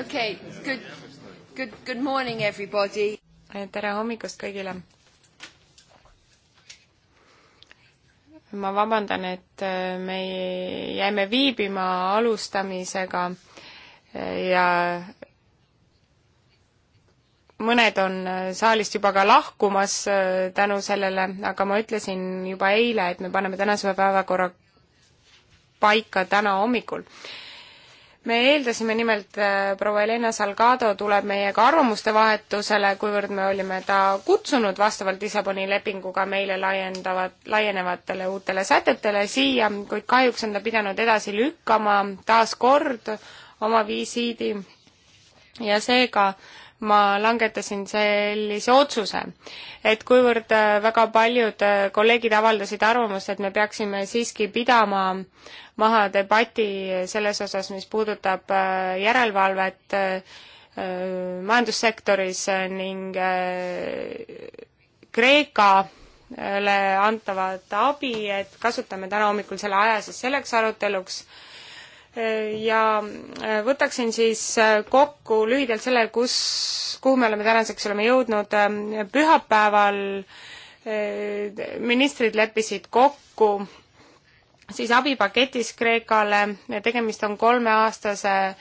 okei okay,, good, good, good morning everybody. tere hommikust kõigile. ma vabandan, et äh, me jäime viibima alustamisega äh, ja mõned on äh, saalist juba ka lahkumas tänu sellele, aga ma ütlesin juba eile, et me paneme tänase päevakorra paika täna hommikul me eeldasime nimelt, äh, proua Helena Salgado tuleb meiega arvamuste vahetusele, kuivõrd me olime ta kutsunud vastavalt Lissaboni lepinguga meile laiendavat, laienevatele uutele sätetele siia, kuid kahjuks on ta pidanud edasi lükkama taas kord oma visiidi ja seega äh, ma langetasin sellise otsuse, et kuivõrd äh, väga paljud äh, kolleegid avaldasid arvamust, et me peaksime siiski pidama maha debati selles osas, mis puudutab äh, järelevalvet majandussektoris ning Kreekale antavat abi, et kasutame täna hommikul selle aja siis selleks aruteluks ja äh, võtaksin siis äh, kokku lühidalt selle, kus, kuhu me oleme tänaseks oleme jõudnud. Ähm, pühapäeval äh, ministrid leppisid kokku siis abipaketis Kreekale, tegemist on kolmeaastase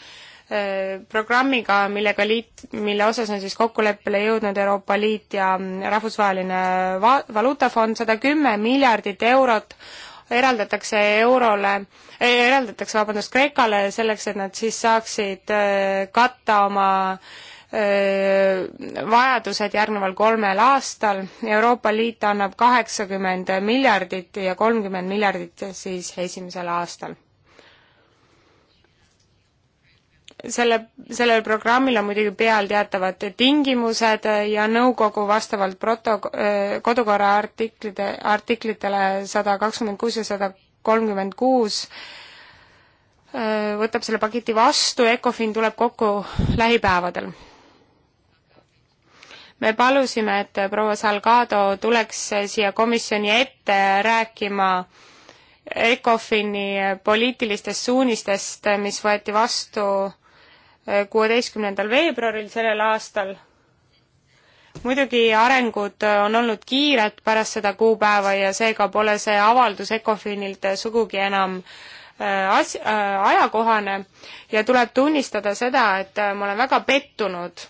programmiga, millega liit, mille osas on siis kokkuleppele jõudnud Euroopa Liit ja mm, Rahvusvaheline Va-, Valuutafond, sada kümme miljardit eurot eraldatakse eurole, eraldatakse, vabandust, Kreekale selleks, et nad siis saaksid äh, katta oma äh, vajadused järgneval kolmel aastal, Euroopa Liit annab kaheksakümmend miljardit ja kolmkümmend miljardit siis esimesel aastal selle, sellel programmil on muidugi peal teatavad tingimused ja nõukogu vastavalt proto-, kodukorra artiklide, artiklitele sada kakskümmend kuus ja sada kolmkümmend kuus võtab selle paketi vastu, Ecofin tuleb kokku lähipäevadel. me palusime, et proua Salgado tuleks siia komisjoni ette rääkima Ecofini poliitilistest suunistest, mis võeti vastu kuueteistkümnendal veebruaril sellel aastal. muidugi arengud on olnud kiired pärast seda kuupäeva ja seega pole see avaldus ECOFINilt sugugi enam äh, as-, äh, ajakohane ja tuleb tunnistada seda, et äh, ma olen väga pettunud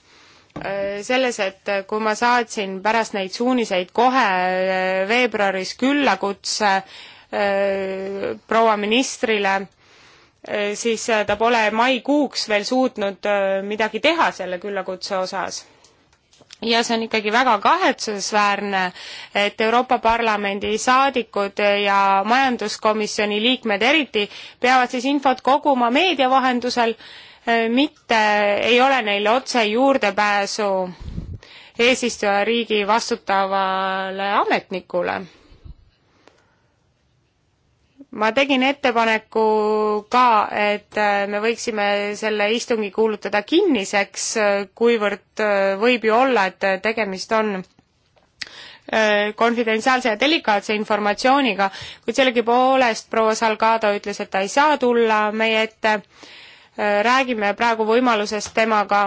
selles, et kui ma saatsin pärast neid suuniseid kohe veebruaris küllakutse proua ministrile, Äh, siis äh, ta pole maikuuks veel suutnud äh, midagi teha selle küllakutse osas ja see on ikkagi väga kahetsusväärne, et Euroopa Parlamendi saadikud ja majanduskomisjoni liikmed eriti peavad siis infot koguma meedia vahendusel, mitte ei ole neil otse juurdepääsu eesistujariigi vastutavale ametnikule ma tegin ettepaneku ka, et äh, me võiksime selle istungi kuulutada kinniseks, äh, kuivõrd äh, võib ju olla, et tegemist on konfidentsiaalse ja delikaatse informatsiooniga, kuid sellegipoolest proua Salgado ütles, et ta ei saa tulla meie ette. räägime praegu võimalusest temaga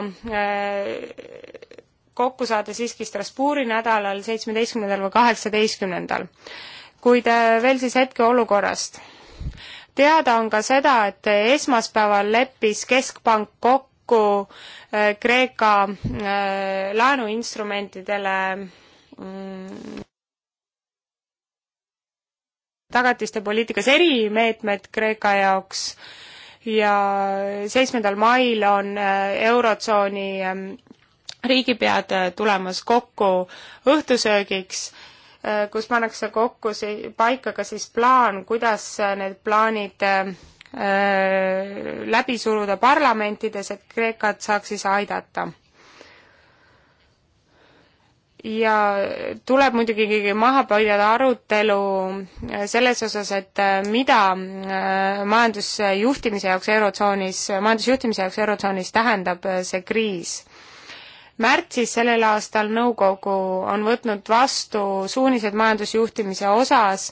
kokku saada siiski Strasbourgi nädalal, seitsmeteistkümnendal või kaheksateistkümnendal kuid äh, veel siis hetkeolukorrast. teada on ka seda, et esmaspäeval leppis Keskpank kokku äh, Kreeka äh, laenuinstrumentidele mm, tagatiste poliitikas erimeetmed Kreeka jaoks ja seitsmendal mail on Eurotsooni ähm, riigipead tulemas kokku õhtusöögiks Äh, kus pannakse kokku si-, paika ka siis plaan, kuidas need plaanid äh, läbi suruda parlamentides, et Kreekat saaks siis aidata. ja tuleb muidugi kõige maha pidada arutelu äh, selles osas, et mida majandusjuhtimise jaoks Eurotsoonis, majandusjuhtimise jaoks Eurotsoonis tähendab see kriis märtsis sellel aastal nõukogu on võtnud vastu suunised majandusjuhtimise osas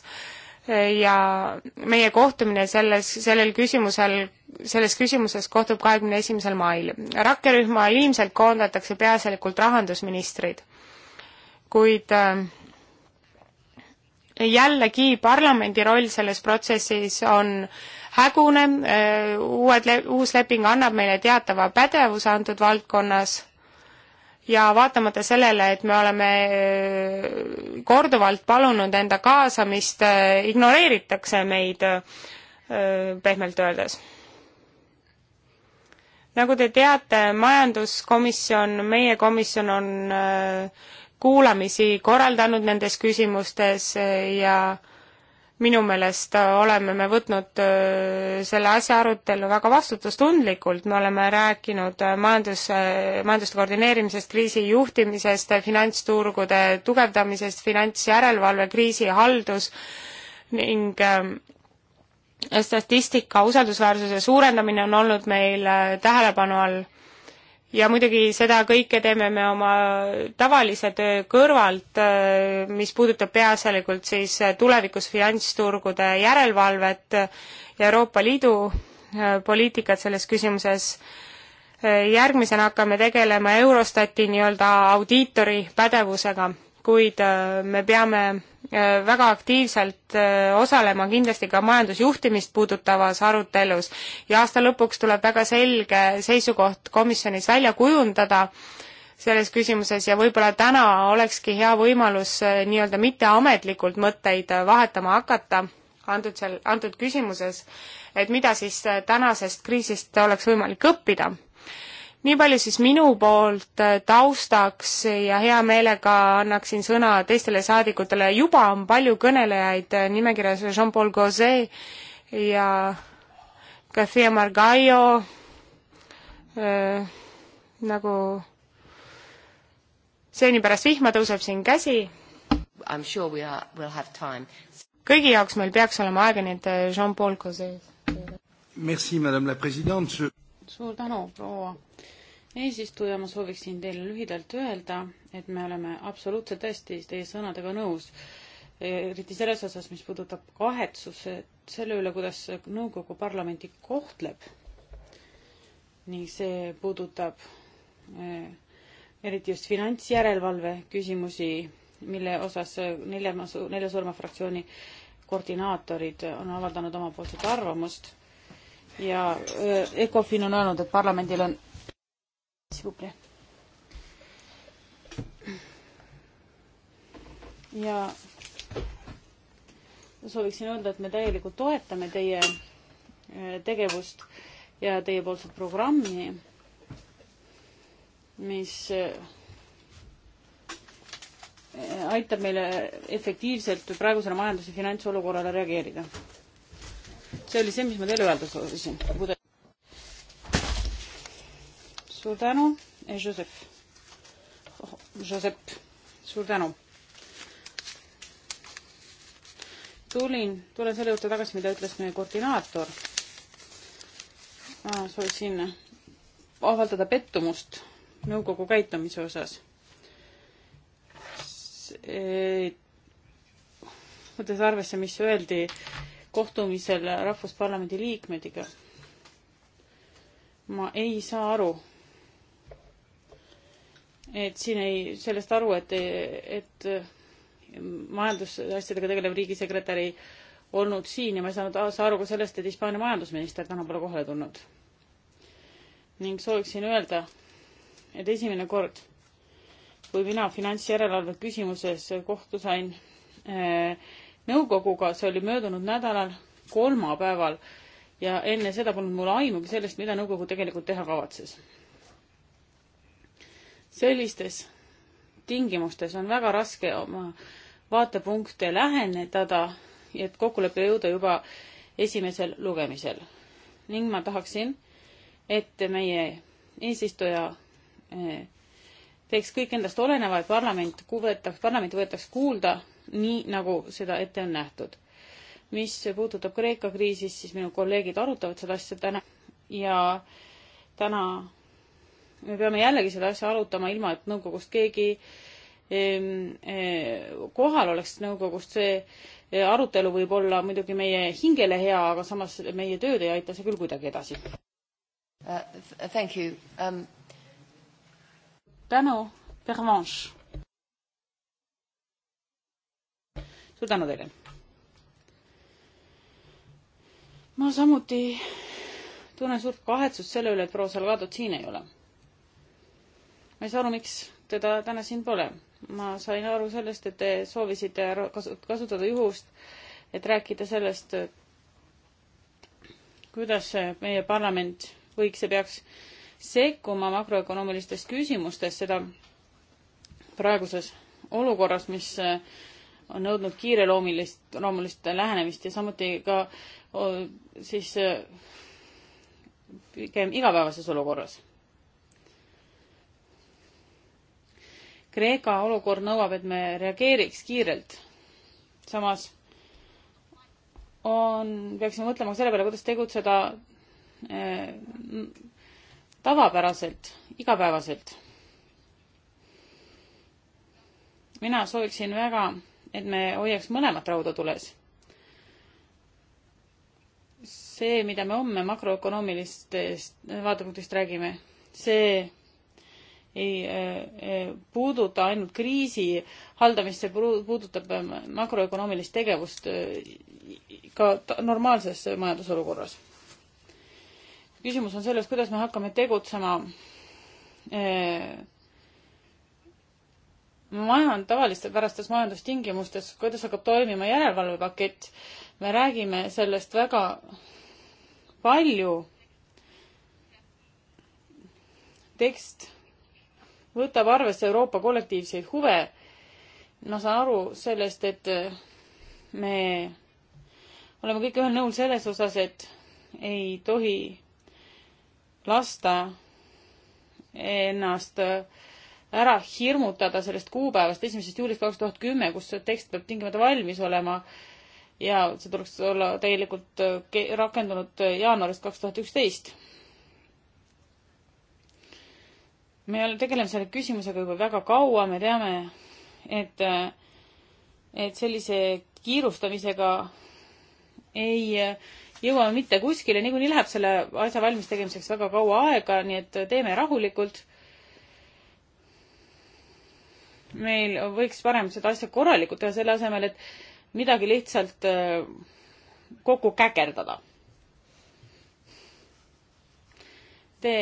eh, ja meie kohtumine selles, sellel küsimusel, selles küsimuses kohtub kahekümne esimesel mail. rakkerühma ilmselt koondatakse peaasjalikult rahandusministrid, kuid eh, jällegi parlamendi roll selles protsessis on hägune, eh, uued, uus leping annab meile teatava pädevuse antud valdkonnas ja vaatamata sellele, et me oleme äh, korduvalt palunud enda kaasamist, äh, ignoreeritakse meid äh, pehmelt öeldes. nagu te teate, majanduskomisjon, meie komisjon on kuulamisi korraldanud nendes küsimustes ja äh, minu meelest äh, oleme me võtnud äh, selle asja arutellu väga vastutustundlikult, me oleme rääkinud äh, majandus, majanduste koordineerimisest, kriisi juhtimisest, finantsturgude tugevdamisest, finantsjärelevalve, kriisihaldus ning statistika usaldusväärsuse suurendamine on olnud meil tähelepanu all ja muidugi seda kõike teeme me oma tavalise töö kõrvalt, mis puudutab peaasjalikult siis tulevikus finantsturgude järelevalvet ja Euroopa Liidu äh, poliitikat selles küsimuses. Äh, järgmisena hakkame tegelema Eurostati nii-öelda audiitori pädevusega kuid äh, me peame äh, väga aktiivselt äh, osalema kindlasti ka majandusjuhtimist puudutavas arutelus ja aasta lõpuks tuleb väga selge seisukoht komisjonis välja kujundada selles küsimuses ja võib-olla täna olekski hea võimalus nii-öelda mitteametlikult mõtteid vahetama hakata antud seal, antud küsimuses, et mida siis tänasest kriisist oleks võimalik õppida nii palju siis minu poolt äh, taustaks ja hea meelega annaksin sõna teistele saadikutele, juba on palju kõnelejaid äh, nimekirjas Jean-Paul Gauzet ja Garcia Margallo äh,, nagu seeni pärast vihma tõuseb siin käsi. Sure we are, we'll kõigi jaoks meil peaks olema aega, nii et äh, Jean-Paul Gauzet. Merci, madame la présidente suur tänu, proua eesistuja, ma sooviksin teile lühidalt öelda, et me oleme absoluutselt tõesti teie sõnadega nõus, eriti selles osas, mis puudutab kahetsuse selle üle, kuidas nõukogu parlamenti kohtleb. ning see puudutab eh, eriti just finantsjärelevalve küsimusi, mille osas nelja, nelja surma fraktsiooni koordinaatorid on avaldanud omapoolset arvamust ja äh, ECOFIN on öelnud, et parlamendil on ja sooviksin öelda, et me täielikult toetame teie äh, tegevust ja teiepoolset programmi, mis äh, aitab meile efektiivselt praegusele majandus- ja finantsolukorrale reageerida see oli see, mis ma teile öelda soovisin. suur tänu, Josep. Eh, Josep, oh, suur tänu. tulin, tulen selle juurde tagasi, mida ütles meie koordinaator. ma soovisin avaldada pettumust nõukogu käitumise osas. Eh, võttes arvesse, mis öeldi kohtumisel Rahvusparlamendi liikmedega. ma ei saa aru, et siin ei, sellest aru, et, et majandusasjadega tegelev riigisekretär ei olnud siin ja ma ei saanud saa aru ka sellest, et Hispaania majandusminister täna pole kohale tulnud. ning sooviksin öelda, et esimene kord, kui mina finantsjärelevalve küsimuses kohtu sain äh, nõukoguga, see oli möödunud nädalal kolmapäeval ja enne seda polnud mul aimugi sellest, mida nõukogu tegelikult teha kavatses. sellistes tingimustes on väga raske oma vaatepunkte läheneda, et kokkuleppe jõuda juba esimesel lugemisel. ning ma tahaksin, et meie eesistuja eh, teeks kõik endast oleneva, et parlament, parlament võetaks kuulda nii nagu seda ette on nähtud. mis puudutab Kreeka kriisist, siis minu kolleegid arutavad seda asja täna ja täna me peame jällegi seda asja arutama, ilma et nõukogust keegi ehm, eh, kohal oleks nõukogust, see eh, arutelu võib olla muidugi meie hingele hea, aga samas meie tööd ei aita see küll kuidagi edasi uh,. Thank you um.... tänu, Pervenche suur tänu teile. ma samuti tunnen suurt kahetsust selle üle, et proua Salgadot siin ei ole. ma ei saa aru, miks teda täna siin pole. ma sain aru sellest, et te soovisite kasutada juhust, et rääkida sellest, kuidas meie parlament võiks ja peaks sekkuma makroökonoomilistes küsimustes, seda praeguses olukorras, mis on nõudnud kiireloomulist, loomulist lähenemist ja samuti ka o, siis äh, pigem igapäevases olukorras. Kreeka olukord nõuab, et me reageeriks kiirelt. samas on, peaksime mõtlema selle peale, kuidas tegutseda äh, tavapäraselt, igapäevaselt. mina sooviksin väga et me hoiaks mõlemat rauda tules. see, mida me homme makroökonoomilistest vaatepunktist räägime, see ei äh, äh puuduta ainult kriisi haldamist, see puudutab äh, makroökonoomilist tegevust äh, ka normaalses majandusolukorras. küsimus on selles, kuidas me hakkame tegutsema äh, majand, tavalistes pärastes majandustingimustes, kuidas hakkab toimima järelevalvepakett. me räägime sellest väga palju. tekst võtab arvesse Euroopa kollektiivseid huve. ma saan aru sellest, et me oleme kõik ühel nõul selles osas, et ei tohi lasta ennast äh, ära hirmutada sellest kuupäevast, esimesest juulist kaks tuhat kümme, kus see tekst peab tingimata valmis olema ja see tuleks olla täielikult äh, rakendunud äh, jaanuarist kaks tuhat üksteist. me tegeleme selle küsimusega juba väga kaua, me teame, et, äh, et sellise kiirustamisega ei jõua mitte kuskile, niikuinii läheb selle asja valmis tegemiseks väga kaua aega, nii et teeme rahulikult meil võiks parem seda asja korralikult teha, selle asemel, et midagi lihtsalt äh, kokku käkerdada. Te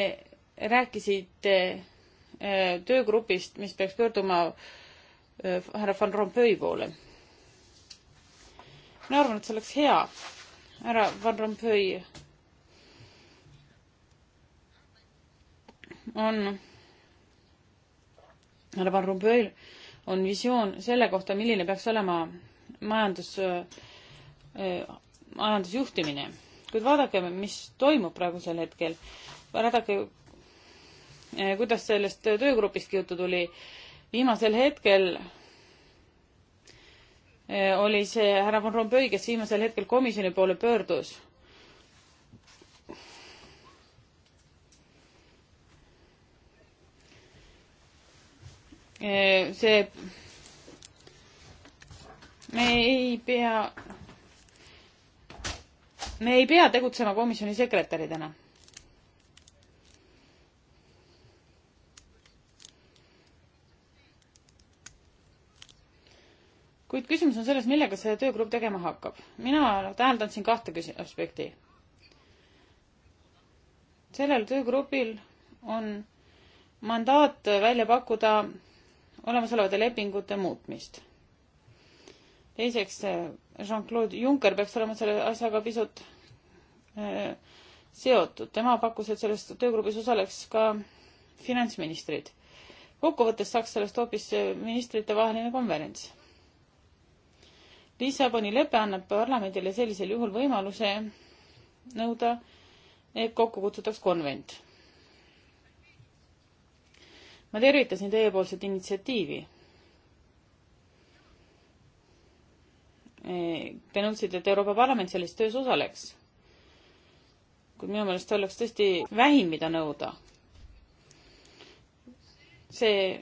rääkisite äh, töögrupist, mis peaks pöörduma äh, härra Van Rompuy poole. mina arvan, et see oleks hea. härra Van Rompuy on härra Van Rompuy on visioon selle kohta, milline peaks olema majandus äh,, majandusjuhtimine. kuid vaadake, mis toimub praegusel hetkel. vaadake äh,, kuidas sellest töögrupistki juttu tuli. viimasel hetkel äh, oli see härra Van Rompuy, kes viimasel hetkel komisjoni poole pöördus Äh, see, me ei pea, me ei pea tegutsema komisjoni sekretäridena. kuid küsimus on selles, millega see töögrupp tegema hakkab. mina täheldan siin kahte küsi-, aspekti. sellel töögrupil on mandaat välja pakkuda olemasolevate lepingute muutmist. teiseks, Jean-Claude Juncker peaks olema selle asjaga pisut äh, seotud. tema pakkus, et selles töögrupis osaleks ka finantsministrid. kokkuvõttes saaks sellest hoopis äh, ministritevaheline konverents. Lissaboni lepe annab parlamendile sellisel juhul võimaluse nõuda, et kokku kutsutaks konvent ma tervitasin teiepoolset initsiatiivi. Te nõudsite, et Euroopa Parlament selles töös osaleks. kuid minu meelest oleks tõesti vähim, mida nõuda. see,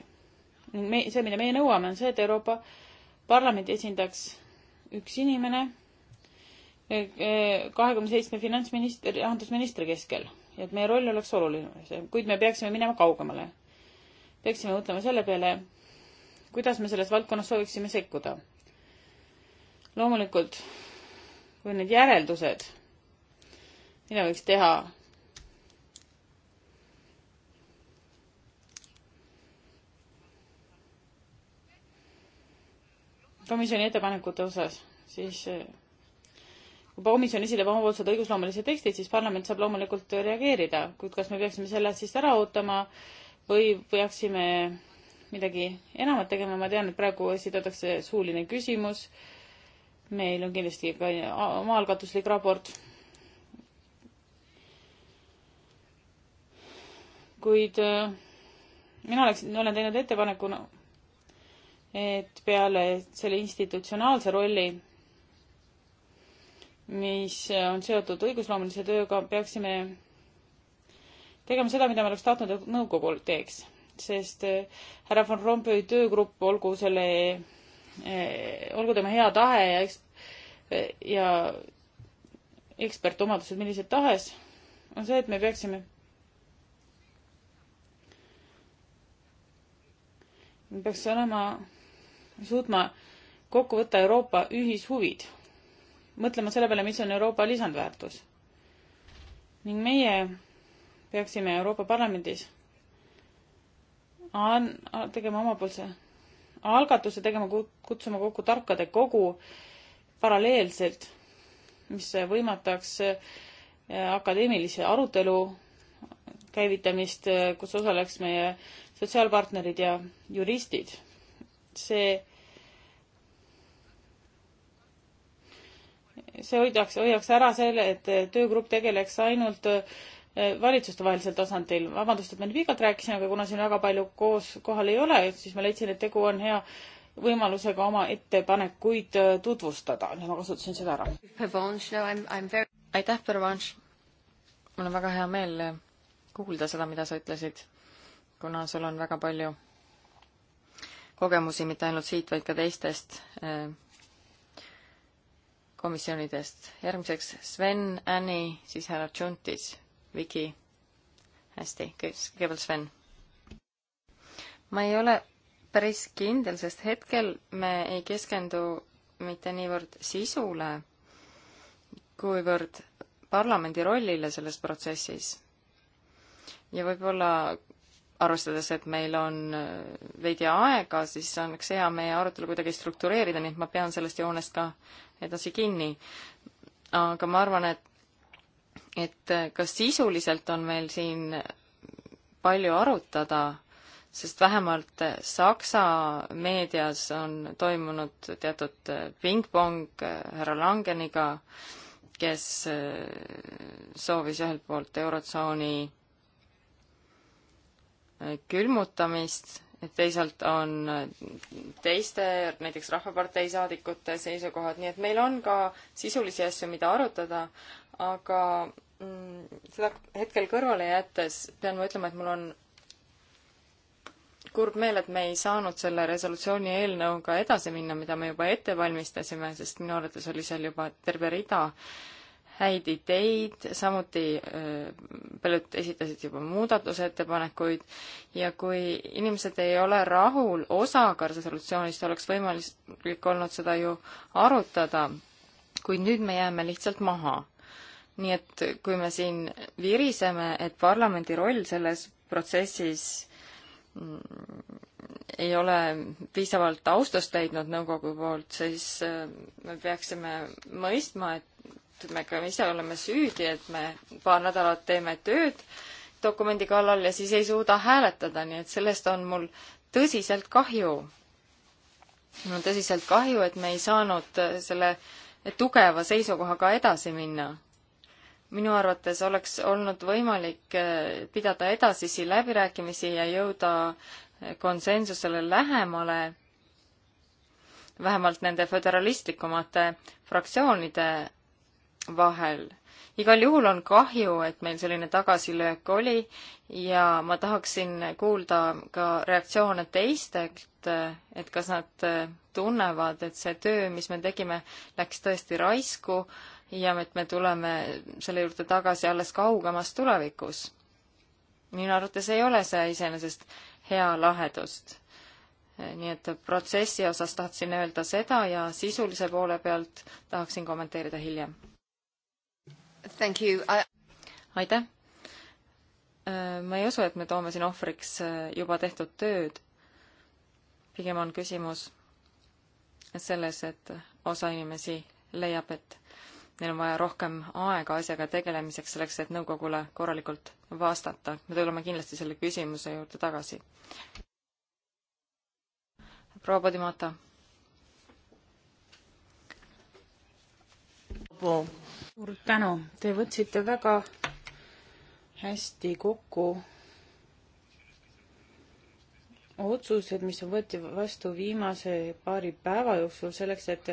see, mida meie nõuame, on see, et Euroopa Parlamendi esindaks üks inimene kahekümne seitsme finantsministri, rahandusministri keskel ja et meie roll oleks oluline, kuid me peaksime minema kaugemale peaksime mõtlema selle peale, kuidas me selles valdkonnas sooviksime sekkuda. loomulikult, kui need järeldused, mida võiks teha komisjoni ettepanekute osas, siis eh, kui komisjon esileb omapoolsed õigusloomelised tekstid, siis parlament saab loomulikult reageerida, kuid kas me peaksime selle siis ära ootama äh, või peaksime midagi enamat tegema, ma tean, et praegu esitatakse suuline küsimus, meil on kindlasti ka omaalgatuslik raport, kuid äh, mina oleksin, olen teinud ettepaneku, et peale selle institutsionaalse rolli, mis on seotud õigusloomelise tööga, peaksime tegema seda, mida me oleks tahtnud, et nõukogu teeks, sest eh, härra von Rompuy töögrupp, olgu selle, eh, olgu tema hea tahe ja eks- eh, ja ekspertomadused millised tahes, on see, et me peaksime me peaks olema, suutma kokku võtta Euroopa ühishuvid, mõtlema selle peale, mis on Euroopa lisandväärtus. ning meie peaksime Euroopa Parlamendis an-, tegema omapoolse algatuse, tegema, kutsuma kokku tarkade kogu paralleelselt, mis võimataks äh, akadeemilise arutelu käivitamist, äh, kus osaleks meie sotsiaalpartnerid ja juristid. see, see hoidaks, hoiaks ära selle, et töögrupp tegeleks ainult äh, Äh, valitsustevahelisel tasandil. vabandust, et ma nii pikalt rääkisin, aga kuna siin väga palju koos kohal ei ole, siis ma leidsin, et tegu on hea võimalusega oma ettepanekuid äh, tutvustada ja ma kasutasin seda ära. aitäh, Pervanš! mul on väga hea meel äh, kuulda seda, mida sa ütlesid, kuna sul on väga palju kogemusi mitte ainult siit, vaid ka teistest komisjonidest. järgmiseks Sven, Anni, siis härra Tšuntis Viki. hästi, kõigepealt Sven. ma ei ole päris kindel, sest hetkel me ei keskendu mitte niivõrd sisule, kuivõrd parlamendi rollile selles protsessis. ja võib-olla arvestades, et meil on äh, veidi aega, siis oleks hea meie arutelu kuidagi struktureerida, nii et ma pean sellest joonest ka edasi kinni. aga ma arvan, et et äh, kas sisuliselt on meil siin palju arutada, sest vähemalt äh, Saksa meedias on toimunud teatud äh, pingpong härra Langeniga, kes soovis ühelt poolt Eurotsooni külmutamist teisalt on teiste, näiteks Rahvapartei saadikute seisukohad, nii et meil on ka sisulisi asju, mida arutada, aga mm, seda hetkel kõrvale jättes pean ma ütlema, et mul on kurb meel, et me ei saanud selle resolutsiooni eelnõuga edasi minna, mida me juba ette valmistasime, sest minu arvates oli seal juba terve rida äh, häid ideid, samuti äh, paljud esitasid juba muudatusettepanekuid ja kui inimesed ei ole rahul osaga resolutsioonist, oleks võimalik olnud seda ju arutada, kuid nüüd me jääme lihtsalt maha. nii et kui me siin viriseme, et parlamendi roll selles protsessis mm, ei ole piisavalt austust leidnud nõukogu poolt, siis äh, me peaksime mõistma, et et me ka ise oleme süüdi, et me paar nädalat teeme tööd dokumendi kallal ja siis ei suuda hääletada, nii et sellest on mul tõsiselt kahju. mul on tõsiselt kahju, et me ei saanud selle tugeva seisukohaga edasi minna. minu arvates oleks olnud võimalik äh, pidada edasisi läbirääkimisi ja jõuda äh, konsensusele lähemale, vähemalt nende föderalistlikumate fraktsioonide vahel. igal juhul on kahju, et meil selline tagasilöök oli ja ma tahaksin kuulda ka reaktsioone teistelt, et kas nad tunnevad, et see töö, mis me tegime, läks tõesti raisku ja et me tuleme selle juurde tagasi alles kaugemas tulevikus. minu arvates ei ole see iseenesest hea lahendust nii et protsessi osas tahtsin öelda seda ja sisulise poole pealt tahaksin kommenteerida hiljem. I... aitäh. Äh, ma ei usu, et me toome siin ohvriks äh, juba tehtud tööd. pigem on küsimus selles, et osa inimesi leiab, et neil on vaja rohkem aega asjaga tegelemiseks, selleks et nõukogule korralikult vastata. me tuleme kindlasti selle küsimuse juurde tagasi. proua Podimata suur tänu, te võtsite väga hästi kokku otsused, mis võeti vastu viimase paari päeva jooksul selleks, et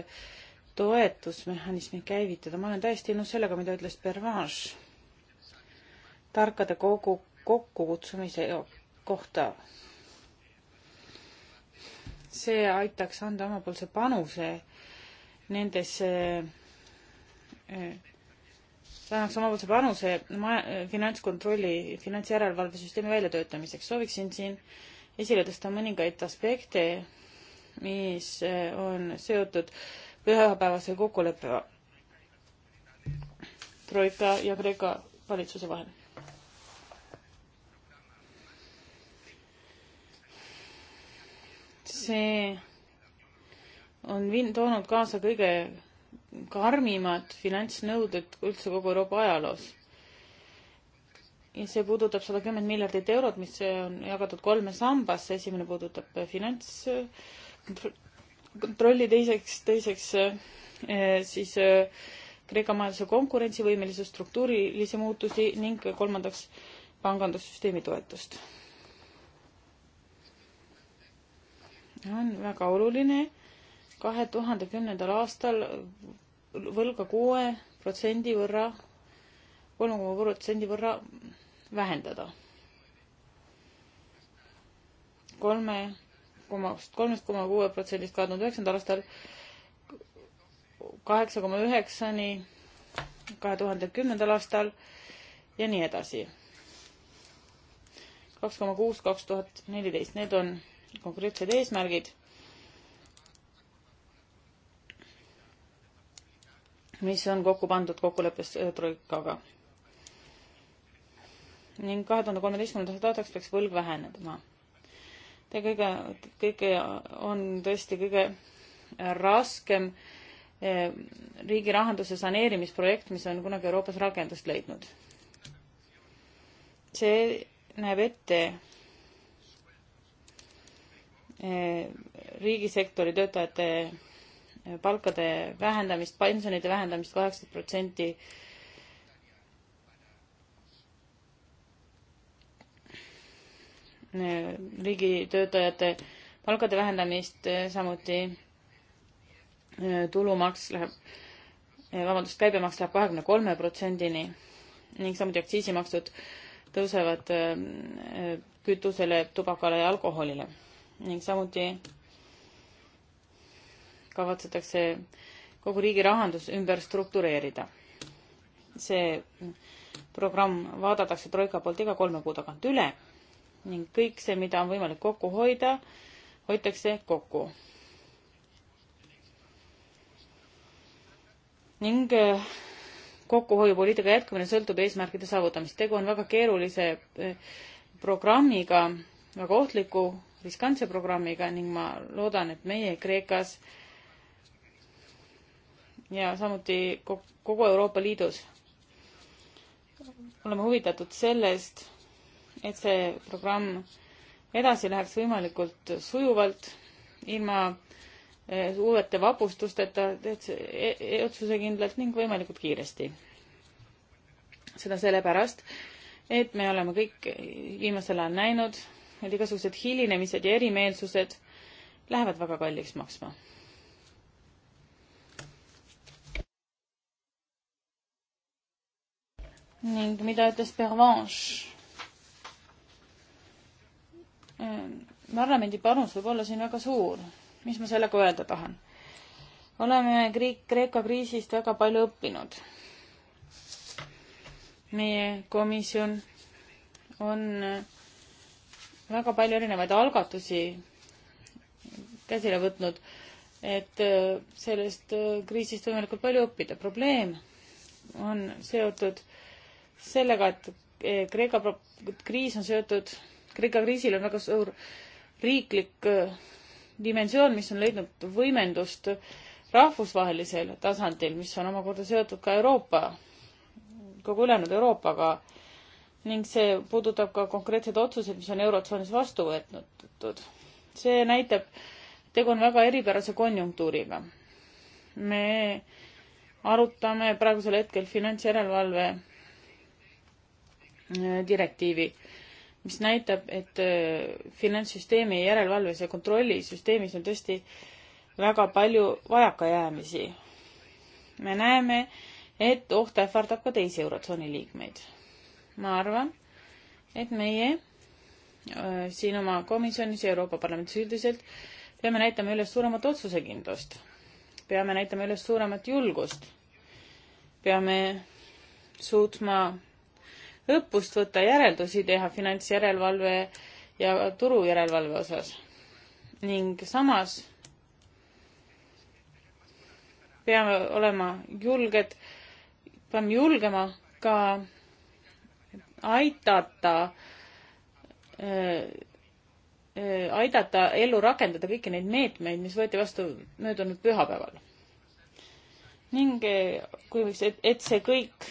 toetusmehhanismi käivitada. ma olen täiesti nõus sellega, mida ütles Bervanche tarkade kogu kokkukutsumise kohta. see aitaks anda omapoolse panuse nendesse eh, annaks omapoolse panuse finantskontrolli, finantsjärelevalvesüsteemi väljatöötamiseks. sooviksin siin esile tõsta mõningaid aspekte, mis eh, on seotud pühapäevase kokkuleppega Troika ja Kreeka valitsuse vahel. see on vin-, toonud kaasa kõige karmimad finantsnõuded üldse kogu Euroopa ajaloos. ja see puudutab sada kümmet miljardit eurot, mis on jagatud kolme sambasse, esimene puudutab finantskontrolli, teiseks, teiseks eh, siis eh, Kreeka majanduse konkurentsivõimelisust, struktuurilisi muutusi ning kolmandaks pangandussüsteemi toetust. on väga oluline kahe tuhande kümnendal aastal võlga kuue protsendi võrra, kolme koma protsendi võrra vähendada. kolme komast, kolmest koma kuue protsendist kahe tuhande üheksandal aastal kaheksa koma üheksani kahe tuhande kümnendal aastal ja nii edasi. kaks koma kuus, kaks tuhat neliteist, need on konkreetsed eesmärgid mis on kokku pandud kokkuleppes äh, Troikaga. ning kahe tuhande kolmeteistkümnendaks aastaks peaks võlg vähenema. Te kõige, kõige on tõesti kõige raskem äh, riigi rahanduse saneerimisprojekt, mis on kunagi Euroopas rakendust leidnud. see näeb ette äh, riigisektori töötajate palkade vähendamist, pensionide vähendamist kaheksakümmend protsenti. riigitöötajate palkade vähendamist, samuti äh, tulumaks läheb, äh, vabandust, käibemaks läheb kahekümne kolme protsendini ning samuti aktsiisimaksud tõusevad äh, kütusele, tubakale ja alkoholile ning samuti kavatsetakse kogu riigi rahandus ümber struktureerida. see programm vaadatakse Troika poolt iga kolme kuu tagant üle ning kõik see, mida on võimalik kokku hoida, hoitakse kokku. ning äh, kokkuhoiupoliitika jätkumine sõltub eesmärkide saavutamist. tegu on väga keerulise äh, programmiga, väga ohtliku, riskantse programmiga ning ma loodan, et meie Kreekas äh, ja samuti kogu Euroopa Liidus. oleme huvitatud sellest, et see programm edasi läheks võimalikult sujuvalt, ilma eh, uuete vapustusteta, e-, e-, otsusekindlalt ning võimalikult kiiresti. seda sellepärast, et me oleme kõik viimasel ajal näinud, et igasugused hilinemised ja erimeelsused lähevad väga kalliks maksma ning mida ütles Pervanche. Ähm, parlamendi panus võib olla siin väga suur. mis ma sellega öelda tahan? oleme Kreek-, Kreeka kriisist väga palju õppinud. meie komisjon on äh, väga palju erinevaid algatusi käsile võtnud, et äh, sellest äh, kriisist võimalikult palju õppida. probleem on seotud sellega, et eh, Kreeka kriis on seotud, Kreeka kriisil on väga suur riiklik eh, dimensioon, mis on leidnud võimendust rahvusvahelisel tasandil, mis on omakorda seotud ka Euroopa, kogu ülejäänud Euroopaga ning see puudutab ka konkreetseid otsuseid, mis on Eurotsoonis vastu võetud. see näitab, tegu on väga eripärase konjunktuuriga. me arutame praegusel hetkel finantsjärelevalve Äh, direktiivi, mis näitab, et äh, finantssüsteemi järelevalves ja kontrollisüsteemis on tõesti väga palju vajakajäämisi. me näeme, et oht ähvardab ka teisi Eurotsooni liikmeid. ma arvan, et meie äh, siin oma komisjonis ja Euroopa Parlamendis üldiselt peame näitama üles suuremat otsusekindlust, peame näitama üles suuremat julgust, peame suutma õppust võtta, järeldusi teha finantsjärelevalve ja turujärelevalve osas. ning samas peame olema julged, peame julgema ka aidata äh, aidata ellu rakendada kõiki neid meetmeid, mis võeti vastu möödunud pühapäeval. ning äh, kui võiks, et, et see kõik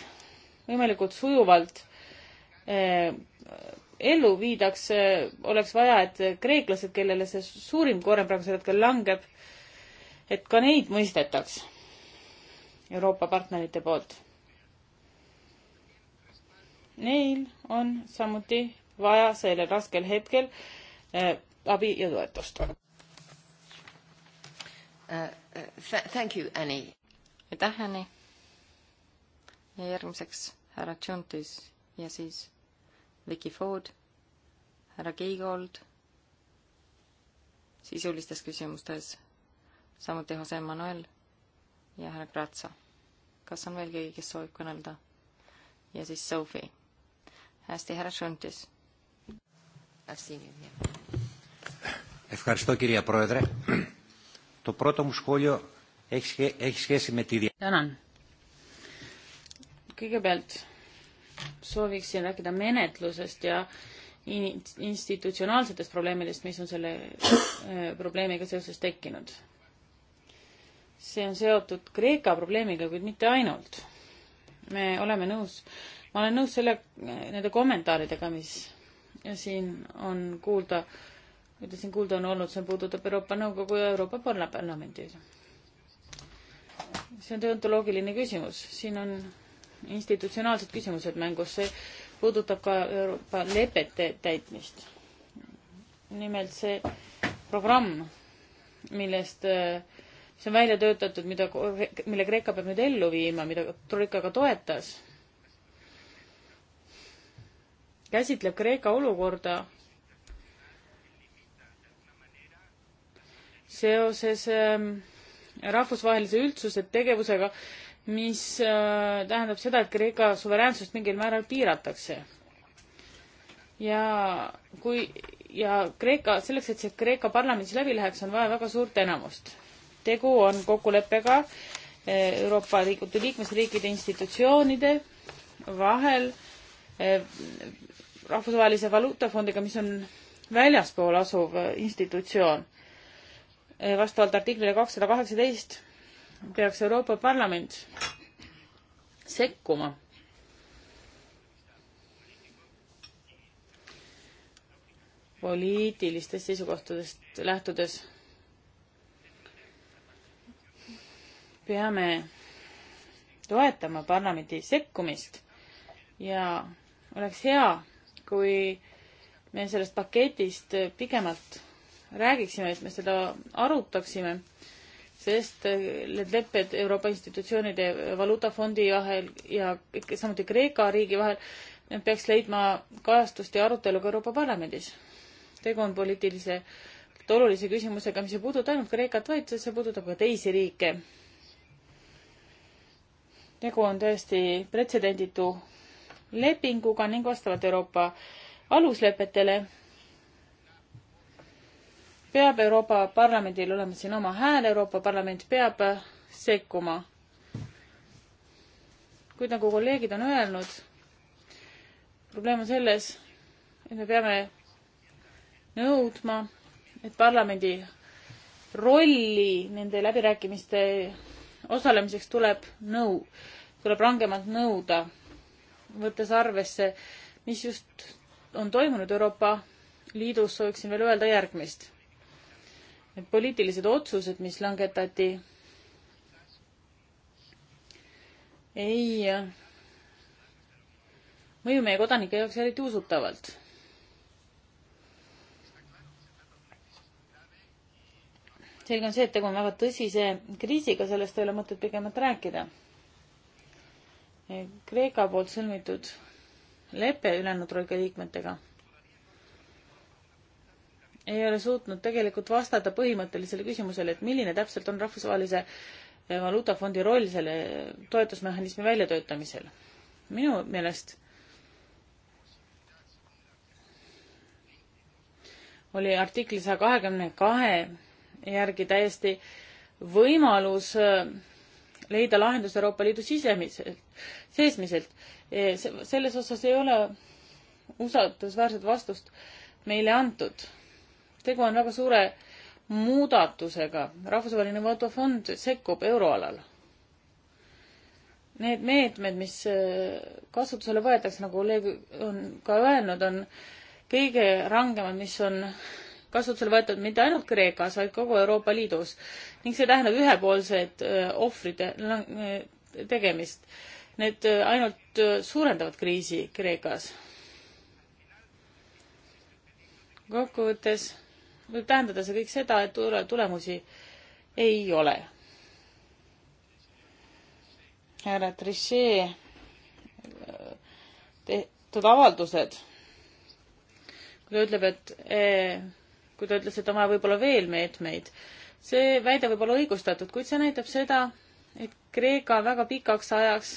võimalikult sujuvalt Äh, ellu viidaks, äh, oleks vaja, et kreeklased, kellele see suurim koorem praegusel hetkel langeb, et ka neid mõistetaks Euroopa partnerite poolt. Neil on samuti vaja sellel raskel hetkel äh, abi ja toetust uh,. Thank you, Annie. aitäh, Annie. ja järgmiseks härra Tšuntis ja siis Vicky Ford, härra Keigold sisulistes küsimustes, samuti Jose Manuel ja härra Gratsa. kas on veel keegi, kes soovib kõnelda? ja siis Sophie. hästi, härra Šuntis. tänan. kõigepealt sooviksin rääkida menetlusest ja in-, institutsionaalsetest probleemidest, mis on selle äh, probleemiga seoses tekkinud. see on seotud Kreeka probleemiga, kuid mitte ainult. me oleme nõus, ma olen nõus selle, nende kommentaaridega, mis siin on kuulda, mida siin kuulda on olnud, see puudutab Euroopa Nõukogu ja Euroopa Parlamendi. see on deontoloogiline küsimus, siin on institutsionaalsed küsimused mängus, see puudutab ka Euroopa lepete täitmist. nimelt see programm, millest, äh, mis on välja töötatud, mida, mille Kreeka peab nüüd ellu viima, mida Troika ka toetas, käsitleb Kreeka olukorda seoses ähm, rahvusvahelise üldsuse tegevusega mis äh, tähendab seda, et Kreeka suveräänsust mingil määral piiratakse. ja kui, ja Kreeka, selleks, et see Kreeka parlamendis läbi läheks, on vaja väga suurt enamust. tegu on kokkuleppega äh, Euroopa Liidu liikmesriikide institutsioonide vahel äh, rahvusvahelise valuutafondiga, mis on väljaspool asuv institutsioon. vastavalt artiklile kakssada kaheksateist peaks Euroopa Parlament sekkuma. poliitilistest seisukohtadest lähtudes peame toetama parlamendi sekkumist ja oleks hea, kui me sellest paketist pigemalt räägiksime, et me seda arutaksime sest äh, need lepped Euroopa institutsioonide valuutafondi vahel ja samuti Kreeka riigi vahel, need peaks leidma kajastust ja arutelu ka Euroopa Parlamendis. tegu on poliitilise olulise küsimusega, mis ei puuduta ainult Kreekat, vaid see puudutab ka teisi riike. tegu on tõesti pretsedenditu lepinguga ning vastavalt Euroopa aluslepetele peab Euroopa Parlamendil olema siin oma hääl, Euroopa Parlament peab sekkuma. kuid nagu kolleegid on öelnud, probleem on selles, et me peame nõudma, et parlamendi rolli nende läbirääkimiste osalemiseks tuleb nõu, tuleb rangemalt nõuda, võttes arvesse, mis just on toimunud Euroopa Liidus, sooviksin veel öelda järgmist Need poliitilised otsused, mis langetati, ei mõju meie kodanike jaoks eriti usutavalt selge on see, et tegu on väga tõsise kriisiga, sellest ei ole mõtet pigemalt rääkida. Kreeka poolt sõlmitud lepe ülejäänud troika liikmetega ei ole suutnud tegelikult vastata põhimõttelisele küsimusele, et milline täpselt on rahvusvahelise eh, valuutafondi roll selle toetusmehhanismi väljatöötamisel. minu meelest oli artikli saja kahekümne kahe järgi täiesti võimalus eh, leida lahendus Euroopa Liidu sisemiselt, seesmiselt. Eh, selles osas ei ole usaldusväärset vastust meile antud tegu on väga suure muudatusega. rahvusvaheline valutafond sekkub euroalal. Need meetmed, mis äh, kasutusele võetakse, nagu kolleeg on ka öelnud, on kõige rangemad, mis on kasutusele võetud mitte ainult Kreekas, vaid kogu Euroopa Liidus ning see tähendab ühepoolseid äh, ohvrite äh, tegemist. Need ainult suurendavad kriisi Kreekas. kokkuvõttes võib tähendada see kõik seda, et tulemusi ei ole. härra Trichet tehtud avaldused, kui ta ütleb, et eh, kui ta ütles, et on vaja võib-olla veel meetmeid, see väide võib olla õigustatud, kuid see näitab seda, et Kreeka väga pikaks ajaks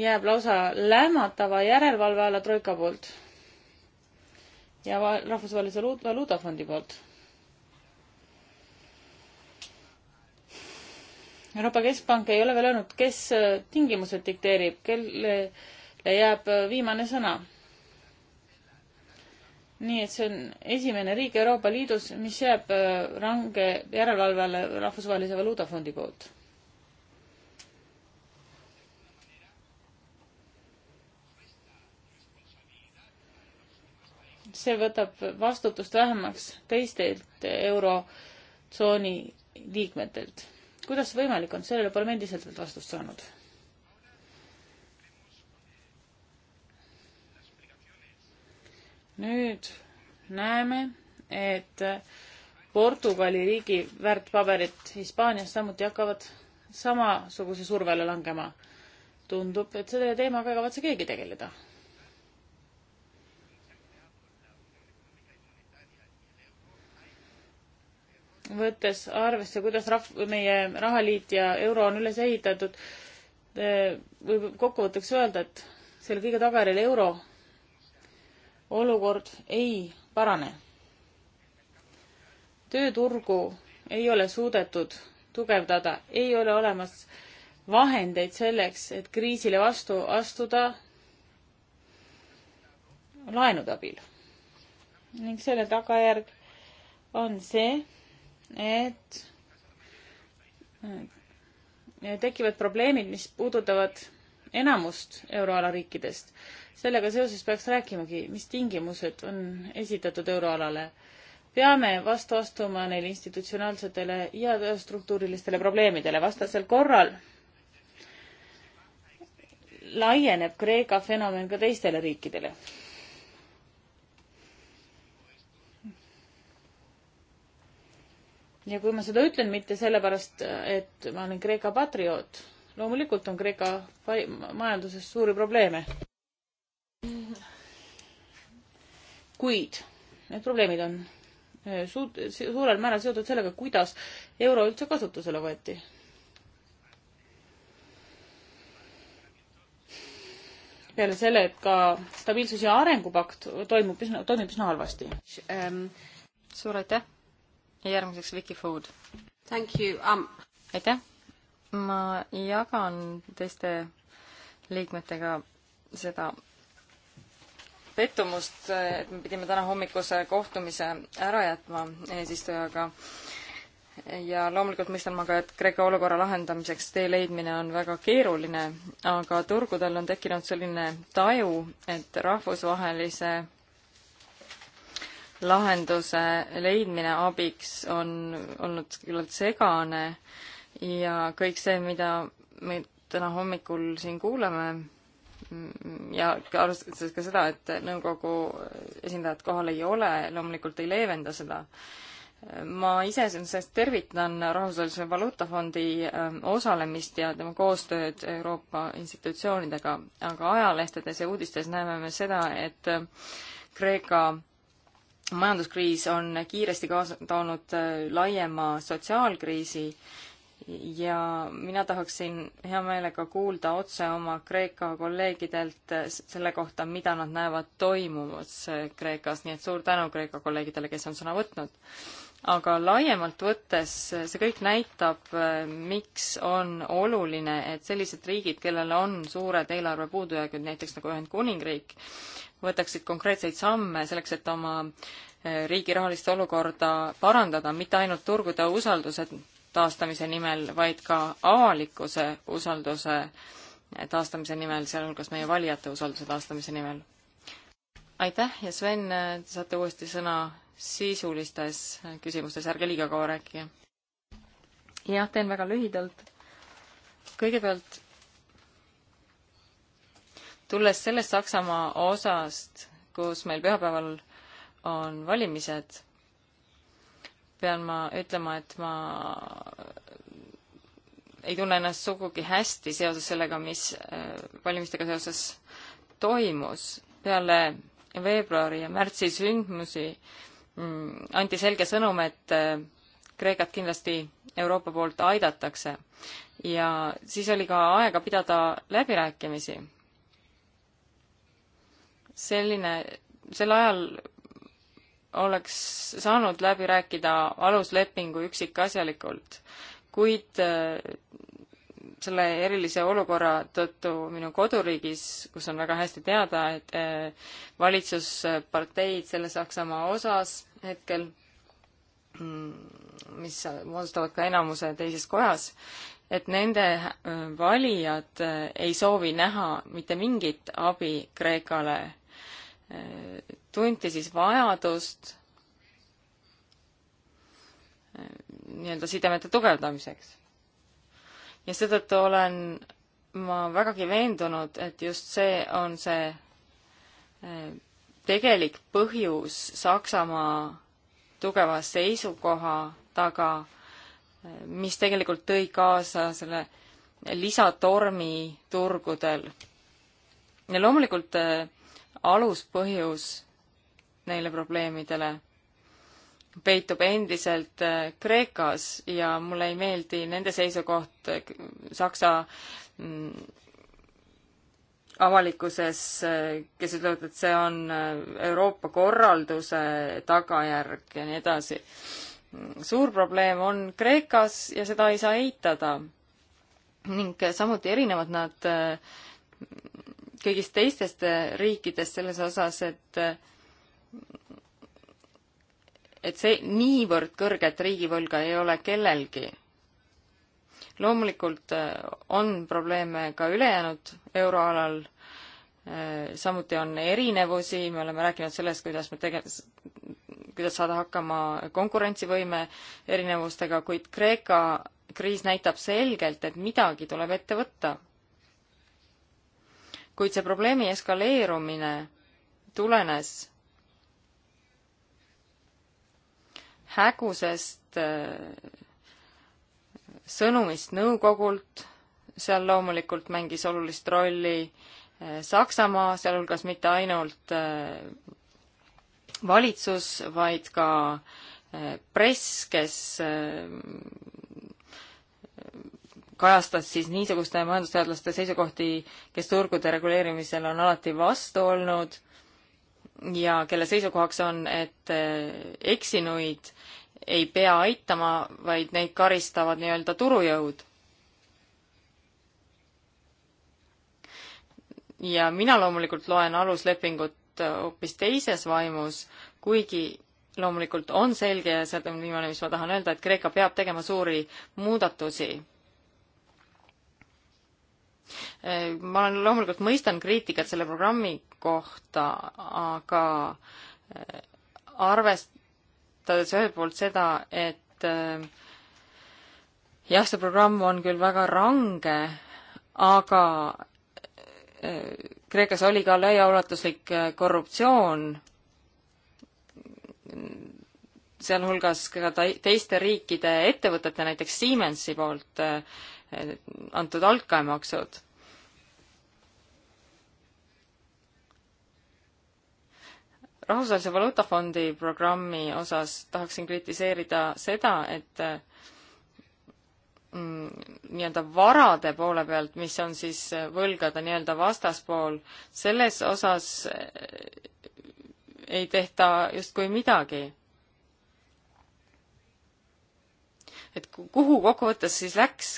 jääb lausa lämmatava järelevalve alla Troika poolt ja Rahvusvahelise Valuutafondi poolt. Euroopa Keskpank ei ole veel öelnud, kes äh, tingimused dikteerib, kellele jääb äh, viimane sõna. nii et see on esimene riik Euroopa Liidus, mis jääb äh, range järelevalvele Rahvusvahelise Valuutafondi poolt see võtab vastutust vähemaks teistelt eurotsooni liikmetelt. kuidas see võimalik on, sellele pole me endiselt veel vastust saanud. nüüd näeme, et Portugali riigi väärtpaberid Hispaanias samuti hakkavad samasuguse surve alla langema. tundub, et selle teemaga ei kavatse keegi tegeleda võttes arvesse, kuidas rahv-, meie rahaliit ja euro on üles ehitatud, eh, võib kokkuvõtteks öelda, et selle kõige tagajärjel euro olukord ei parane. tööturgu ei ole suudetud tugevdada, ei ole olemas vahendeid selleks, et kriisile vastu astuda laenude abil. ning selle tagajärg on see, et äh, tekivad probleemid, mis puudutavad enamust euroala riikidest. sellega seoses peaks rääkimagi, mis tingimused on esitatud euroalale. peame vastu astuma neile institutsionaalsetele ja struktuurilistele probleemidele, vastasel korral laieneb Kreeka fenomen ka teistele riikidele ja kui ma seda ütlen, mitte sellepärast, et ma olen Kreeka patrioot, loomulikult on Kreeka majanduses suuri probleeme. kuid need probleemid on eh, suut-, suurel määral seotud sellega, kuidas euro üldse kasutusele võeti. peale selle, et ka stabiilsus- ja arengupakt toimub üsna, toimib üsna halvasti ähm,. suur aitäh ja järgmiseks Vicky Food. Um... aitäh! ma jagan teiste liikmetega seda pettumust, et me pidime täna hommikuse kohtumise ära jätma eesistujaga. ja loomulikult mõistan ma ka, et Kreeka olukorra lahendamiseks tee leidmine on väga keeruline, aga turgudel on tekkinud selline taju, et rahvusvahelise lahenduse leidmine abiks on olnud küllalt segane ja kõik see, mida me täna hommikul siin kuuleme, ja arvestades ka seda, et nõukogu esindajat kohal ei ole, loomulikult ei leevenda seda. ma ise sellest tervitan Rahvusvahelise Valuutafondi ähm, osalemist ja tema koostööd Euroopa institutsioonidega, aga ajalehtedes ja uudistes näeme me seda, et äh, Kreeka majanduskriis on kiiresti kaasa toonud äh, laiema sotsiaalkriisi ja mina tahaksin hea meelega kuulda otse oma Kreeka kolleegidelt äh, selle kohta, mida nad näevad toimumas äh, Kreekas, nii et suur tänu Kreeka kolleegidele, kes on sõna võtnud aga laiemalt võttes eh, see kõik näitab, eh, miks on oluline, et sellised riigid, kellel on suured eelarve puudujäägid, näiteks nagu Ühendkuningriik, võtaksid konkreetseid samme selleks, et oma eh, riigi rahalist olukorda parandada, mitte ainult turgude usalduse taastamise nimel, vaid ka avalikkuse usalduse taastamise nimel, sealhulgas meie valijate usalduse taastamise nimel. aitäh ja Sven, saate uuesti sõna sisulistes küsimustes, ärge liiga kaua rääkige. jah, teen väga lühidalt. kõigepealt tulles sellest Saksamaa osast, kus meil pühapäeval on valimised, pean ma ütlema, et ma ei tunne ennast sugugi hästi seoses sellega, mis äh, valimistega seoses toimus. peale veebruari ja märtsi sündmusi äh, Mm, anti selge sõnum, et äh, Kreekat kindlasti Euroopa poolt aidatakse ja siis oli ka aega pidada läbirääkimisi. selline, sel ajal oleks saanud läbi rääkida aluslepingu üksikasjalikult, kuid äh, selle erilise olukorra tõttu minu koduriigis, kus on väga hästi teada, et eh, valitsusparteid selle Saksamaa osas hetkel, mm, mis moodustavad ka enamuse teises kojas, et nende eh, valijad eh, ei soovi näha mitte mingit abi Kreekale. tunti siis vajadust nii-öelda sidemete tugevdamiseks ja seetõttu olen ma vägagi veendunud, et just see on see eh, tegelik põhjus Saksamaa tugeva seisukoha taga, eh, mis tegelikult tõi kaasa selle lisatormi turgudel. ja loomulikult eh, aluspõhjus neile probleemidele peitub endiselt äh, Kreekas ja mulle ei meeldi nende seisukoht äh, Saksa mm, avalikkuses, äh, kes ütlevad, et see on Euroopa korralduse tagajärg ja nii edasi. Mm, suur probleem on Kreekas ja seda ei saa eitada. ning samuti erinevad nad kõigist teistest riikidest selles osas, et et see niivõrd kõrget riigivõlga ei ole kellelgi. loomulikult äh, on probleeme ka ülejäänud euroalal, äh, samuti on erinevusi, me oleme rääkinud sellest, kuidas me tege-, kuidas saada hakkama konkurentsivõime erinevustega, kuid Kreeka kriis näitab selgelt, et midagi tuleb ette võtta. kuid see probleemi eskaleerumine tulenes hägusest äh, sõnumist nõukogult, seal loomulikult mängis olulist rolli äh, Saksamaa, sealhulgas mitte ainult äh, valitsus, vaid ka press, kes kajastas siis niisuguste majandusteadlaste seisukohti, kes turgude reguleerimisel on alati vastu olnud ja kelle seisukohaks on, et eh, eksinuid ei pea aitama, vaid neid karistavad nii-öelda turujõud. ja mina loomulikult loen aluslepingut eh, hoopis teises vaimus, kuigi loomulikult on selge ja see on viimane, mis ma tahan öelda, et Kreeka peab tegema suuri muudatusi eh, ma olen loomulikult mõistan kriitikat selle programmi kohta, aga äh, arvestades ühelt poolt seda, et äh, jah, see programm on küll väga range, aga äh, Kreekas oli ka laiaulatuslik korruptsioon, sealhulgas ka teiste riikide ettevõtete, näiteks Siemensi poolt antud altkäemaksud rahvusvahelise valuutafondi programmi osas tahaksin kritiseerida seda, et mm, nii-öelda varade poole pealt, mis on siis võlgade nii-öelda vastaspool, selles osas eh, ei tehta justkui midagi. et kuhu kokkuvõttes siis läks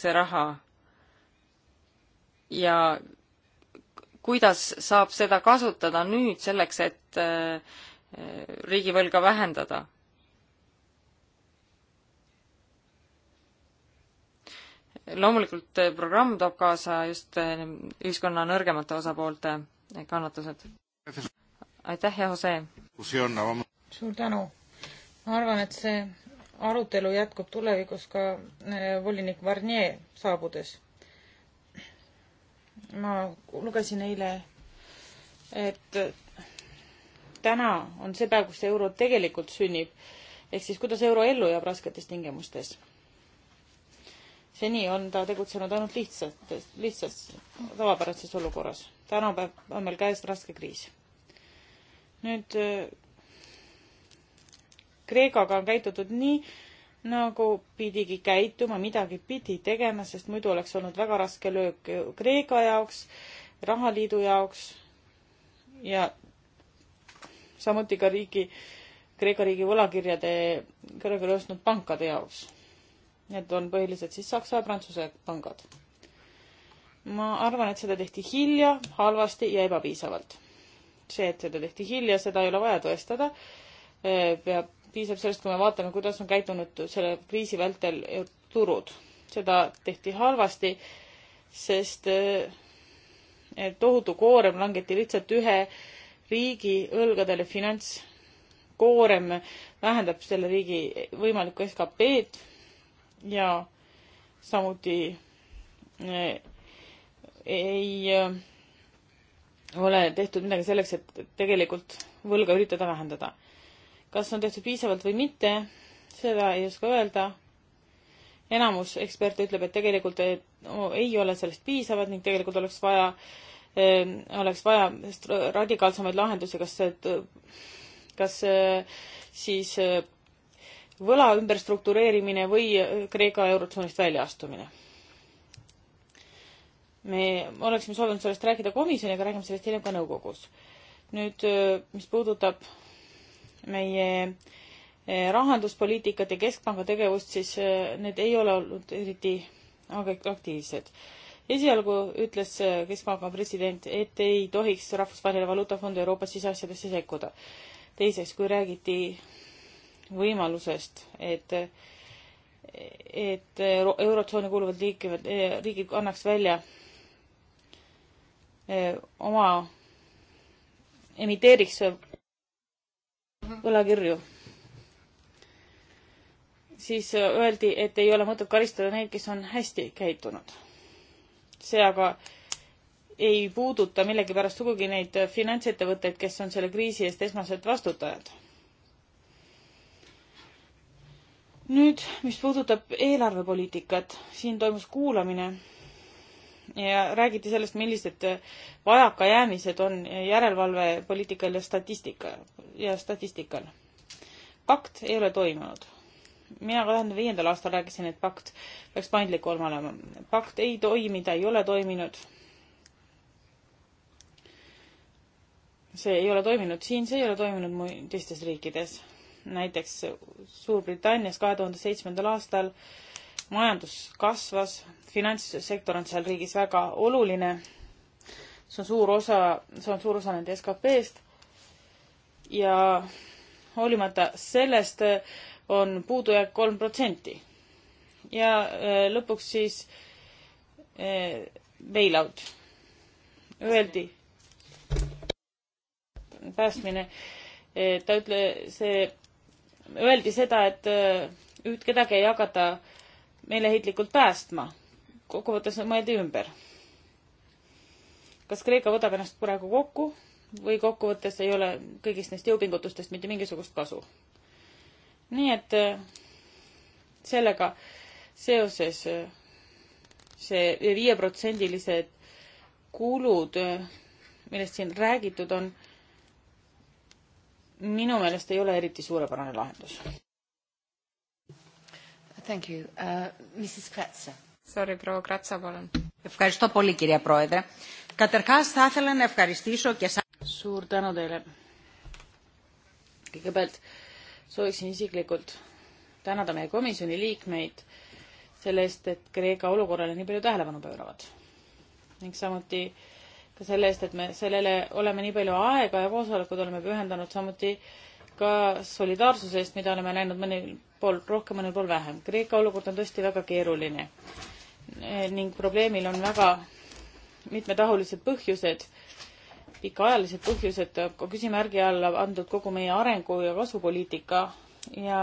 see raha? ja kuidas saab seda kasutada nüüd selleks, et äh, riigivõlga vähendada? loomulikult äh, programm toob kaasa just äh, ühiskonna nõrgemate osapoolte kannatused. aitäh, hea Jose! suur tänu! ma arvan, et see arutelu jätkub tulevikus ka volinik Varnier saabudes ma lugesin eile, et täna on see päev, kus euro tegelikult sünnib. ehk siis, kuidas euro ellu jääb rasketes tingimustes. seni on ta tegutsenud ainult lihtsates, lihtsas, tavapärases olukorras. tänapäev on meil käes raske kriis. nüüd äh, Kreekaga on käitutud nii, nagu pidigi käituma, midagi pidi tegema, sest muidu oleks olnud väga raske löök Kreeka jaoks, rahaliidu jaoks ja samuti ka riigi, Kreeka riigi võlakirjade kõrgele ostnud pankade jaoks. Need on põhiliselt siis Saksa ja Prantsuse pangad. ma arvan, et seda tehti hilja, halvasti ja ebapiisavalt. see, et seda tehti hilja, seda ei ole vaja tõestada, peab piisab sellest, kui me vaatame, kuidas on käitunud selle kriisi vältel turud. seda tehti halvasti, sest eh, tohutu koorem langeti lihtsalt ühe riigi õlgadele, finantskoorem vähendab selle riigi võimalikku skp-d ja samuti eh, ei eh, ole tehtud midagi selleks, et tegelikult võlga üritada vähendada kas on tehtud piisavalt või mitte, seda ei oska öelda. enamus eksperte ütleb, et tegelikult et, no, ei ole sellest piisavad ning tegelikult oleks vaja eh,, oleks vaja radikaalsemaid lahendusi, kas see, kas eh, siis eh, võla ümberstruktureerimine või äh, Kreeka eurotsoonist väljaastumine. me oleksime soovinud sellest rääkida komisjoniga, räägime sellest hiljem ka nõukogus. nüüd, mis puudutab meie eh, rahanduspoliitikat ja keskpanga tegevust, siis eh, need ei ole olnud eriti aktiivsed. esialgu ütles eh, Keskpanga president, et ei tohiks Rahvusvaheline Valuutafond Euroopa siseasjadesse sekkuda. teiseks, kui räägiti võimalusest, et et eurotsooni kuuluvad liikmed, riigid annaks välja oma, emiteeriks võlakirju. siis äh, öeldi, et ei ole mõtet karistada neid, kes on hästi käitunud. see aga ei puuduta millegipärast sugugi neid finantsettevõtteid, kes on selle kriisi eest esmased vastutajad. nüüd, mis puudutab eelarvepoliitikat, siin toimus kuulamine ja räägiti sellest, millised vajakajäämised on järelevalvepoliitikal ja statistika ja statistikal. pakt ei ole toimunud. mina kahe tuhande viiendal aastal rääkisin, et pakt peaks paindlikum olema. pakt ei toimi, ta ei ole toiminud. see ei ole toiminud siin, see ei ole toiminud teistes riikides. näiteks Suurbritannias kahe tuhande seitsmendal aastal äh, majandus kasvas, finantssektor on seal riigis väga oluline, see on suur osa, see on suur osa nende SKP-st ja hoolimata sellest on puudujääk kolm protsenti. ja äh, lõpuks siis äh, bailout, öeldi päästmine, äh, ta ütle-, see, öeldi seda, et üht kedagi ei jagata äh, meeleheitlikult päästma. kokkuvõttes mõeldi ümber. kas Kreeka võtab ennast praegu kokku või kokkuvõttes ei ole kõigist neist jõupingutustest mitte mingisugust kasu? nii et äh, sellega seoses äh, see viieprotsendilised kulud, äh, millest siin räägitud on, minu meelest ei ole eriti suurepärane lahendus. Thank you. Uh, Mrs. Kratsa. Sorry, proua Kratsa, palun. Ευχαριστώ πολύ, κυρία Πρόεδρε. Καταρχάς, θα ήθελα να ευχαριστήσω και εσάς. Suur tänu teile. Kõigepealt sooviksin isiklikult tänada meie komisjoni liikmeid selle eest, et Kreeka olukorrale nii palju tähelepanu pööravad. ning samuti ka selle eest, et me sellele oleme nii palju aega ja koosolekud oleme pühendanud samuti äh, ka solidaarsuse eest, mida oleme näinud mõnel pool rohkem, mõnel pool vähem. Kreeka olukord on tõesti väga keeruline ning probleemil on väga mitmetahulised põhjused, pikaajalised põhjused, küsimärgi alla andnud kogu meie arengu- ja kasvupoliitika ja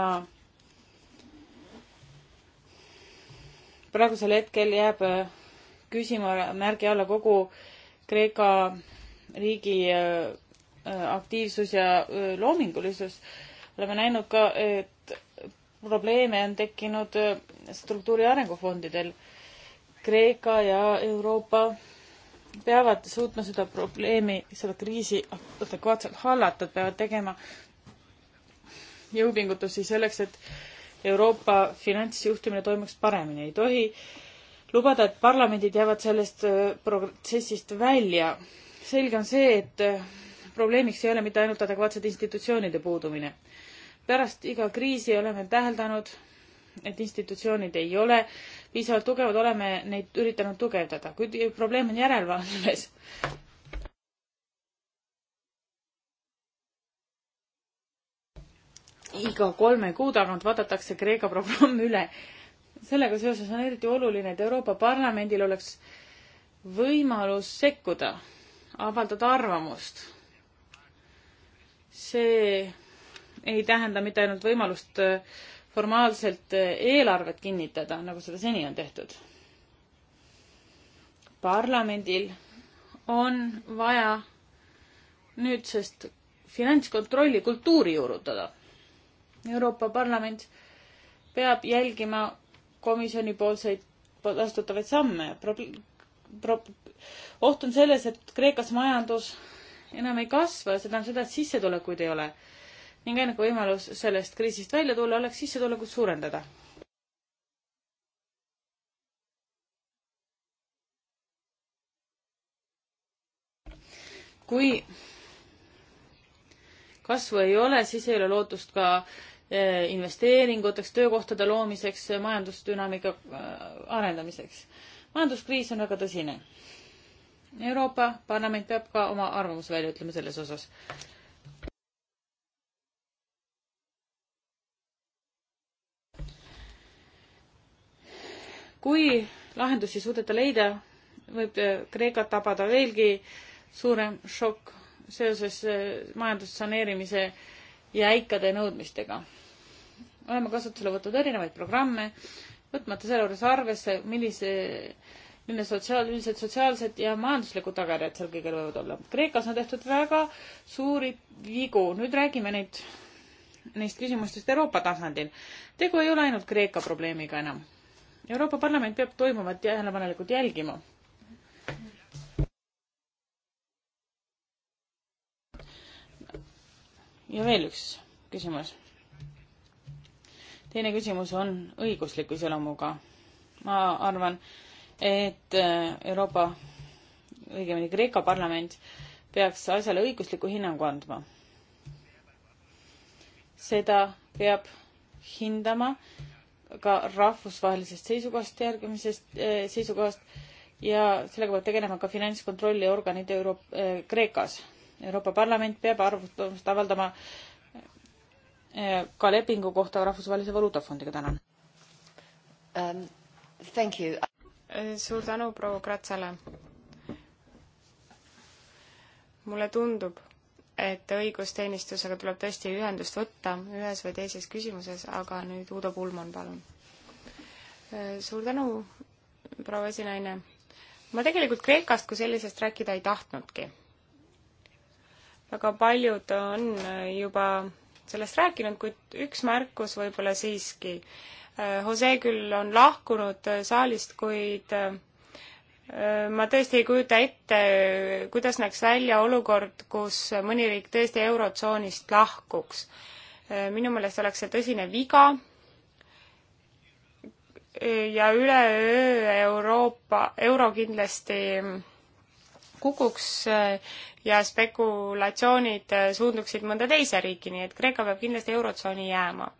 praegusel hetkel jääb küsimärgi alla kogu Kreeka riigi aktiivsus ja loomingulisus. oleme näinud ka, et probleeme on tekkinud struktuuri arengufondidel. Kreeka ja Euroopa peavad suutma seda probleemi, seda kriisi adekvaatselt hallata, peavad tegema jõupingutusi selleks, et Euroopa finantsjuhtimine toimuks paremini. ei tohi lubada, et parlamendid jäävad sellest protsessist välja. selge on see, et probleemiks ei ole mitte ainult adekvaatsete institutsioonide puudumine. pärast iga kriisi oleme täheldanud, et institutsioonid ei ole piisavalt tugevad, oleme neid üritanud tugevdada, kuid probleem on järelevalves. iga kolme kuu tagant vaadatakse Kreeka programm üle. sellega seoses on eriti oluline, et Euroopa Parlamendil oleks võimalus sekkuda, avaldada arvamust see ei tähenda mitte ainult võimalust äh, formaalselt äh, eelarvet kinnitada, nagu seda seni on tehtud. parlamendil on vaja nüüdsest finantskontrolli kultuuri juurutada. Euroopa Parlament peab jälgima komisjoni poolseid vastutavaid samme pro,. Pro, oht on selles, et Kreekas majandus enam ei kasva, see tähendab seda, et sissetulekuid ei ole. ning ainuke võimalus sellest kriisist välja tulla oleks sissetulekut suurendada. kui kasvu ei ole, siis ei ole lootust ka eh, investeeringuteks, töökohtade loomiseks, majandusdünaamika äh, arendamiseks. majanduskriis on väga tõsine Euroopa Parlament peab ka oma arvamuse välja ütlema selles osas. kui lahendusi suudeta leida, võib äh, Kreekat tabada veelgi suurem šokk seoses äh, majandussaneerimise jäikade nõudmistega. oleme kasutusele võtnud erinevaid programme, võtmata selle juures arvesse, millise milline sotsiaal, millised sotsiaalsed ja majanduslikud tagajärjed seal kõigil võivad olla. Kreekas on tehtud väga suuri vigu, nüüd räägime neid, neist küsimustest Euroopa tasandil. tegu ei ole ainult Kreeka probleemiga enam. Euroopa Parlament peab toimuvat tähelepanelikult jälgima. ja veel üks küsimus. teine küsimus on õigusliku iseloomuga. ma arvan, et äh, Euroopa, õigemini Kreeka parlament peaks asjale õigusliku hinnangu andma. seda peab hindama ka rahvusvahelisest seisukohast, järgimisest äh, seisukohast ja sellega peab tegelema ka finantskontrolli organid Euro-, äh, Kreekas. Euroopa Parlament peab arvamust avaldama ka lepingu kohta Rahvusvahelise Valuutafondiga, tänan um,. Thank you suur tänu proua Kratsale. mulle tundub, et õigusteenistusega tuleb tõesti ühendust võtta ühes või teises küsimuses, aga nüüd Uudo Pulman, palun. suur tänu, proua esinaine. ma tegelikult Kreekast kui sellisest rääkida ei tahtnudki. väga paljud on juba sellest rääkinud, kuid üks märkus võib-olla siiski äh, Jose küll on lahkunud äh, saalist, kuid äh, ma tõesti ei kujuta ette, kuidas näeks välja olukord, kus mõni riik tõesti Eurotsoonist lahkuks. Äh, minu meelest oleks see tõsine viga ja üleöö Euroopa, euro kindlasti kukuks ja spekulatsioonid suunduvad mõnda teise riiki, nii et Kreeka peab kindlasti Eurotsooni jääma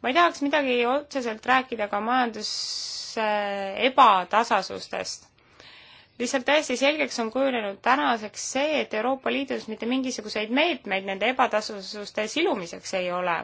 ma ei tahaks midagi otseselt rääkida ka majanduse äh, ebatasasustest lihtsalt täiesti selgeks on kujunenud tänaseks see, et Euroopa Liidus mitte mingisuguseid meetmeid nende ebatasasuste silumiseks ei ole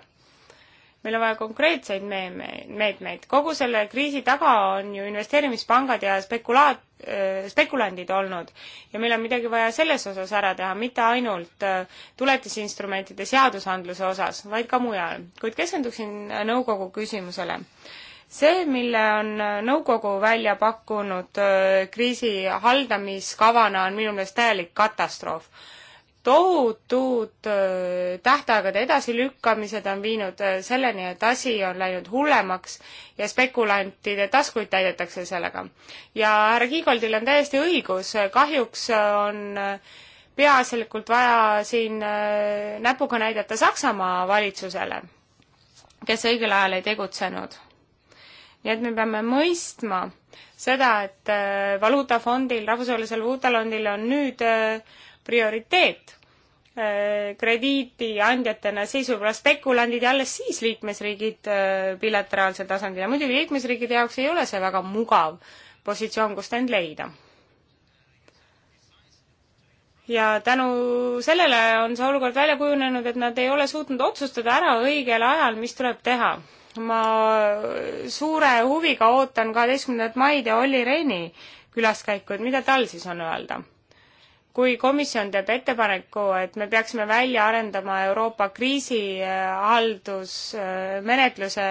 meil on vaja konkreetseid meetmeid, meetmeid. kogu selle kriisi taga on ju investeerimispangad ja spekulaat-, äh, spekulandid olnud ja meil on midagi vaja selles osas ära teha, mitte ainult äh, tuletisinstrumentide seadusandluse osas, vaid ka mujal. kuid keskenduksin äh, nõukogu küsimusele. see, mille on nõukogu välja pakkunud kriisi haldamiskavana, on minu meelest täielik katastroof tohutud äh, tähtaegade edasilükkamised on viinud äh, selleni, et asi on läinud hullemaks ja spekulantide taskuid täidetakse sellega. ja härra Kiigoldil on täiesti õigus, äh, kahjuks on peaasjalikult vaja siin näpuga näidata Saksamaa valitsusele, kes õigel ajal ei tegutsenud. nii et me peame mõistma seda, et valuutafondil, rahvusvahelisel valuutafondil on nüüd prioriteet äh, krediidiandjatena seis võib-olla spekulandid ja alles siis liikmesriigid äh, bilateraalsel tasandil ja muidugi liikmesriikide jaoks ei ole see väga mugav positsioon, kust end leida. ja tänu sellele on see olukord välja kujunenud, et nad ei ole suutnud otsustada ära õigel ajal, mis tuleb teha. ma suure huviga ootan kaheteistkümnendat maid ja Olli Rehni külaskäiku, et mida tal siis on öelda kui komisjon teeb ettepaneku, et me peaksime välja arendama Euroopa kriisihaldusmenetluse,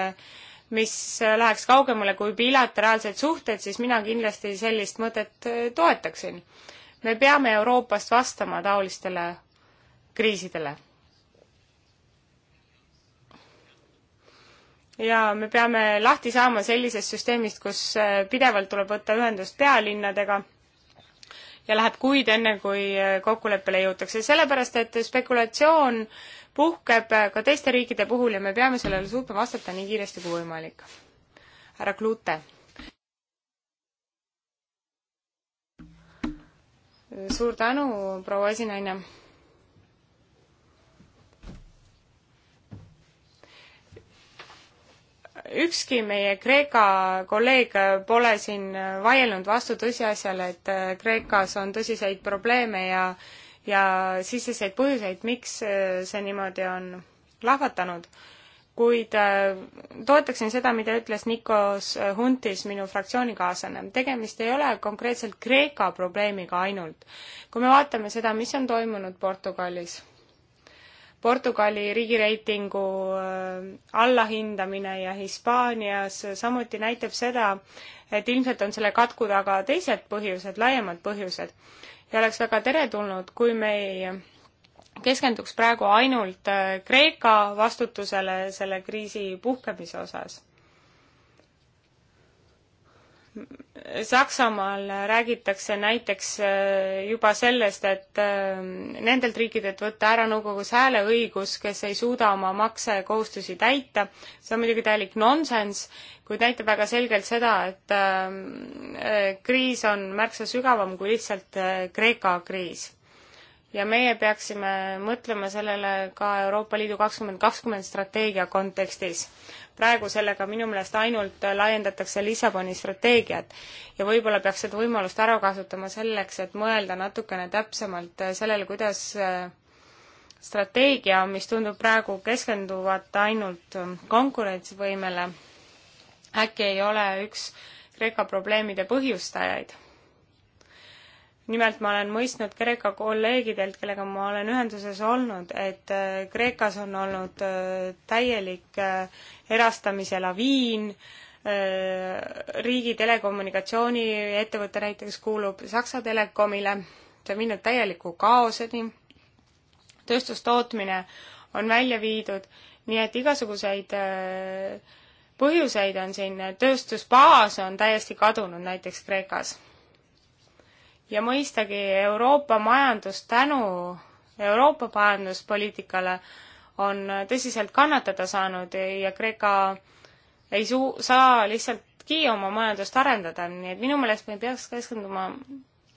mis läheks kaugemale kui bilateraalsed suhted, siis mina kindlasti sellist mõtet äh, toetaksin. me peame Euroopast vastama taolistele kriisidele. ja me peame lahti saama sellisest süsteemist, kus äh, pidevalt tuleb võtta ühendust pealinnadega ja läheb kuid, enne kui äh, kokkuleppele jõutakse, sellepärast et spekulatsioon puhkeb äh, ka teiste riikide puhul ja me peame sellele suutma vastata nii kiiresti kui võimalik. härra Klute. suur tänu, proua esinaine ükski meie Kreeka kolleeg pole siin vaielnud vastu tõsiasjale, et äh, Kreekas on tõsiseid probleeme ja ja siseseid põhjuseid, miks äh, see niimoodi on lahvatanud. kuid äh, toetaksin seda, mida ütles Nikos Huntis, minu fraktsioonikaaslane. tegemist ei ole konkreetselt Kreeka probleemiga ainult. kui me vaatame seda, mis on toimunud Portugalis Portugali riigireitingu äh, allahindamine ja Hispaanias äh, samuti näitab seda, et ilmselt on selle katku taga teised põhjused, laiemad põhjused. ja oleks väga teretulnud, kui me ei keskenduks praegu ainult äh, Kreeka vastutusele selle kriisi puhkemise osas Saksamaal räägitakse näiteks äh, juba sellest, et äh, nendelt riikidelt võtta ära nõukogus hääleõigus, kes ei suuda oma maksekohustusi täita. see on muidugi täielik nonsenss, kuid näitab väga selgelt seda, et äh, kriis on märksa sügavam kui lihtsalt Kreeka kriis ja meie peaksime mõtlema sellele ka Euroopa Liidu kakskümmend kakskümmend strateegia kontekstis. praegu sellega minu meelest ainult laiendatakse Lissaboni strateegiat ja võib-olla peaks seda võimalust ära kasutama selleks, et mõelda natukene täpsemalt sellele, kuidas äh, strateegia, mis tundub praegu keskenduvat ainult konkurentsivõimele, äkki ei ole üks Kreeka probleemide põhjustajaid nimelt ma olen mõistnud Kreeka kolleegidelt, kellega ma olen ühenduses olnud, et äh, Kreekas on olnud äh, täielik äh, erastamise laviin, riigi telekommunikatsiooniettevõte näiteks kuulub Saksa Telekomile, see on viinud täieliku kaoseni, tööstustootmine on välja viidud, nii et igasuguseid põhjuseid on siin, tööstusbaas on täiesti kadunud näiteks Kreekas ja mõistagi Euroopa majandus tänu Euroopa majanduspoliitikale on tõsiselt kannatada saanud ja Kreeka ei suu-, saa lihtsaltki oma majandust arendada, nii et minu meelest me ei peaks keskenduma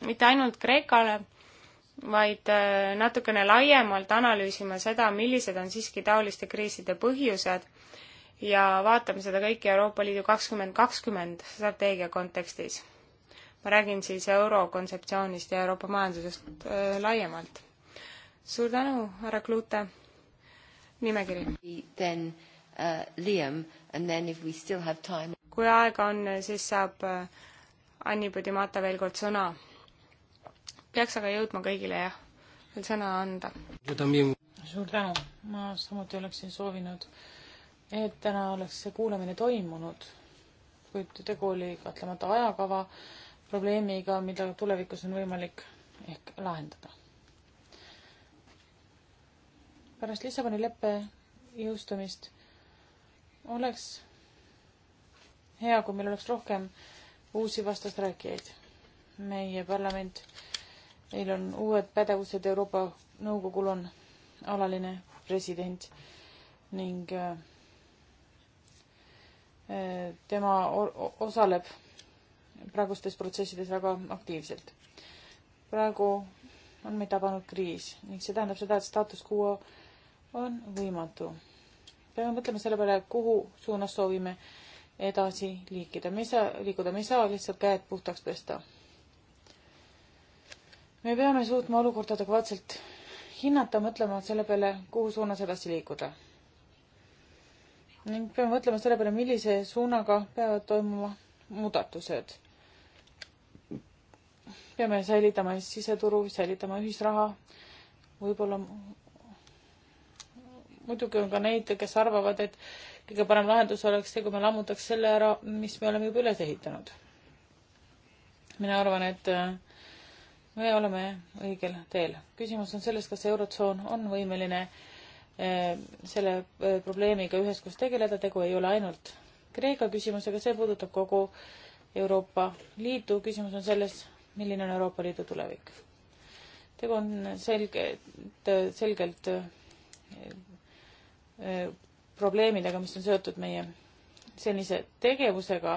mitte ainult Kreekale, vaid äh, natukene laiemalt analüüsima seda, millised on siiski taoliste kriiside põhjused ja vaatame seda kõike Euroopa Liidu kakskümmend kakskümmend strateegia kontekstis ma räägin siis eurokontseptsioonist ja Euroopa majandusest äh, laiemalt. suur tänu, härra Klute. nimekiri. Then uh, Liam and then if we still have time. kui aega on, siis saab uh, Anni Pudimata veel kord sõna. peaks aga jõudma kõigile jah, veel sõna anda. suur tänu, ma samuti oleksin soovinud, et täna oleks see kuulamine toimunud, kuid tegu oli kahtlemata ajakava uh, probleemiga, mida tulevikus on võimalik ehk lahendada. pärast Lissaboni leppe jõustumist oleks hea, kui meil oleks rohkem uusi vastasrääkijaid. meie parlament, meil on uued pädevused, Euroopa Nõukogul on alaline president ning äh, äh, tema osaleb praegustes protsessides väga aktiivselt. praegu on meid tabanud kriis ning see tähendab seda, et staatus quo on võimatu. peame mõtlema selle peale, kuhu suunas soovime edasi liikida. me ei saa, liikuda, me ei saa lihtsalt käed puhtaks pesta. me peame suutma olukorda adekvaatselt hinnata, mõtlema selle peale, kuhu suunas edasi liikuda. ning peame mõtlema selle peale, millise suunaga peavad toimuma muudatused peame säilitama siseturu, säilitama ühisraha, võib-olla muidugi on ka neid, kes arvavad, et kõige parem lahendus oleks see, kui me lammutaks selle ära, mis me oleme juba üles ehitanud. mina arvan, et äh, me oleme õigel teel. küsimus on selles, kas Eurotsoon on võimeline äh, selle äh, probleemiga üheskoos tegeleda, tegu ei ole ainult Kreeka küsimusega, see puudutab kogu Euroopa Liitu, küsimus on selles, milline on Euroopa Liidu tulevik. tegu on selge, äh, selgelt äh, äh, probleemidega, mis on seotud meie senise tegevusega,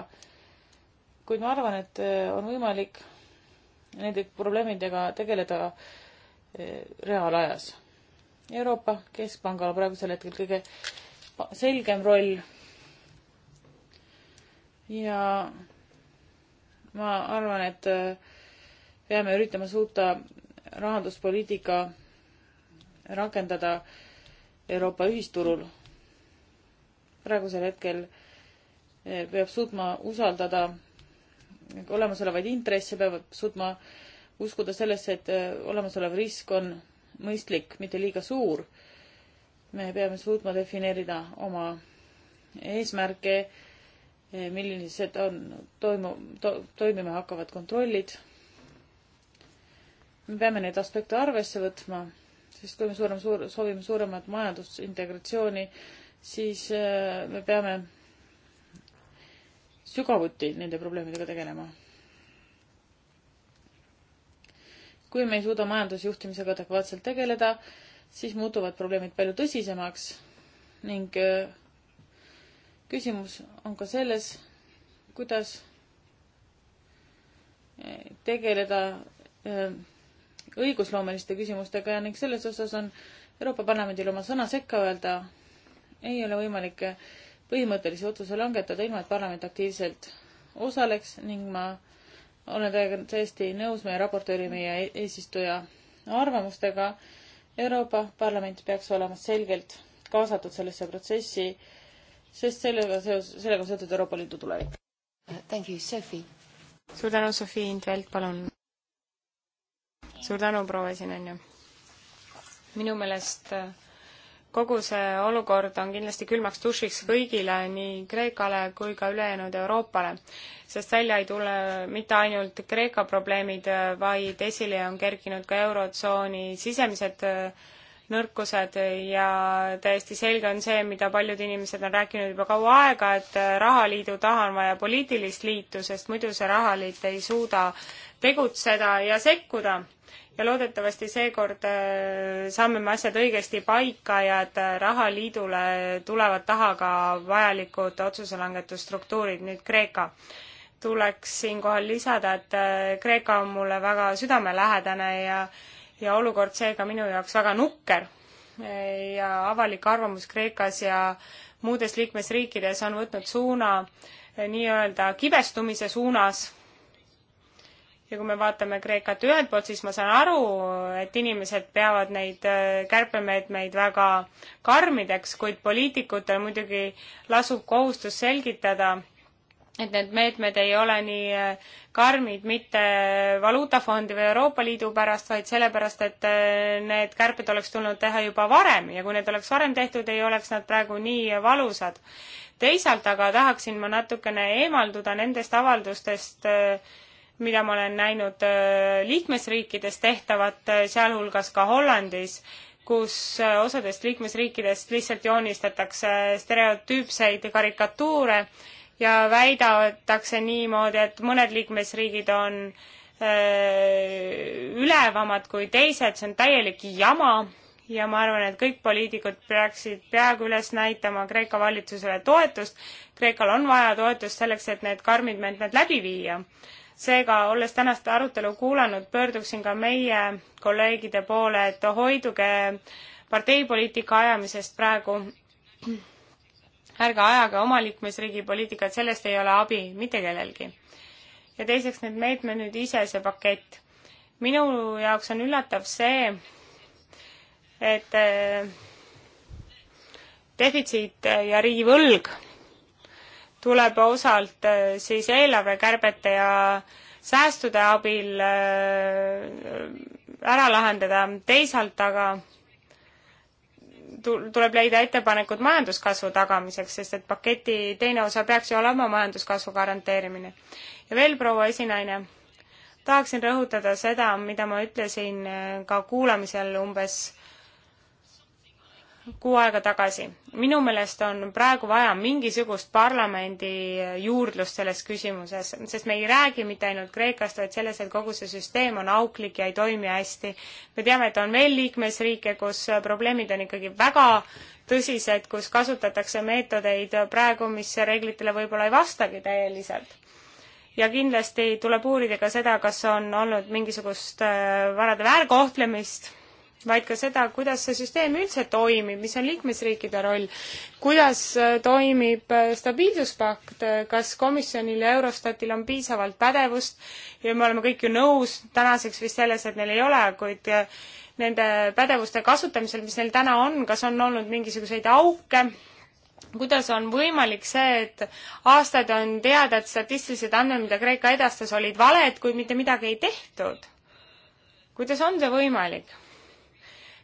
kuid ma arvan, et on võimalik nende probleemidega tegeleda reaalajas. Euroopa Keskpangal on praegusel hetkel kõige selgem roll ja ma arvan, et peame üritama suuta rahanduspoliitika rakendada Euroopa ühisturul. praegusel hetkel eh, peab suutma usaldada olemasolevaid intresse, peab suutma uskuda sellesse, et eh, olemasolev risk on mõistlik, mitte liiga suur. me peame suutma defineerida oma eesmärke, eh, millised on toimu- to,, toimima hakkavad kontrollid me peame neid aspekte arvesse võtma, sest kui me suurem, suur, soovime suuremat majandusintegratsiooni, siis äh, me peame sügavuti nende probleemidega tegelema. kui me ei suuda majandusjuhtimisega adekvaatselt tegeleda, siis muutuvad probleemid palju tõsisemaks ning äh, küsimus on ka selles, kuidas äh, tegeleda õigusloomeliste küsimustega ning selles osas on Euroopa Parlamendil oma sõna sekka öelda. ei ole võimalik põhimõttelisi otsuse langetada ilma, et parlament aktiivselt osaleks ning ma olen täiega täiesti nõus meie raportööri, meie e-, eesistuja arvamustega. Euroopa Parlament peaks olema selgelt kaasatud sellesse protsessi, sest sellega seos, sellega on seotud Euroopa Liidu tulevik. Thank you, Sophie. suur tänu, Sophie Indvelt, palun suur tänu, proua esinaine. minu meelest äh, kogu see olukord on kindlasti külmaks dušiks kõigile, nii Kreekale kui ka ülejäänud Euroopale, sest välja ei tule mitte ainult Kreeka probleemid, äh, vaid esile on kerkinud ka Eurotsooni sisemised äh, nõrkused ja täiesti selge on see, mida paljud inimesed on rääkinud juba kaua aega, et rahaliidu taha on vaja poliitilist liitu, sest muidu see rahaliit ei suuda tegutseda ja sekkuda ja loodetavasti seekord äh, saame me asjad õigesti paika ja et äh, rahaliidule tulevad taha ka vajalikud otsuselangetusstruktuurid. nüüd Kreeka. tuleks siinkohal lisada, et äh, Kreeka on mulle väga südamelähedane ja, ja olukord seega minu jaoks väga nukker ja avalik arvamus Kreekas ja muudes liikmesriikides on võtnud suuna nii-öelda kibestumise suunas ja kui me vaatame Kreekat ühelt poolt, siis ma saan aru, et inimesed peavad neid äh, kärpemeetmeid väga karmideks, kuid poliitikutel muidugi lasub kohustus selgitada, et need meetmed ei ole nii äh, karmid mitte Valuutafondi või Euroopa Liidu pärast, vaid sellepärast, et äh, need kärped oleks tulnud teha juba varem ja kui need oleks varem tehtud, ei oleks nad praegu nii valusad. teisalt aga tahaksin ma natukene eemalduda nendest avaldustest äh, mida ma olen näinud äh, liikmesriikides tehtavat, äh, sealhulgas ka Hollandis, kus äh, osadest liikmesriikidest lihtsalt joonistatakse stereotüüpseid karikatuure ja väidetakse niimoodi, et mõned liikmesriigid on öö, ülevamad kui teised, see on täielik jama ja ma arvan, et kõik poliitikud peaksid peaaegu üles näitama Kreeka valitsusele toetust. Kreekal on vaja toetust selleks, et need karmid meetmed läbi viia seega, olles tänast arutelu kuulanud, pöörduksin ka meie kolleegide poole, et hoiduge parteipoliitika ajamisest praegu. ärge ajage oma liikmesriigi poliitikat, sellest ei ole abi mitte kellelgi. ja teiseks need meetmed nüüd ise, see pakett. minu jaoks on üllatav see, et äh, defitsiit ja riigivõlg tuleb osalt äh, siis eelarvekärbete ja säästude abil äh, ära lahendada, teisalt aga tuleb leida ettepanekud majanduskasvu tagamiseks, sest et paketi teine osa peaks ju olema majanduskasvu garanteerimine. ja veel, proua esinaine, tahaksin rõhutada seda, mida ma ütlesin äh, ka kuulamisel umbes kuu aega tagasi. minu meelest on praegu vaja mingisugust parlamendi äh, juurdlust selles küsimuses, sest me ei räägi mitte ainult Kreekast, vaid selles, et kogu see süsteem on auklik ja ei toimi hästi. me teame, et on veel liikmesriike, kus äh, probleemid on ikkagi väga tõsised, kus kasutatakse meetodeid praegu, mis reeglitele võib-olla ei vastagi täieliselt ja kindlasti tuleb uurida ka seda, kas on olnud mingisugust äh, varade väärkohtlemist vaid ka seda, kuidas see süsteem üldse toimib, mis on liikmesriikide roll, kuidas äh, toimib äh, stabiilsuspakt, äh, kas komisjonil ja Eurostatil on piisavalt pädevust ja me oleme kõik ju nõus tänaseks vist selles, et neil ei ole, kuid nende pädevuste kasutamisel, mis neil täna on, kas on olnud mingisuguseid auke, kuidas on võimalik see, et aastaid on teada, et statistilised andmed, mida Kreeka edastas, olid valed, kuid mitte midagi ei tehtud? kuidas on see võimalik?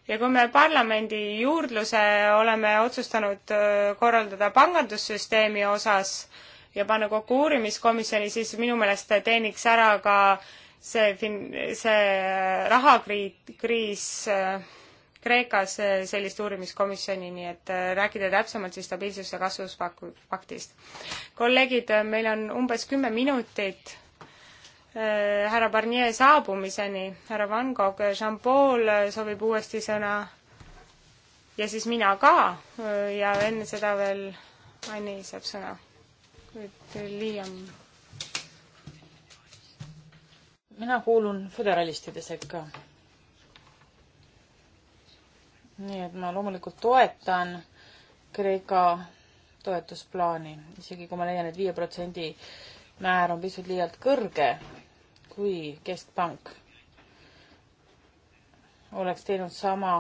ja kui me parlamendi juurdluse oleme otsustanud äh, korraldada pangandussüsteemi osas ja panna kokku uurimiskomisjoni, siis minu meelest teeniks ära ka see fin-, see äh, rahakriis äh, Kreekas sellist uurimiskomisjoni, nii et rääkida täpsemalt siis stabiilsus- ja kasvuspaktist. kolleegid, meil on umbes kümme minutit Äh, härra Barnier saabumiseni. härra Van Gogh, Jean-Paul soovib uuesti sõna ja siis mina ka äh, ja enne seda veel Anni saab sõna. nüüd äh, Liam. mina kuulun föderalistide sekka. nii et ma loomulikult toetan Kreeka toetusplaani, isegi kui ma leian et, et viie protsendi määr on pisut liialt kõrge kui keskpank oleks teinud sama,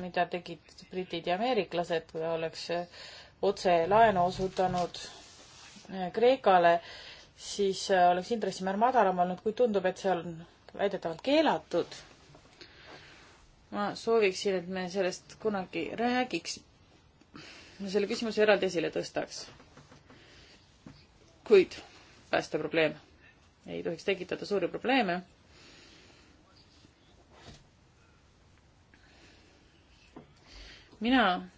mida tegid britid ja ameeriklased, kui oleks otse laenu osutanud eh, Kreekale, siis eh, oleks intressimäär madalam olnud, kuid tundub, et see on väidetavalt keelatud. ma sooviksin, et me sellest kunagi räägiks. selle küsimuse eraldi esile tõstaks. kuid päästeprobleem ei tohiks tekitada suuri probleeme. mina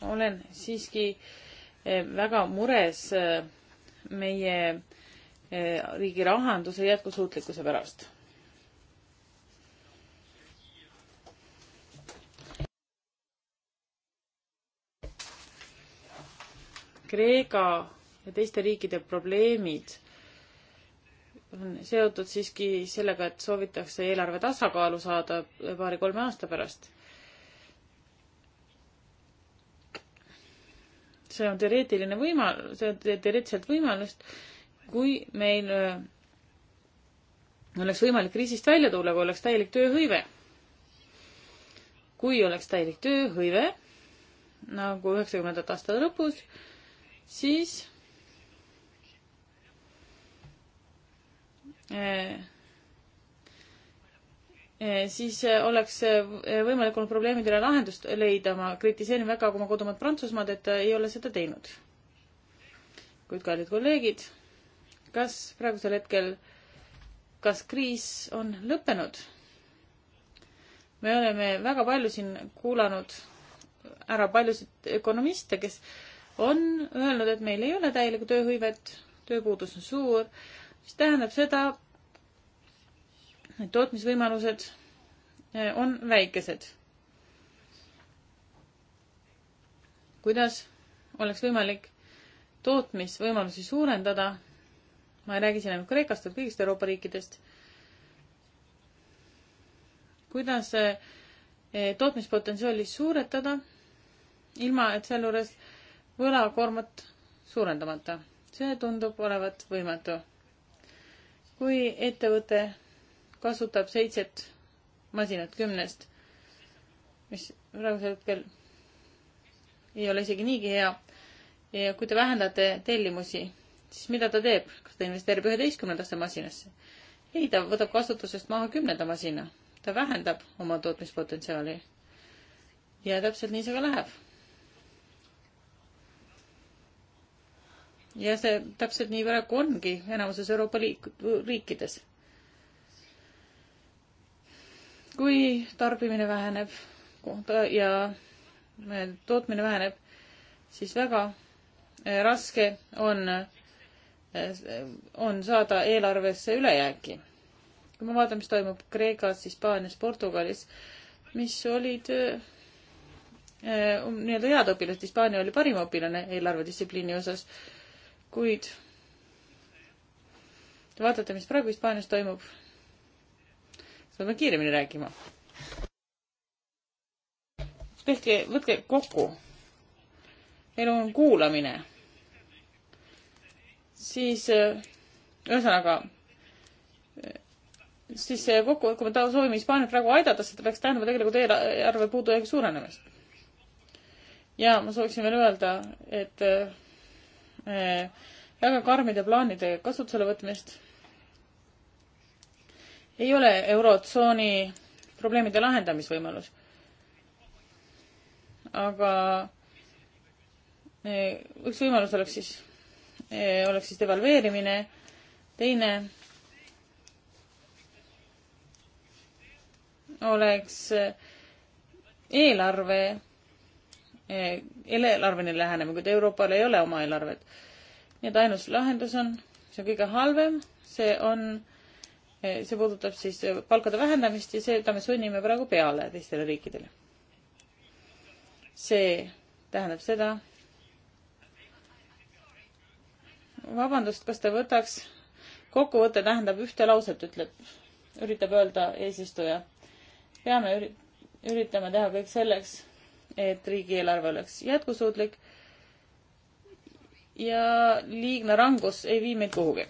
olen siiski eh, väga mures eh, meie eh, riigi rahanduse jätkusuutlikkuse pärast. Kreeka ja teiste riikide probleemid on seotud siiski sellega, et soovitakse eelarve tasakaalu saada paari-kolme aasta pärast. see on teoreetiline võima-, see on teoreetiliselt võimalus, kui meil äh, oleks võimalik kriisist välja tulla, kui oleks täielik tööhõive. kui oleks täielik tööhõive nagu üheksakümnendate aastate lõpus, siis Äh, äh, siis äh, oleks võimalik olnud probleemidele lahendust leida. ma kritiseerin väga oma kodumaad Prantsusmaad, et ei ole seda teinud. kuid, kallid kolleegid, kas praegusel hetkel, kas kriis on lõppenud? me oleme väga palju siin kuulanud ära paljusid ökonomiste, kes on öelnud, et meil ei ole täielikku tööhõivet, tööpuudus on suur mis tähendab seda, et tootmisvõimalused eh, on väikesed. kuidas oleks võimalik tootmisvõimalusi suurendada? ma ei räägi siin ainult Kreekast, vaid kõigist Euroopa riikidest. kuidas eh, tootmispotentsiaali suuretada, ilma et sealjuures võlakoormat suurendamata? see tundub olevat võimatu kui ettevõte kasutab seitset masinat kümnest, mis praegusel hetkel ei ole isegi niigi hea, ja kui te vähendate tellimusi, siis mida ta teeb? kas ta investeerib üheteistkümnendasse masinasse? ei, ta võtab kasutusest maha kümnenda masina. ta vähendab oma tootmispotentsiaali. ja täpselt nii see ka läheb ja see täpselt nii praegu ongi enamuses Euroopa liik-, riikides. kui tarbimine väheneb ja tootmine väheneb, siis väga eh, raske on, eh, on saada eelarvesse ülejääki. kui me vaatame, mis toimub Kreekas, Hispaanias, Portugalis, mis olid eh, um, nii-öelda head õpilased, Hispaania oli parim õpilane eelarvedistsipliini osas kuid vaatate, mis praegu Hispaanias toimub. siis peame kiiremini rääkima. tehke, võtke kokku. meil on kuulamine. siis eh, ühesõnaga, eh, siis eh, kokku, kui me soovime Hispaaniat praegu aidata, siis ta peaks tähendama tegelikult eelarve puudujäägi suurenemist. ja ma sooviksin veel öelda, et Äh, väga karmide plaanide kasutusele võtmist. ei ole Eurotsooni probleemide lahendamisvõimalus. aga äh, üks võimalus oleks siis, äh, oleks siis devalveerimine, teine oleks eelarve Eh, eelarveni läheneme, kuid Euroopal ei ole oma eelarvet. nii et ainus lahendus on, see on kõige halvem, see on, eh, see puudutab siis palkade vähendamist ja seda me sunnime praegu peale teistele riikidele. see tähendab seda, vabandust, kas te võtaks, kokkuvõte tähendab ühte lauset, ütleb, üritab öelda eesistuja. peame üritama teha kõik selleks et riigieelarve oleks jätkusuutlik ja liigne rangus ei vii meid kuhugi.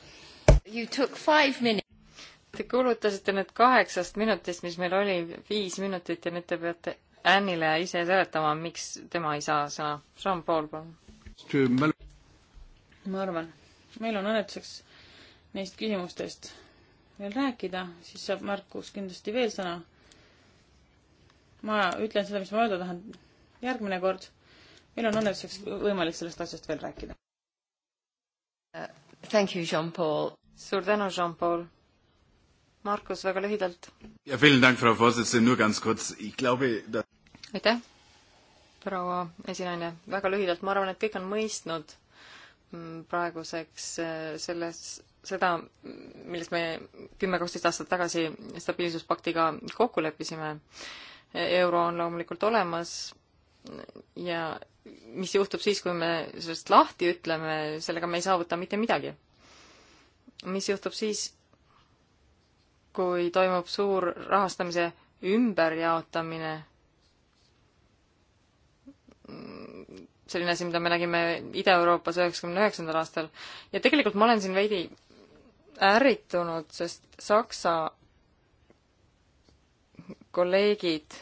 Te kulutasite nüüd kaheksast minutist, mis meil oli, viis minutit ja nüüd te peate Annile ise seletama, miks tema ei saa sõna. Jean-Paul, palun. ma arvan, meil on õnnetuseks neist küsimustest veel rääkida, siis saab Markus kindlasti veel sõna. ma ütlen seda, mis ma öelda tahan järgmine kord. meil on õnnetuseks võimalik sellest asjast veel rääkida uh,. Thank you, Jean-Paul. suur tänu, Jean-Paul. Markus, väga lühidalt. ja, vielen Dank, Frau Vorsitzende, nur ganz kurz, ich glaube da.... aitäh, proua esinaine, väga lühidalt, ma arvan, et kõik on mõistnud mm, praeguseks äh, selles, seda, millest me kümme-kaksteist aastat tagasi stabiilsuspaktiga kokku leppisime. euro on loomulikult olemas, ja mis juhtub siis, kui me sellest lahti ütleme, sellega me ei saavuta mitte midagi. mis juhtub siis, kui toimub suur rahastamise ümberjaotamine, selline asi, mida me nägime Ida-Euroopas üheksakümne üheksandal aastal, ja tegelikult ma olen siin veidi ärritunud, sest Saksa kolleegid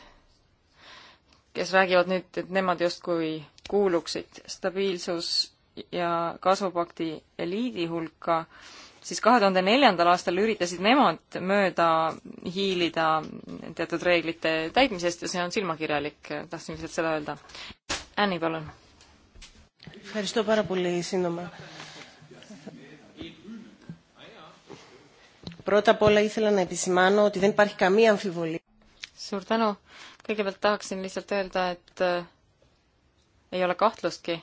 kes räägivad nüüd, et nemad justkui kuuluksid stabiilsus- ja kasvupakti eliidi hulka, siis kahe tuhande neljandal aastal üritasid nemad mööda hiilida teatud reeglite täitmisest ja see on silmakirjalik, tahtsin lihtsalt seda öelda. Anni, palun. Πρώτα απ' όλα ήθελα να επισημάνω ότι δεν υπάρχει καμία αμφιβολία. Suur tänu kõigepealt tahaksin lihtsalt öelda, et äh, ei ole kahtlustki,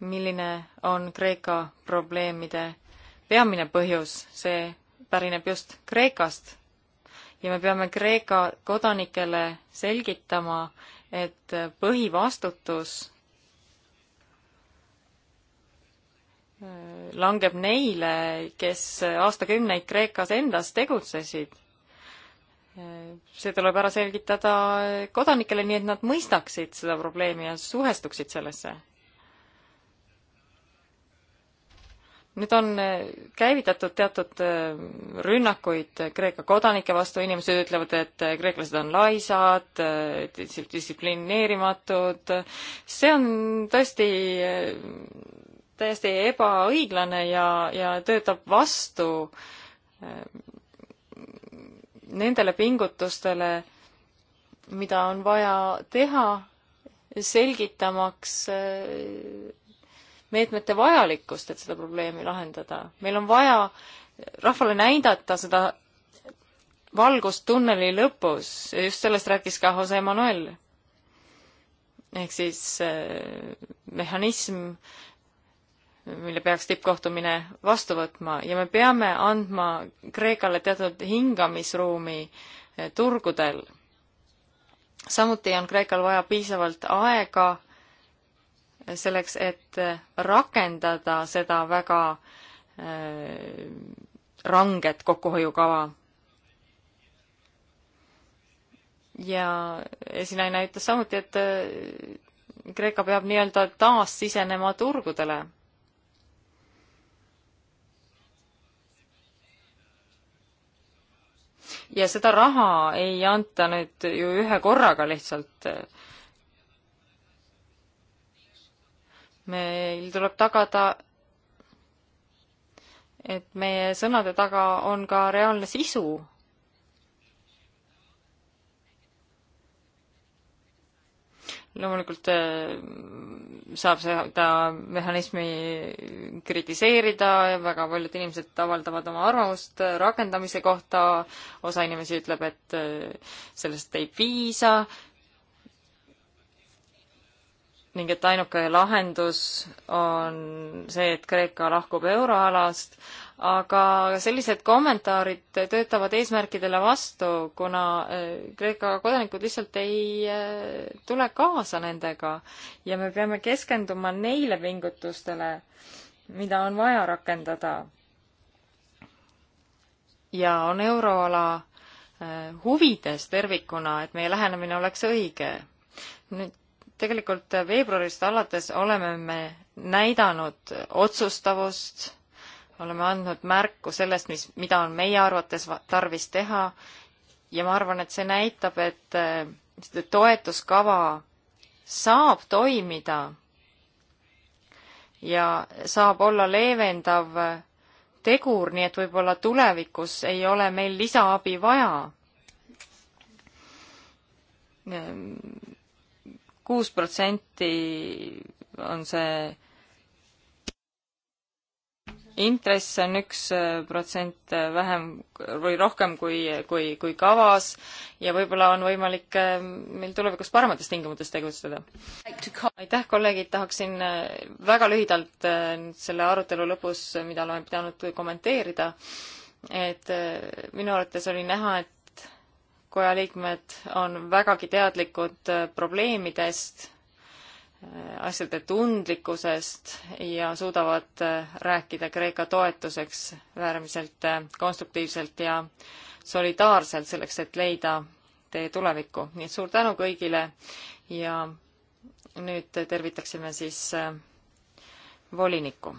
milline on Kreeka probleemide peamine põhjus, see pärineb just Kreekast. ja me peame Kreeka kodanikele selgitama, et äh, põhivastutus äh, langeb neile, kes aastakümneid Kreekas endas tegutsesid see tuleb ära selgitada kodanikele, nii et nad mõistaksid seda probleemi ja suhestuksid sellesse. nüüd on äh, käivitatud teatud äh, rünnakuid Kreeka kodanike vastu, inimesed ütlevad, et äh, kreeklased on laisad, distsiplineerimatud, see on tõesti täiesti ebaõiglane ja, ja töötab vastu nendele pingutustele, mida on vaja teha, selgitamaks äh, meetmete vajalikkust, et seda probleemi lahendada. meil on vaja rahvale näidata seda valgust tunneli lõpus ja just sellest rääkis ka Jose Manuel. ehk siis eh, mehhanism, mille peaks tippkohtumine vastu võtma ja me peame andma Kreekale teatud hingamisruumi eh, turgudel. samuti on Kreekal vaja piisavalt aega eh, selleks, et eh, rakendada seda väga ranget kokkuhoiukava. ja esinaine ütles samuti, et Kreeka peab nii-öelda taassisenema turgudele ja seda raha ei anta nüüd ju ühe korraga lihtsalt. meil tuleb tagada, et meie sõnade taga on ka reaalne sisu loomulikult äh, saab seda mehhanismi kritiseerida ja väga paljud inimesed avaldavad oma arvamust äh, rakendamise kohta, osa inimesi ütleb, et äh, sellest ei piisa ning et ainuke lahendus on see, et Kreeka lahkub euroalast, aga sellised kommentaarid töötavad eesmärkidele vastu, kuna eh, Kreeka kodanikud lihtsalt ei eh, tule kaasa nendega ja me peame keskenduma neile pingutustele, mida on vaja rakendada. ja on euroala eh, huvides tervikuna, et meie lähenemine oleks õige. nüüd tegelikult veebruarist alates oleme me näidanud otsustavust oleme andnud märku sellest, mis, mida on meie arvates tarvis teha ja ma arvan, et see näitab, et eh, toetuskava saab toimida ja saab olla leevendav tegur, nii et võib-olla tulevikus ei ole meil lisaabi vaja. Ehm, kuus protsenti on see intress on üks äh, protsent äh, vähem või rohkem kui, kui, kui kavas ja võib-olla on võimalik äh, meil tulevikus paremates tingimustes tegutseda. aitäh, kolleegid, tahaksin väga lühidalt selle arutelu lõpus, mida oleme pidanud kommenteerida, et minu arvates oli näha, et koja liikmed on vägagi teadlikud probleemidest, asjade tundlikkusest ja suudavad äh, rääkida Kreeka toetuseks äärmiselt äh, konstruktiivselt ja solidaarselt selleks, et leida tee tulevikku. nii et suur tänu kõigile ja nüüd tervitaksime siis äh, volinikku.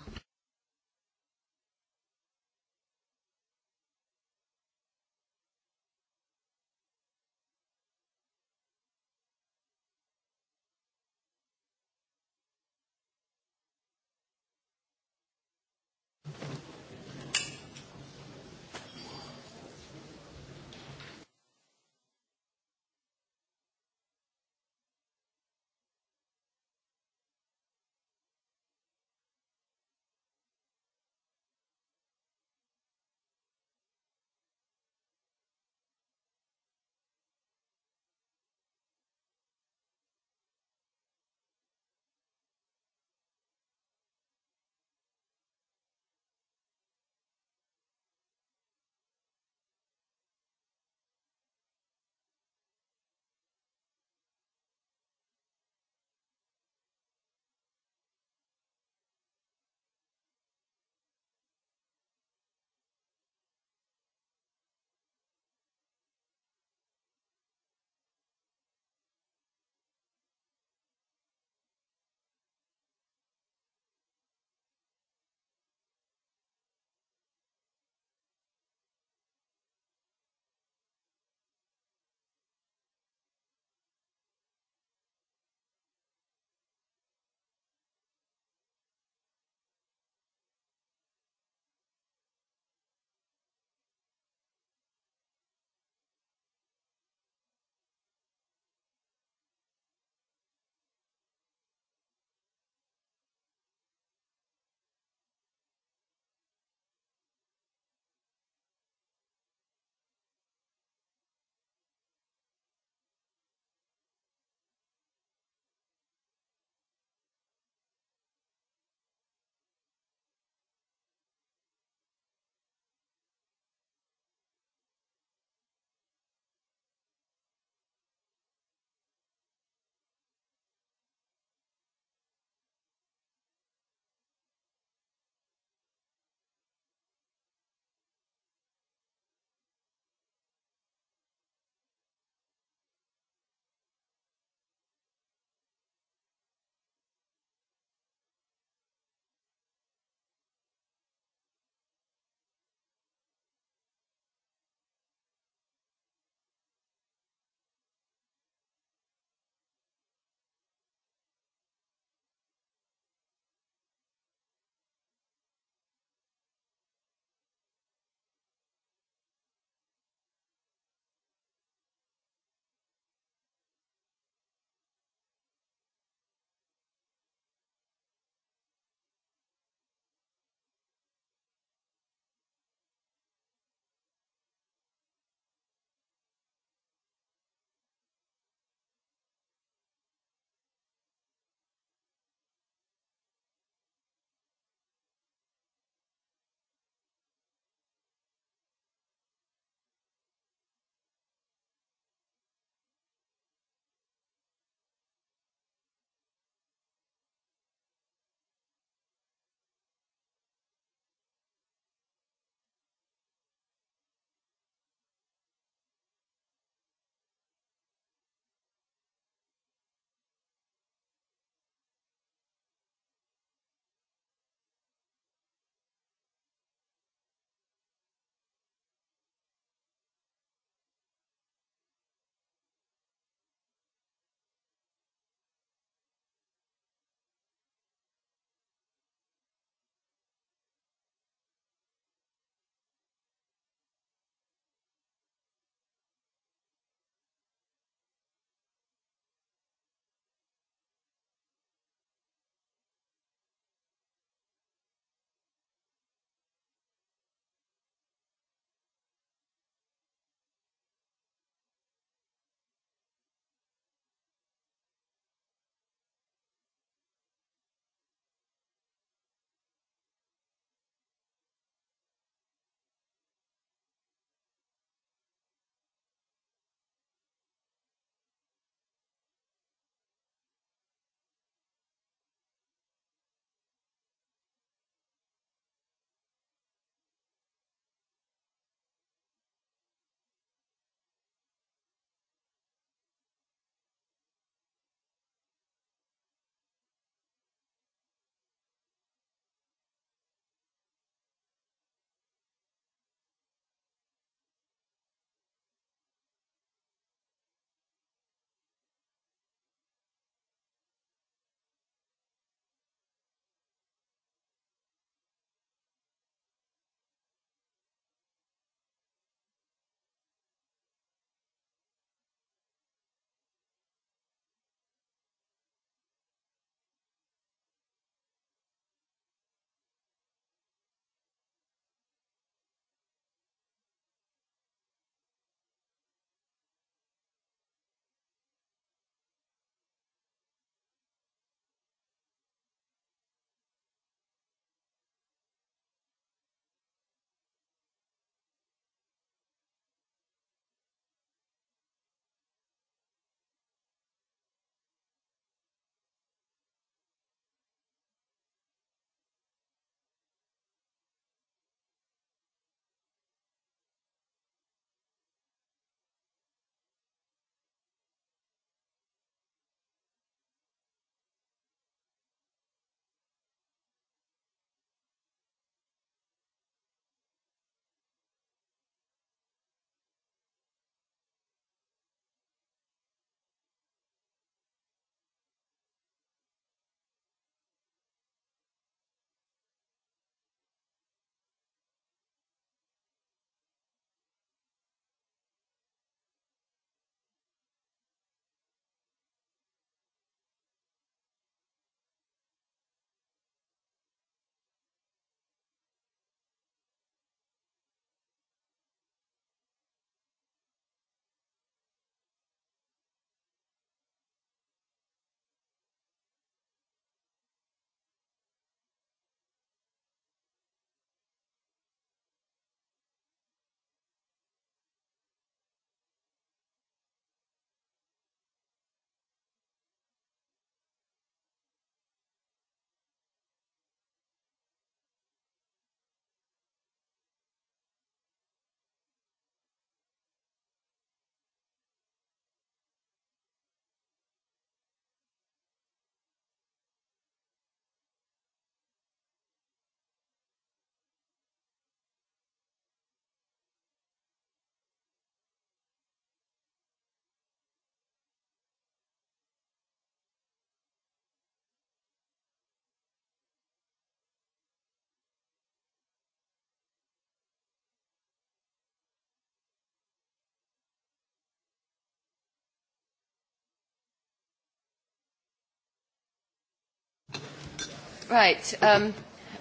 Right um,,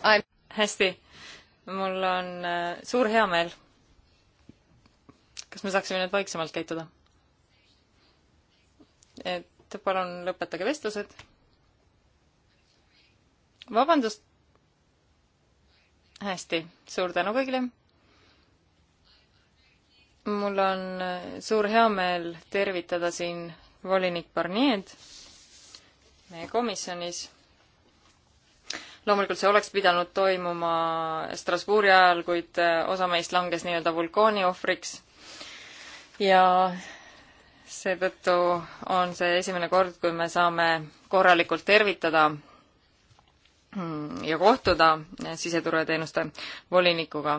I m hästi, mul on äh, suur heameel. kas me saaksime nüüd vaiksemalt käituda? et palun lõpetage vestlused. vabandust. hästi, suur tänu kõigile. mul on äh, suur heameel tervitada siin volinik Barnier'd meie komisjonis loomulikult see oleks pidanud toimuma Strasbourgi ajal, kuid eh, osa meist langes nii-öelda vulkaani ohvriks ja seetõttu on see esimene kord, kui me saame korralikult tervitada mm, ja kohtuda eh, siseturvateenuste volinikuga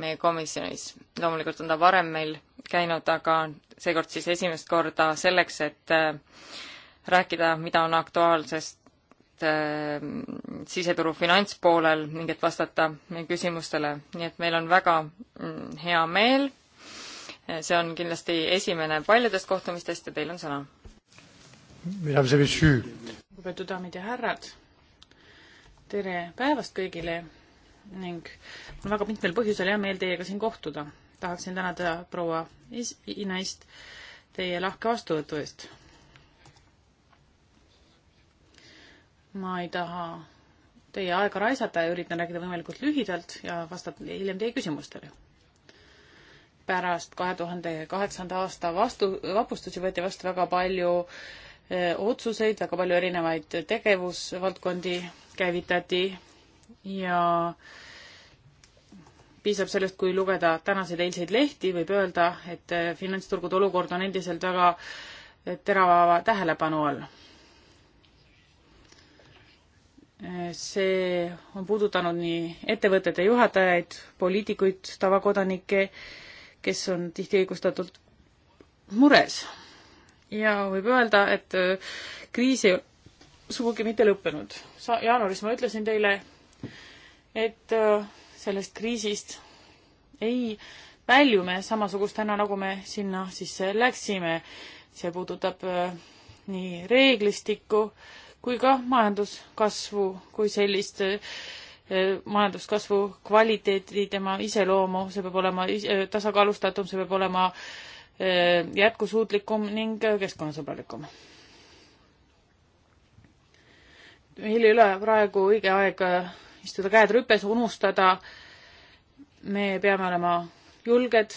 meie komisjonis. loomulikult on ta varem meil käinud, aga seekord siis esimest korda selleks, et eh, rääkida, mida on aktuaalsest Ehm, siseturu finantspoolel ning et vastata meie küsimustele, nii et meil on väga mm, hea meel. see on kindlasti esimene paljudest kohtumistest ja teil on sõna. lugupeetud daamid ja härrad, tere päevast kõigile ning mul on väga mitmel põhjusel hea meel teiega siin kohtuda. tahaksin tänada proua Inaist teie lahke vastuvõtu eest ma ei taha teie aega raisata ja üritan rääkida võimalikult lühidalt ja vastata hiljem teie küsimustele. pärast kahe tuhande kaheksanda aasta vastu, vapustusi võeti vastu väga palju öö, eh, otsuseid, väga palju erinevaid tegevusvaldkondi käivitati ja piisab sellest, kui lugeda tänaseid eilseid lehti, võib öelda, et eh, finantsturgude olukord on endiselt väga eh, terava tähelepanu all see on puudutanud nii ettevõtete juhatajaid, poliitikuid, tavakodanikke, kes on tihti õigustatult mures. ja võib öelda, et äh, kriis ei sugugi mitte lõppenud. sa-, jaanuaris ma ütlesin teile, et äh, sellest kriisist ei välju me samasugustena, nagu me sinna sisse läksime. see puudutab äh, nii reeglistikku, kui ka majanduskasvu kui sellist eh, majanduskasvu kvaliteeti, tema iseloomu, see peab olema eh, tasakaalustatum, see peab olema eh, jätkusuutlikum ning keskkonnasõbralikum. meil ei ole praegu õige aeg istuda käed rüpes, unustada. me peame olema julged,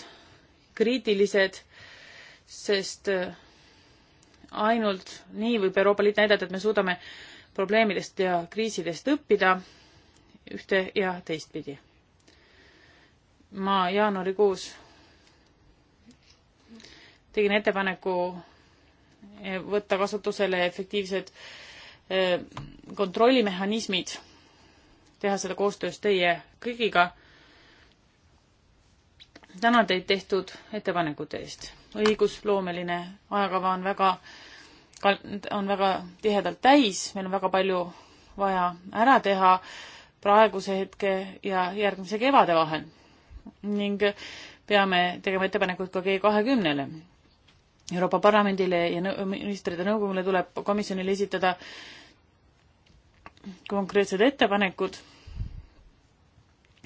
kriitilised, sest ainult nii võib Euroopa Liit näidata, et me suudame probleemidest ja kriisidest õppida ühte ja teistpidi. ma jaanuarikuus tegin ettepaneku võtta kasutusele efektiivsed eh, kontrollimehhanismid, teha seda koostöös teie kõigiga tänan teid tehtud ettepanekute eest. õigusloomeline ajakava on väga, on väga tihedalt täis, meil on väga palju vaja ära teha praeguse hetke ja järgmise kevade vahel. ning peame tegema ettepanekuid ka G kahekümnele. Euroopa Parlamendile ja ministrite nõukogule tuleb komisjonile esitada konkreetsed ettepanekud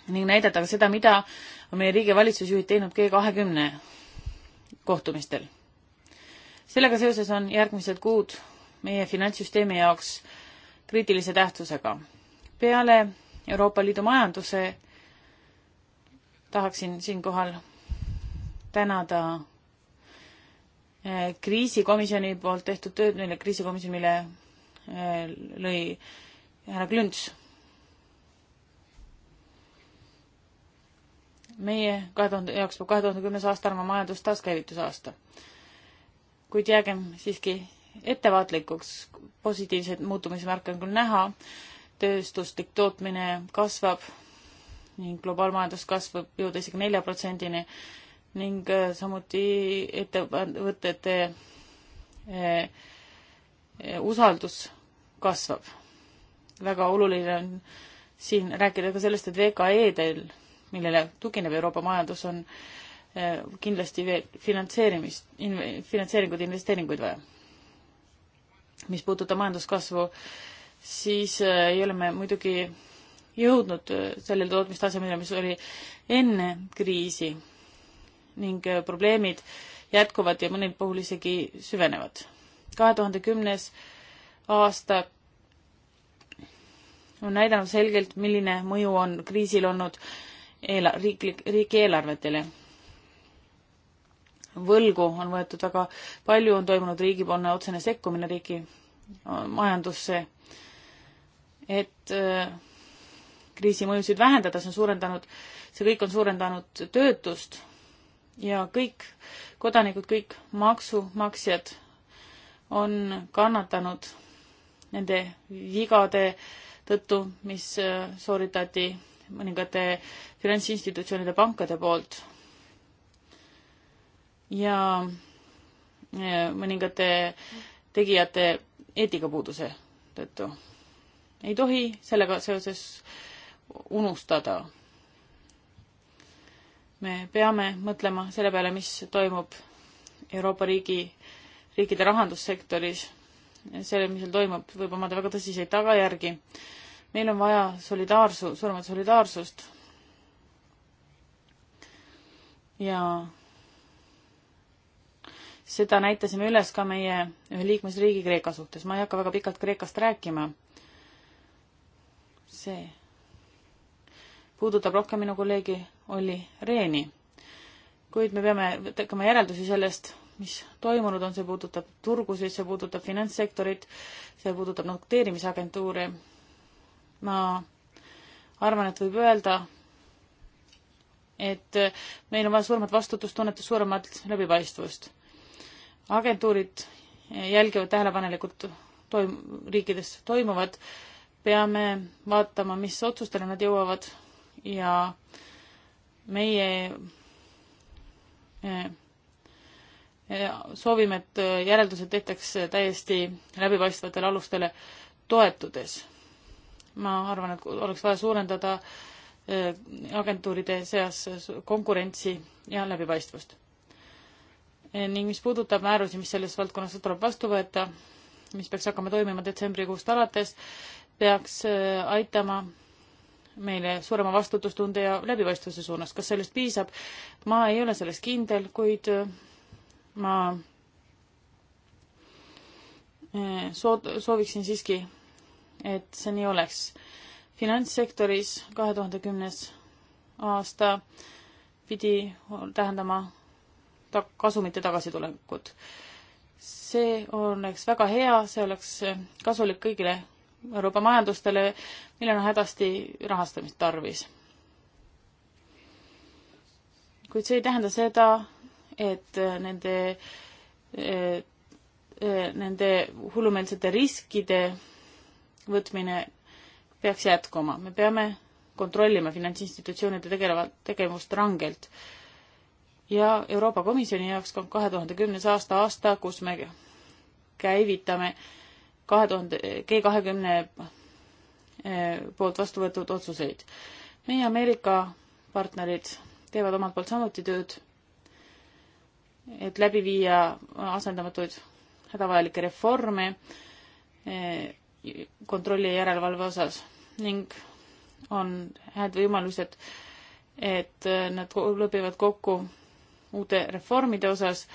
ning näidata ka seda, mida on meie riigi valitsusjuhid teinud G kahekümne kohtumistel. sellega seoses on järgmised kuud meie finantssüsteemi jaoks kriitilise tähtsusega. peale Euroopa Liidu majanduse tahaksin siinkohal tänada eh, kriisikomisjoni poolt tehtud tööd, mille kriisikomisjon, mille eh, lõi härra Klünts. meie kahe tuhande, jaoks kahe tuhande kümnes aasta on oma majandus taaskäivitusaasta. kuid jäägem siiski ettevaatlikuks, positiivseid muutumismärke on küll näha, tööstuslik tootmine kasvab ning globaalmajandus kasvab jõuda isegi nelja protsendini ning äh, samuti ettevõtete eh, eh, usaldus kasvab. väga oluline on siin rääkida ka sellest, et VKE-del millele tugineb Euroopa majandus, on eh, kindlasti veel finantseerimist, finantseeringuid, investeeringuid vaja. mis puudutab majanduskasvu, siis eh, ei ole me muidugi jõudnud eh, sellele tootmistasemele, mis oli enne kriisi ning probleemid jätkuvad ja mõnel puhul isegi süvenevad. kahe tuhande kümnes aasta on näidanud selgelt, milline mõju on kriisil olnud eela-, riiklik, riigieelarvetele. võlgu on võetud väga palju, on toimunud riigipoolne otsene sekkumine riigi äh, majandusse, et äh, kriisi mõjusid vähendada, see on suurendanud, see kõik on suurendanud töötust ja kõik kodanikud, kõik maksumaksjad on kannatanud nende vigade tõttu, mis äh, sooritati mõningate finantsinstitutsioonide pankade poolt ja e, mõningate tegijate eetikapuuduse tõttu. ei tohi sellega seoses unustada. me peame mõtlema selle peale, mis toimub Euroopa riigi, riikide rahandussektoris. sellel, mis seal toimub, võib omada väga tõsiseid tagajärgi Neil on vaja solidaarsu-, suuremat solidaarsust. ja seda näitasime üles ka meie ühe liikmesriigi Kreeka suhtes. ma ei hakka väga pikalt Kreekast rääkima. see puudutab rohkem minu kolleegi Olli Rehni. kuid me peame tegema järeldusi sellest, mis toimunud on, see puudutab turgusid, see puudutab finantssektorit, see puudutab noteerimisagentuure ma arvan, et võib öelda, et meil on vaja suuremat vastutustunnet ja suuremat läbipaistvust. agentuurid jälgivad tähelepanelikult toim-, riikides toimuvat, peame vaatama, mis otsustele nad jõuavad ja meie eh, eh, soovime, et järeldused tehtaks täiesti läbipaistvatele alustele toetudes ma arvan, et oleks vaja suurendada eh, agentuuride seas konkurentsi ja läbipaistvust. Eh, ning mis puudutab määrusi, mis selles valdkonnas tuleb vastu võtta, mis peaks hakkama toimima detsembrikuust alates, peaks eh, aitama meile suurema vastutustunde ja läbipaistvuse suunas. kas sellest piisab? ma ei ole selles kindel, kuid ma sood-, sooviksin siiski et see nii oleks. finantssektoris kahe tuhande kümnes aasta pidi tähendama ta-, kasumite tagasitulekut. see oleks väga hea, see oleks kasulik kõigile Euroopa majandustele, millel on hädasti rahastamist tarvis. kuid see ei tähenda seda, et nende, nende hullumeelsete riskide võtmine peaks jätkuma. me peame kontrollima finantsinstitutsioonide tegelevat tegevust rangelt. ja Euroopa Komisjoni jaoks on kahe tuhande kümnes aasta aasta, kus me käivitame kahe tuhande, G kahekümne eh, poolt vastu võetud otsuseid. meie Ameerika partnerid teevad omalt poolt samuti tööd, et läbi viia asendamatuid hädavajalikke reforme eh, kontrolli ja järelevalve osas ning on head võimalused, et nad lõpivad kokku uute reformide osas.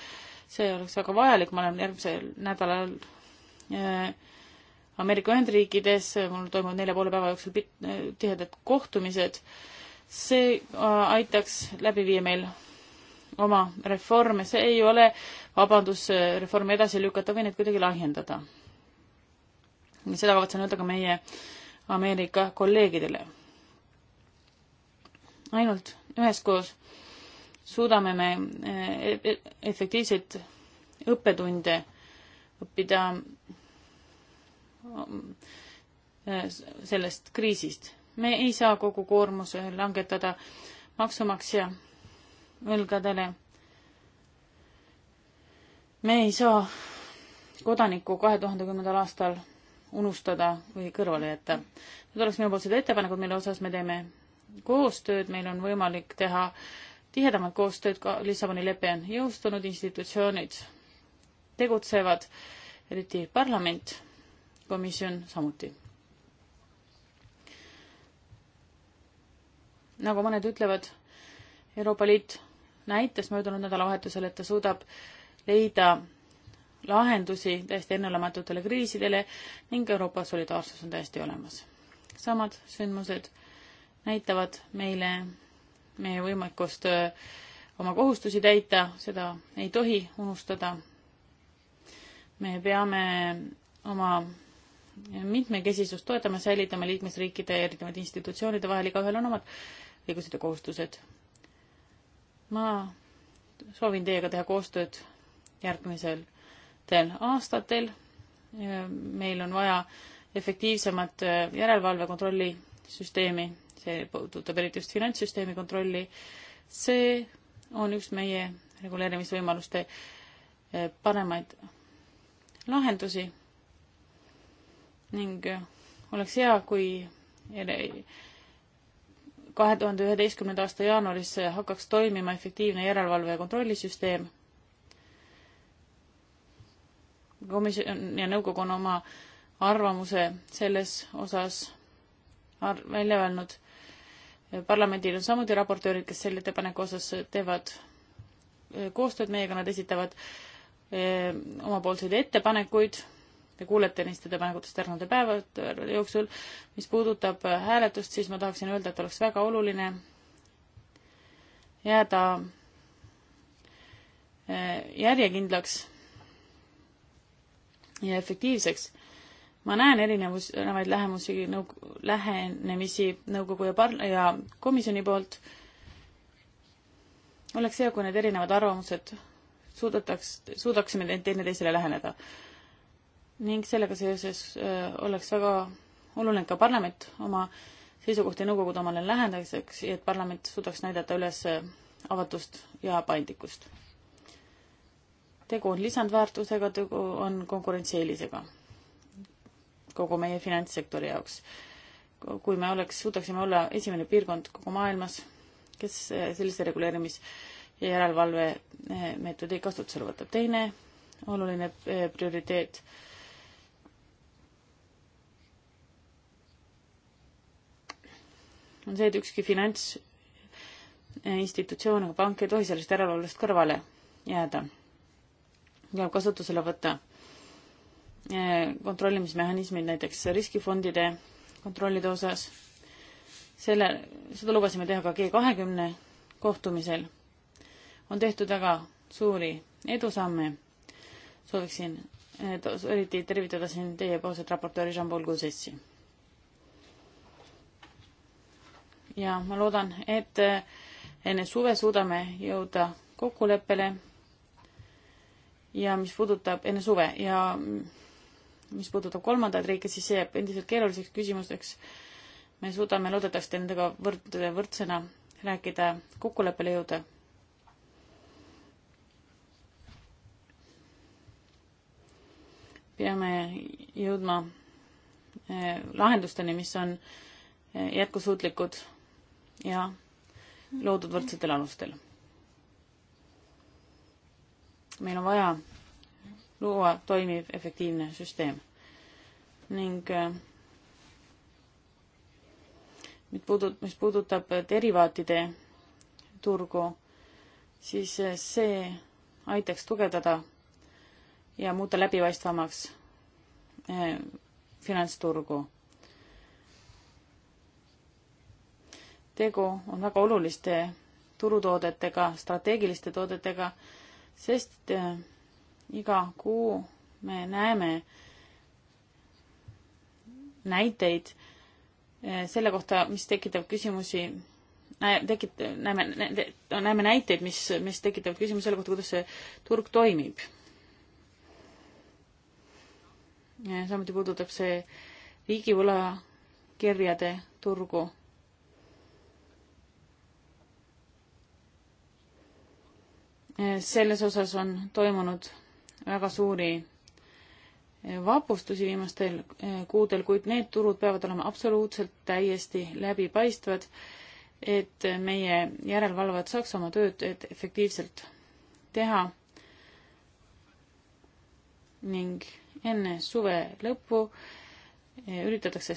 see oleks väga vajalik, ma olen järgmisel nädalal äh, Ameerika Ühendriikides, mul toimuvad nelja poole päeva jooksul äh, tihedad kohtumised. see äh, aitaks läbi viia meil oma reforme, see ei ole vabandus reformi edasi lükata või need kuidagi lahjendada seda kavatsen öelda ka meie Ameerika kolleegidele. ainult üheskoos suudame me eh, e-, e-, efektiivseid õppetunde õppida mm, eh, sellest kriisist. me ei saa kogu koormuse langetada maksumaksja õlgadele. me ei saa kodanikku kahe tuhande kümnendal aastal unustada või kõrvale jätta. Need oleks minupoolsed ettepanekud, mille osas me teeme koostööd, meil on võimalik teha tihedamat koostööd, ka Lissaboni lepe on jõustunud, institutsioonid tegutsevad, eriti parlament, komisjon samuti. nagu mõned ütlevad, Euroopa Liit näitas möödunud nädalavahetusel, et ta suudab leida lahendusi täiesti enneolematutele kriisidele ning Euroopa solidaarsus on täiesti olemas. samad sündmused näitavad meile meie võimekust äh, oma kohustusi täita, seda ei tohi unustada. me peame oma mitmekesisust toetama, säilitama liikmesriikide ja erinevate institutsioonide vahel, igaühel on omad õigused ja kohustused. ma soovin teiega teha koostööd järgmisel järgnevatel aastatel. meil on vaja efektiivsemat järelevalve kontrollisüsteemi, see puudutab eriti just finantssüsteemi kontrolli. see on üks meie reguleerimisvõimaluste eh, paremaid lahendusi. ning eh, oleks hea, kui kahe tuhande üheteistkümnenda aasta jaanuaris eh, hakkaks toimima efektiivne järelevalve ja kontrollisüsteem komisjon ja nõukogu on oma arvamuse selles osas ar-, välja öelnud. parlamendil on samuti raportöörid, kes selle ettepaneku osas teevad eh, koostööd meiega, nad esitavad öö, eh, omapoolseid ettepanekuid, te kuulete neist ettepanekutest järgnevate päevade jooksul. mis puudutab eh, hääletust, siis ma tahaksin öelda, et oleks väga oluline jääda järjekindlaks ja efektiivseks. ma näen erinevus, erinevaid lähemusi nõuk-, lähenemisi nõukogu ja par- ja komisjoni poolt. oleks hea, kui need erinevad arvamused suudetaks, suudaksime teineteisele läheneda. ning sellega seoses öö, äh, oleks väga oluline ka parlament oma seisukohti nõukogude omale lähendamiseks ja et parlament suudaks näidata üles avatust ja paindlikkust tegu on lisandväärtusega, tegu on konkurentsieelisega kogu meie finantssektori jaoks. kui me oleks, suudaksime olla esimene piirkond kogu maailmas, kes eh, sellise reguleerimis- ja järelevalvemeetodi eh, kasutusele võtab. teine oluline eh, prioriteet on see, et ükski finantsinstitutsioon ega pank ei tohi sellest järelevalvest kõrvale jääda tuleb kasutusele võtta äh, kontrollimismehhanismid näiteks riskifondide kontrollide osas. selle, seda lubasime teha ka G kahekümne kohtumisel. on tehtud väga suuri edusamme. sooviksin eriti tervitada siin teiepoolset raportööri Jean-Paul Gauzessi. ja ma loodan, et äh, enne suve suudame jõuda kokkuleppele ja mis puudutab enne suve ja mis puudutab kolmandaid riike, siis see jääb endiselt keeruliseks küsimuseks. me suudame loodetavasti nendega võrd-, võrdsena rääkida, kokkuleppele jõuda. peame jõudma eh, lahendusteni, mis on eh, jätkusuutlikud ja loodud võrdsetel alustel meil on vaja luua toimiv efektiivne süsteem ning äh, mis puudut-, mis puudutab derivaatide turgu, siis äh, see aitaks tugevdada ja muuta läbipaistvamaks äh, finantsturgu. tegu on väga oluliste turutoodetega, strateegiliste toodetega, sest äh, iga kuu me näeme näiteid äh, selle kohta, mis tekitab küsimusi tekit-, näeme, näeme näiteid, mis, mis tekitavad küsimuse selle kohta, kuidas see turg toimib. samuti puudutab see riigivõlakirjade turgu. Eh, selles osas on toimunud väga suuri eh, vapustusi viimastel eh, kuudel, kuid need turud peavad olema absoluutselt täiesti läbipaistvad, et meie järelevalvajad saaks oma tööd efektiivselt teha. ning enne suve lõppu üritatakse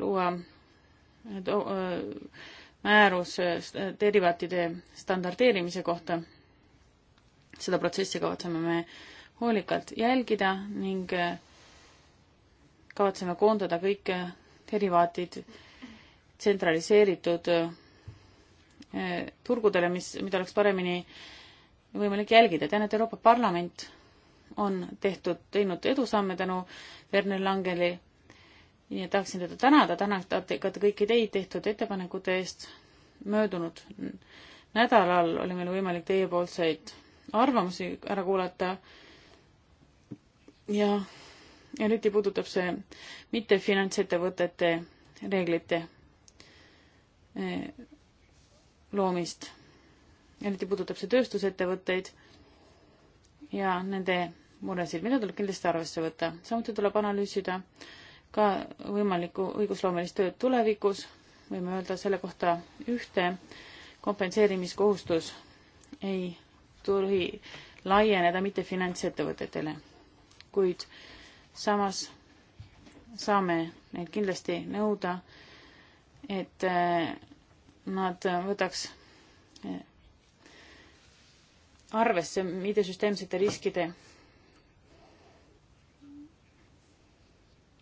luua määrus derivaatide standardeerimise kohta seda protsessi kavatseme me hoolikalt jälgida ning äh, kavatseme koondada kõik äh, derivaatid tsentraliseeritud äh, turgudele, mis, mida oleks paremini võimalik jälgida. tean, et Euroopa Parlament on tehtud, teinud edusamme tänu Werner Langeli ja tahaksin teda tänada, tänada ka kõiki teid tehtud ettepanekute eest. möödunud nädalal oli meil võimalik teiepoolseid arvamusi ära kuulata. ja eriti puudutab see mittefinantsettevõtete reeglite eh, loomist. eriti puudutab see tööstusettevõtteid ja nende muresid, mida tuleb kindlasti arvesse võtta. samuti tuleb analüüsida ka võimalikku õigusloomelist tööd tulevikus, võime öelda selle kohta ühte, kompenseerimiskohustus ei tohi laieneda mitte finantsettevõtetele. kuid samas saame neid kindlasti nõuda, et eh, nad võtaks eh, arvesse mittesüsteemsete riskide,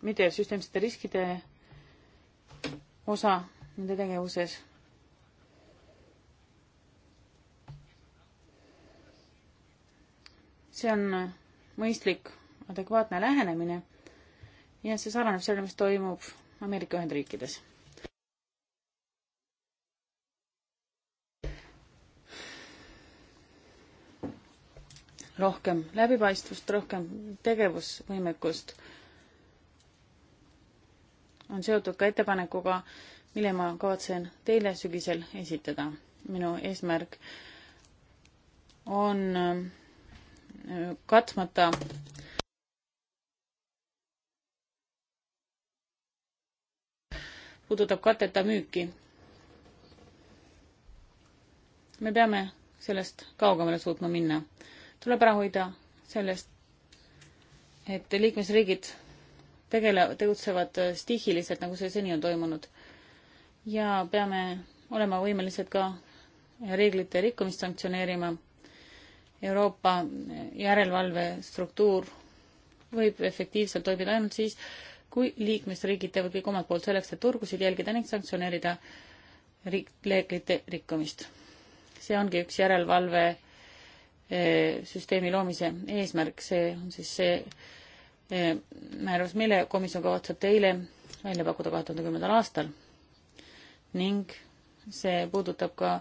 mittesüsteemsete riskide osa nende tegevuses see on mõistlik, adekvaatne lähenemine ja see sarnaneb sellele, mis toimub Ameerika Ühendriikides. rohkem läbipaistvust, rohkem tegevusvõimekust on seotud ka ettepanekuga, mille ma kavatsen teile sügisel esitada. minu eesmärk on katmata. puudutab katteta müüki. me peame sellest kaugemale suutma minna. tuleb ära hoida sellest, et liikmesriigid tegele-, tegutsevad stiihiliselt, nagu see seni on toimunud. ja peame olema võimelised ka reeglite rikkumist sanktsioneerima Euroopa järelevalvestruktuur võib efektiivselt toimida ainult siis, kui liikmesriigid teevad kõik omalt poolt selleks, et turgusid jälgida ning sanktsioneerida reeglite rikkumist. see ongi üks järelevalve eh, süsteemi loomise eesmärk, see on siis see e, määrus, mille komisjon kavatseb teile välja pakkuda kahe tuhande kümnendal aastal. ning see puudutab ka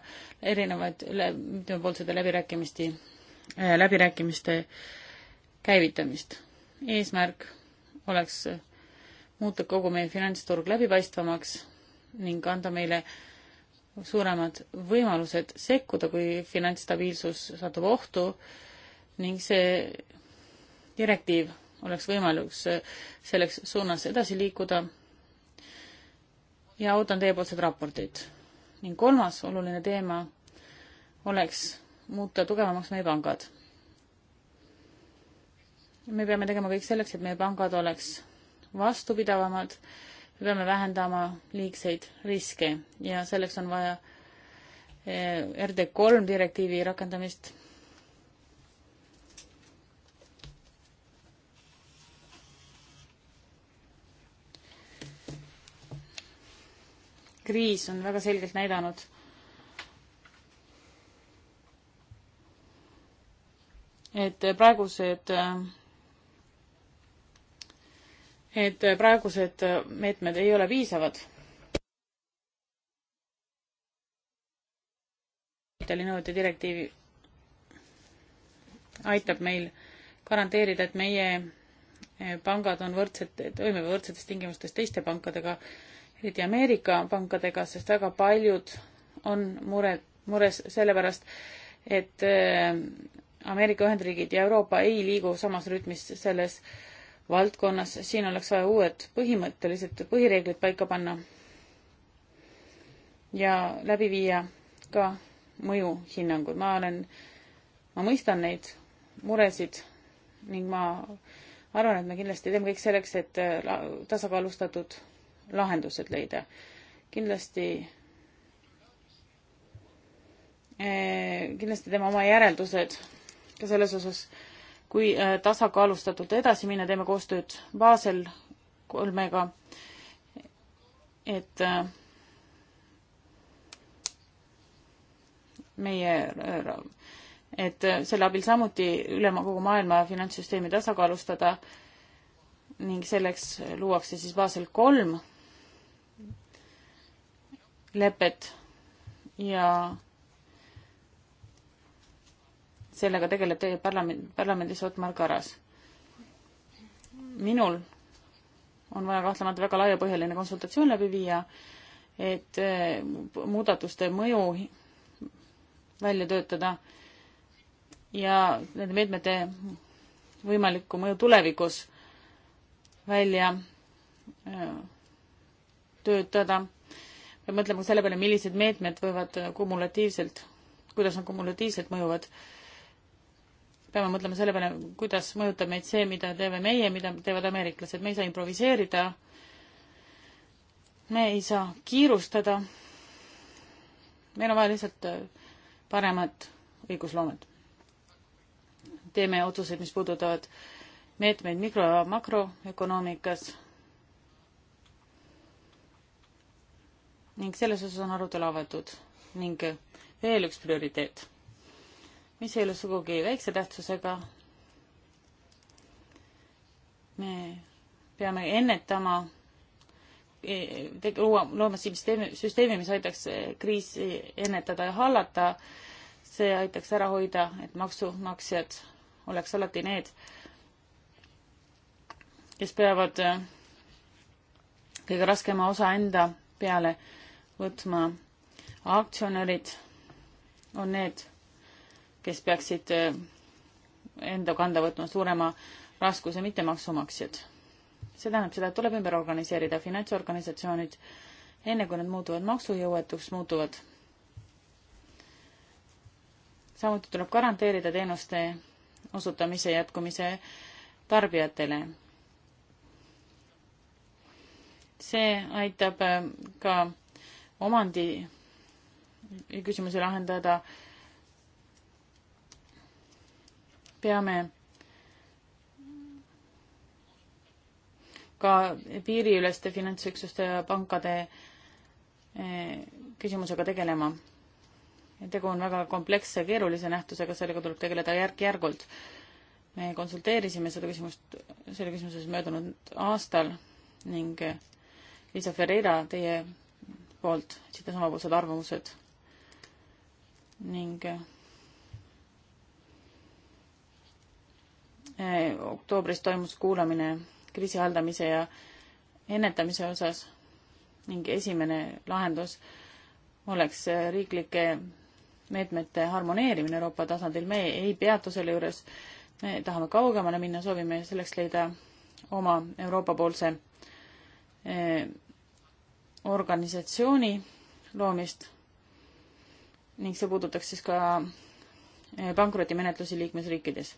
erinevaid üle, mitmepoolsete läbirääkimiste Äh, läbirääkimiste käivitamist. eesmärk oleks muuta kogu meie finantsturg läbipaistvamaks ning anda meile suuremad võimalused sekkuda, kui finantsstabiilsus satub ohtu ning see direktiiv oleks võimalik selleks suunas edasi liikuda. ja ootan teiepoolsed raportid. ning kolmas oluline teema oleks muuta tugevamaks meie pangad. me peame tegema kõik selleks, et meie pangad oleks vastupidavamad, me peame vähendama liigseid riske ja selleks on vaja eh, RD kolm direktiivi rakendamist. kriis on väga selgelt näidanud et praegused et praegused meetmed ei ole piisavad. kapitalinõuete direktiiv aitab meil garanteerida, et meie pangad on võrdsed, toimivad võrdsetes tingimustes teiste pankadega, eriti Ameerika pankadega, sest väga paljud on mure, mures sellepärast, et Ameerika Ühendriigid ja Euroopa ei liigu samas rütmis selles valdkonnas, siin oleks vaja uued põhimõttelised põhireeglid paika panna ja läbi viia ka mõjuhinnangud. ma olen, ma mõistan neid muresid ning ma arvan, et me kindlasti teeme kõik selleks, et tasakaalustatud lahendused leida. kindlasti eh, kindlasti teeme oma järeldused ka selles osas, kui äh, tasakaalustatult edasi minna, teeme koostööd Basel kolmega, et äh, meie, äh, et selle abil samuti üle kogu maailma finantssüsteemi tasakaalustada ning selleks luuakse siis Basel kolm lepet ja sellega tegeleb teie parlament, parlamendis Otmar Karas. minul on vaja kahtlemata väga laiapõhjaline konsultatsioon läbi viia, et eh, muudatuste mõju välja töötada ja nende meetmete võimalikku mõju tulevikus välja eh, töötada. peab mõtlema selle peale, millised meetmed võivad kumulatiivselt, kuidas nad kumulatiivselt mõjuvad peame mõtlema selle peale, kuidas mõjutab meid see, mida teeme meie, mida teevad ameeriklased, me ei saa improviseerida, me ei saa kiirustada, meil on vaja lihtsalt äh, paremat õigusloomet. teeme otsuseid, mis puudutavad meetmeid mikro- ja makroökonoomikas ning selles osas on arutelu avatud ning äh, veel üks prioriteet mis ei ole sugugi väikse tähtsusega. me peame ennetama, e, luua, looma süsteemi, süsteemi, mis aitaks kriisi ennetada ja hallata. see aitaks ära hoida, et maksumaksjad oleks alati need, kes peavad e, kõige raskema osa enda peale võtma. aktsionärid on need kes peaksid eh, enda kanda võtma suurema raskuse, mitte maksumaksjad. see tähendab seda, et tuleb ümber organiseerida finantsorganisatsioonid, enne kui nad muutuvad maksujõuetuks, muutuvad. samuti tuleb garanteerida teenuste osutamise jätkumise tarbijatele. see aitab eh, ka omandi küsimusi lahendada äh, peame ka piiriüleste finantsüksuste ja pankade eh, küsimusega tegelema. tegu on väga kompleksse ja keerulise nähtusega, sellega tuleb tegeleda järk-järgult. me konsulteerisime seda küsimust, selle küsimuses möödunud aastal ning eh, Liisa Ferreira teie poolt esitas omapoolsed arvamused ning eh, Eh, oktoobris toimus kuulamine kriisi haldamise ja ennetamise osas ning esimene lahendus oleks eh, riiklike meetmete harmoneerimine Euroopa tasandil. me ei peatu selle juures, me tahame kaugemale minna, soovime selleks leida oma Euroopa-poolse eh, organisatsiooni loomist ning see puudutaks siis ka pankrotimenetlusi liikmesriikides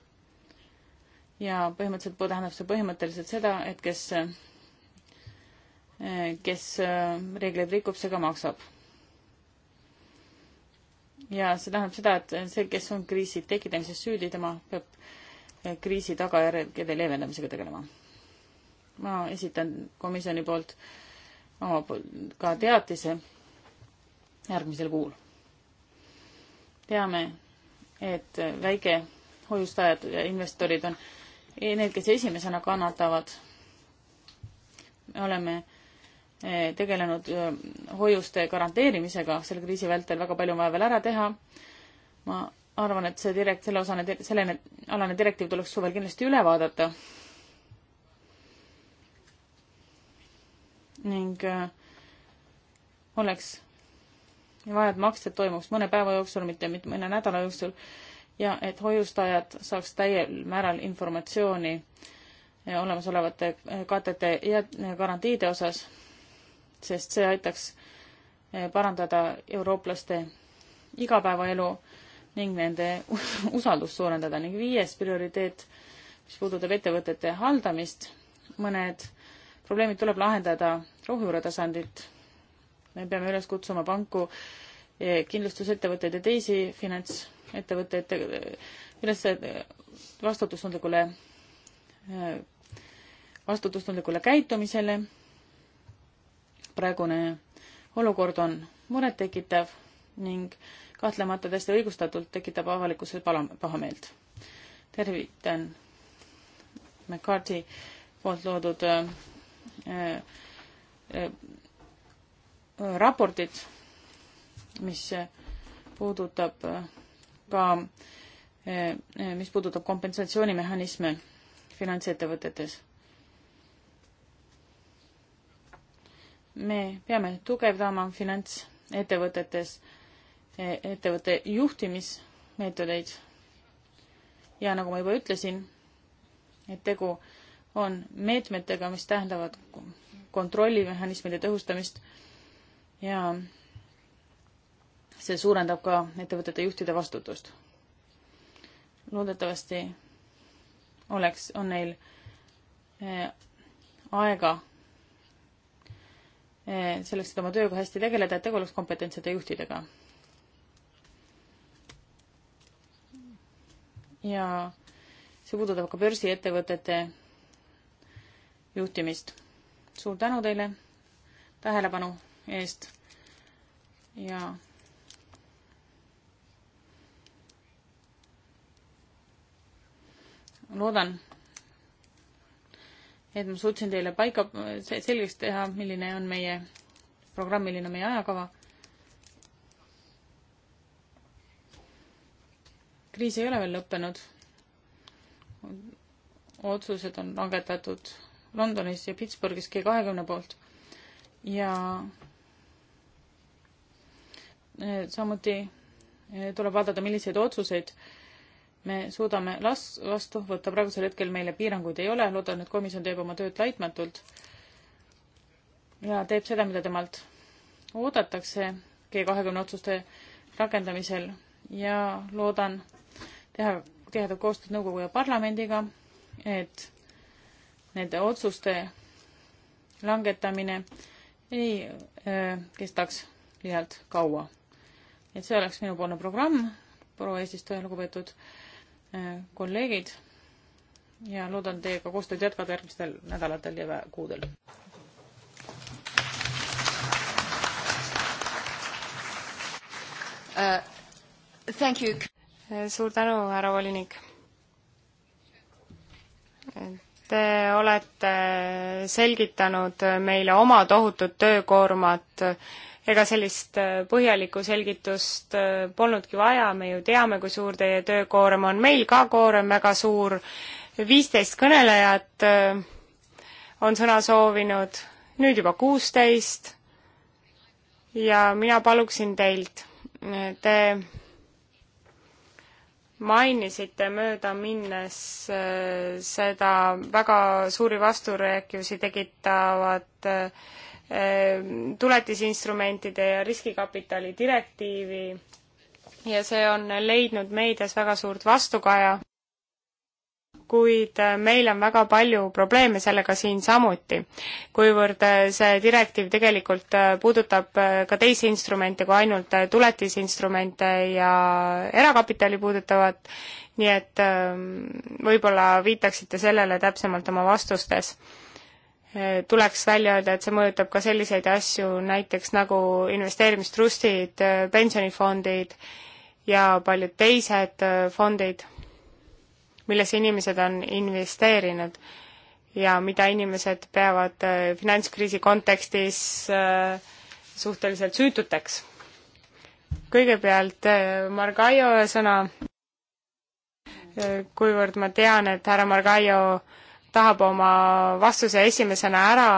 ja põhimõtteliselt tähendab see põhimõtteliselt seda, et kes, kes reegleid rikub, see ka maksab. ja see tähendab seda, et see, kes on kriisi tekitamises süüdi, tema peab kriisi tagajärgede leevendamisega tegelema. ma esitan komisjoni poolt oma poolt ka teatise järgmisel kuul. teame, et väike hoiustajad ja investorid on need, kes esimesena kannatavad. me oleme eh, tegelenud eh, hoiuste garanteerimisega selle kriisi vältel, väga palju on vaja veel ära teha. ma arvan, et see direkt-, selle osane, sellene alane direktiiv tuleks suvel kindlasti üle vaadata. ning eh, oleks vaja, et maksed toimuks mõne päeva jooksul, mitte, mitte mõne nädala jooksul ja et hoiustajad saaks täiel määral informatsiooni olemasolevate katete ja garantiide osas, sest see aitaks eh, parandada eurooplaste igapäevaelu ning nende usaldust suurendada ning viies prioriteet, mis puudutab ettevõtete haldamist, mõned probleemid tuleb lahendada rohujuure tasandilt. me peame üles kutsuma panku, eh, kindlustusettevõtteid ja teisi finants ettevõtete üles vastutustundlikule, vastutustundlikule käitumisele. praegune olukord on murettekitav ning kahtlemata täiesti õigustatult tekitab avalikkusel pala, pahameelt. tervitan McCarthy poolt loodud äh, äh, raportit, mis puudutab äh, ka, eh, mis puudutab kompensatsioonimehhanisme finantsettevõtetes. me peame tugevdama finantsettevõtetes eh, ettevõtte juhtimismeetodeid ja nagu ma juba ütlesin, et tegu on meetmetega, mis tähendavad kontrollimehhanismide tõhustamist ja see suurendab ka ettevõtete juhtide vastutust. loodetavasti oleks, on neil eh, aega eh, selleks, et oma tööga hästi tegeleda, et tegu oleks kompetentsete juhtidega. ja see puudutab ka börsiettevõtete juhtimist. suur tänu teile tähelepanu eest ja loodan, et ma suutsin teile paika, selgeks teha, milline on meie programm, milline on meie ajakava. kriis ei ole veel lõppenud. otsused on langetatud Londonis ja Pittsburghis G kahekümne poolt ja eh, samuti eh, tuleb vaadata, milliseid otsuseid äh, me suudame las-, vastu võtta, praegusel hetkel meile piiranguid ei ole, loodan, et komisjon teeb oma tööd laitmatult ja teeb seda, mida temalt oodatakse G kahekümne otsuste rakendamisel ja loodan teha tihedat koostööd nõukogu ja parlamendiga, et nende otsuste langetamine ei äh, kestaks liialt kaua. et see oleks minupoolne programm, proua eesistuja, lugupeetud äh, Äh, kolleegid ja loodan teiega koostööd jätkata järgmistel nädalatel ja kuudel. Uh, thank you. Äh, suur tänu, härra volinik. Te olete selgitanud meile oma tohutut töökoormat ega sellist äh, põhjalikku selgitust äh, polnudki vaja, me ju teame, kui suur teie töökoorem on, meil ka koorem väga suur, viisteist kõnelejat äh, on sõna soovinud, nüüd juba kuusteist ja mina paluksin teilt, te mainisite möödaminnes seda väga suuri vasturääkivusi tekitavat Ähm, tuletisinstrumentide ja riskikapitali direktiivi ja see on leidnud meedias väga suurt vastukaja, kuid äh, meil on väga palju probleeme sellega siin samuti, kuivõrd äh, see direktiiv tegelikult äh, puudutab ka teisi instrumente kui ainult tuletisinstrumente ja erakapitali puudutavat, nii et ähm, võib-olla viitaksite sellele täpsemalt oma vastustes tuleks välja öelda, et see mõjutab ka selliseid asju, näiteks nagu investeerimistrustid, pensionifondid ja paljud teised äh, fondid, millesse inimesed on investeerinud ja mida inimesed peavad äh, finantskriisi kontekstis äh, suhteliselt süütuteks. kõigepealt Margaio sõna, kuivõrd ma tean, et härra Margaio tahab oma vastuse esimesena ära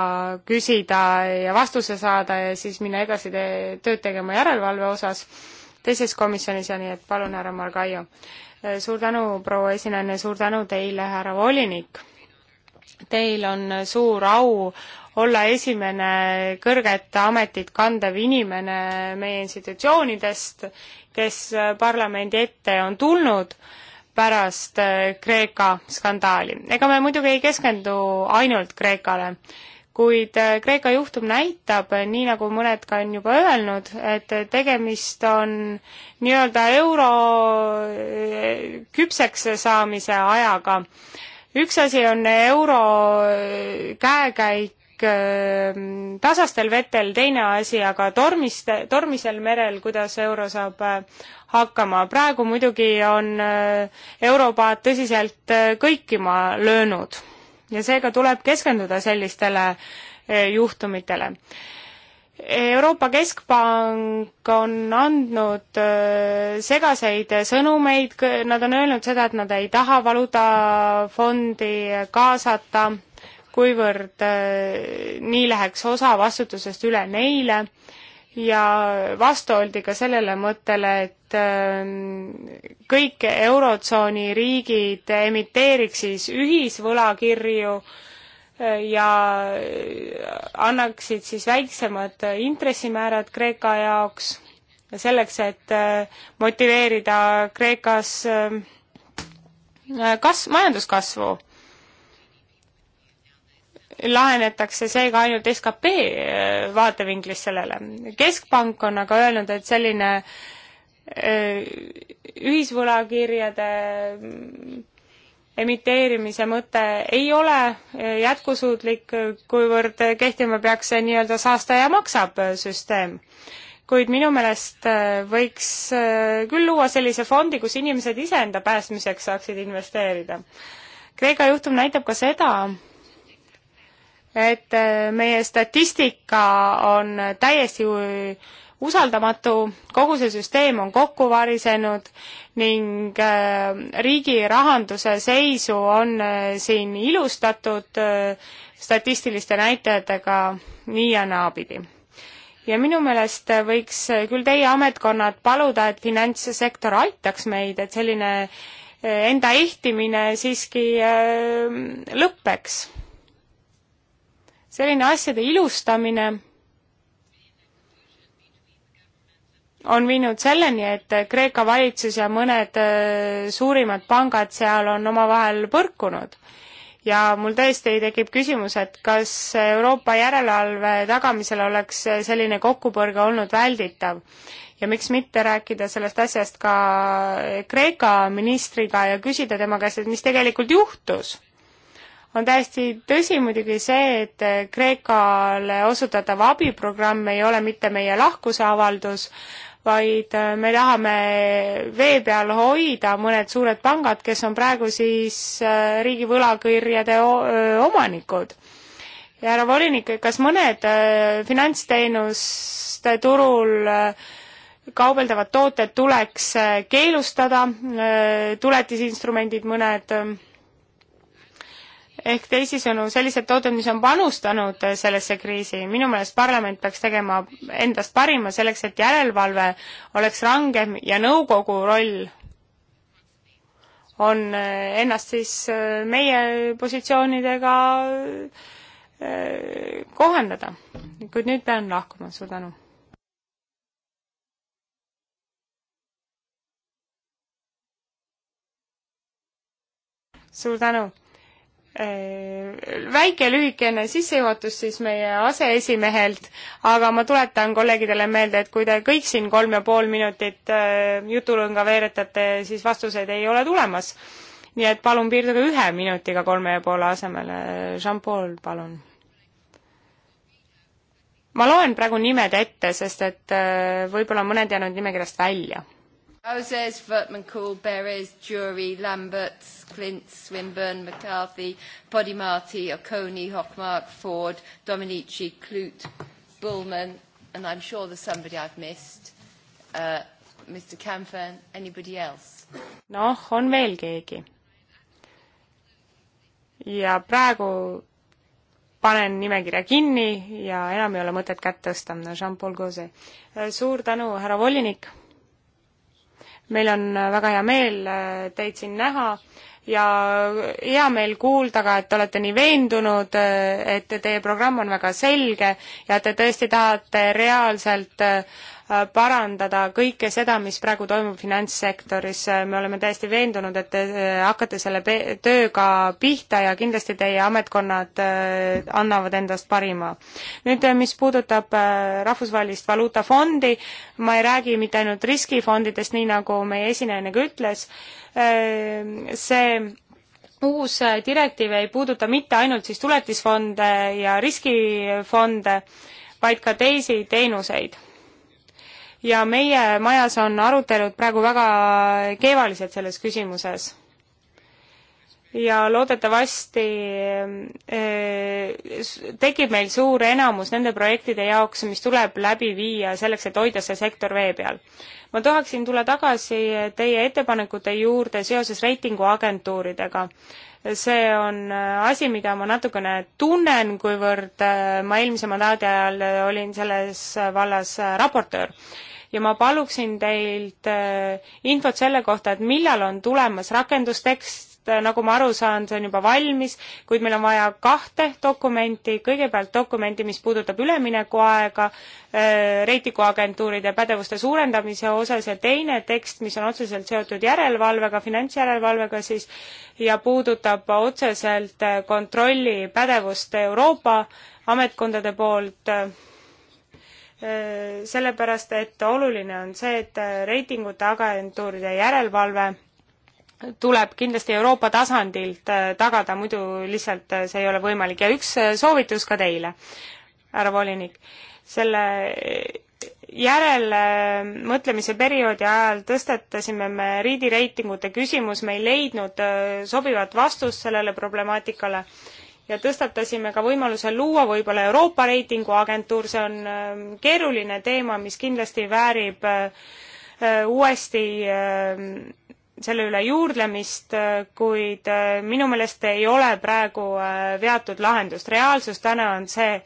küsida ja vastuse saada ja siis minna edasi te tööd tegema järelevalve osas teises komisjonis ja nii et palun, härra Margaio. suur tänu, proua esinaine, suur tänu teile, härra volinik. Teil on suur au olla esimene kõrget ametit kandev inimene meie institutsioonidest, kes parlamendi ette on tulnud äh, pärast äh, Kreeka skandaali. ega me muidugi ei keskendu ainult Kreekale, kuid äh, Kreeka juhtum näitab, äh, nii nagu mõned ka on juba öelnud, et tegemist on nii-öelda euro küpseks saamise ajaga. üks asi on euro käekäik, kõik tasastel vetel, teine asi aga tormiste, tormisel merel, kuidas euro saab hakkama. praegu muidugi on äh, Europaat tõsiselt äh, kõikima löönud ja seega tuleb keskenduda sellistele äh, juhtumitele. Euroopa Keskpank on andnud segaseid sõnumeid, nad on öelnud seda, et nad ei taha valuutafondi kaasata, kuivõrd nii läheks osa vastutusest üle neile ja vastu oldi ka sellele mõttele, et ähm, kõik Eurotsooni riigid emiteeriks siis ühisvõlakirju äh, ja äh, annaksid siis väiksemad intressimäärad Kreeka jaoks ja selleks, et äh, motiveerida Kreekas kas-, majanduskasvu lahenetakse seega ainult skp äh, vaatevinklist sellele. keskpank on aga öelnud, et selline äh, ühisvõlakirjade mm, emiteerimise mõte ei ole äh, jätkusuutlik, kuivõrd kehtima peaks see nii-öelda saastaja maksab süsteem. kuid minu meelest võiks küll luua sellise fondi, kus inimesed iseenda päästmiseks saaksid investeerida. Kreeka juhtum näitab ka seda, et äh, meie statistika on täiesti usaldamatu, kogu see süsteem on kokku varisenud ning äh, riigi rahanduse seisu on äh, siin ilustatud statistiliste näitajatega nii ja naapidi ja minu meelest võiks küll teie ametkonnad paluda, et finantssektor aitaks meid, et selline enda ehtimine siiski lõpeks selline asjade ilustamine on viinud selleni, et Kreeka valitsus ja mõned äh, suurimad pangad seal on omavahel põrkunud. ja mul tõesti tekib küsimus, et kas Euroopa järelevalve tagamisel oleks selline kokkupõrge olnud välditav? ja miks mitte rääkida sellest asjast ka Kreeka ministriga ja küsida tema käest, et mis tegelikult juhtus? on täiesti tõsi muidugi see, et Kreekale osutatav abiprogramm ei ole mitte meie lahkusavaldus, vaid äh, me tahame vee peal hoida mõned suured pangad, kes on praegu siis äh, riigi võlakirjade omanikud. ja härra volinik, kas mõned äh, finantsteenuste turul kaubeldavad tooted tuleks keelustada, tuletisinstrumendid mõned ehk teisisõnu, sellised tooted, mis on panustanud äh, sellesse kriisi, minu meelest parlament peaks tegema endast parima selleks, et järelevalve oleks rangem ja nõukogu roll on äh, ennast siis äh, meie positsioonidega kohendada. kuid nüüd pean lahkuma, suur tänu. suur tänu Äh, väike lühikene sissejuhatus siis meie aseesimehelt, aga ma tuletan kolleegidele meelde, et kui te kõik siin kolm ja pool minutit äh, jutulõnga veeretate, siis vastuseid ei ole tulemas. nii et palun piirduge ühe minutiga kolme ja poole asemel. Jean-Paul, palun. ma loen praegu nimed ette, sest et äh, võib-olla mõned jäänud nimekirjast välja Houses, Vertman Cool, Beres, Jury, Lamberts, Clint, Swinburne, McCarthy, Podimati, Oconee, Hockmark, Ford, Dominici, Clute, Bullman, and I'm sure there's somebody I've missed. Uh, Mr Camfern, anybody else? noh, on veel keegi. ja praegu panen nimekirja kinni ja enam ei ole mõtet kätt tõsta, Jean-Paul Gauzet. suur tänu, härra volinik meil on äh, väga hea meel äh, teid siin näha ja hea meel kuulda ka, et te olete nii veendunud, äh, et teie programm on väga selge ja te tõesti tahate reaalselt Äh, parandada kõike seda, mis praegu toimub finantssektoris. Äh, me oleme täiesti veendunud, et te äh, hakkate selle tööga pihta ja kindlasti teie ametkonnad annavad endast parima. nüüd, mis puudutab Rahvusvahelist Valuutafondi, ma ei räägi mitte ainult riskifondidest, nii nagu meie esinejana ka ütles, see uus direktiiv ei puuduta mitte ainult siis tuletisfonde ja riskifonde, vaid ka teisi teenuseid ja meie majas on arutelud praegu väga keevalised selles küsimuses. ja loodetavasti eh, tekib meil suur enamus nende projektide jaoks, mis tuleb läbi viia selleks, et hoida see sektor vee peal. ma tahaksin tulla tagasi teie ettepanekute juurde seoses reitinguagentuuridega see on eh, asi, mida ma natukene tunnen, kuivõrd eh, ma eelmise mandaadi ajal olin selles vallas raportöör ja ma paluksin teilt äh, infot selle kohta, et millal on tulemas rakendustekst, äh, nagu ma aru saan, see on juba valmis, kuid meil on vaja kahte dokumenti, kõigepealt dokumenti, mis puudutab üleminekuaega äh, reitinguagentuuride pädevuste suurendamise osas ja teine tekst, mis on otseselt seotud järelevalvega, finantsjärelevalvega siis, ja puudutab otseselt kontrolli pädevust Euroopa ametkondade poolt Äh, sellepärast et oluline on see, et äh, reitingute agentuuride järelevalve tuleb kindlasti Euroopa tasandilt äh, tagada, muidu lihtsalt see ei ole võimalik ja üks soovitus ka teile, härra volinik, selle järelmõtlemise perioodi ajal tõstatasime me riidireitingute küsimus, me ei leidnud sobivat vastust sellele problemaatikale ja tõstatasime ka võimaluse luua võib-olla Euroopa reitinguagentuur, see on ähm, keeruline teema, mis kindlasti väärib äh, uuesti ähm, selle üle juurdlemist, äh, kuid äh, minu meelest ei ole praegu veatud lahendust. reaalsus täna on see,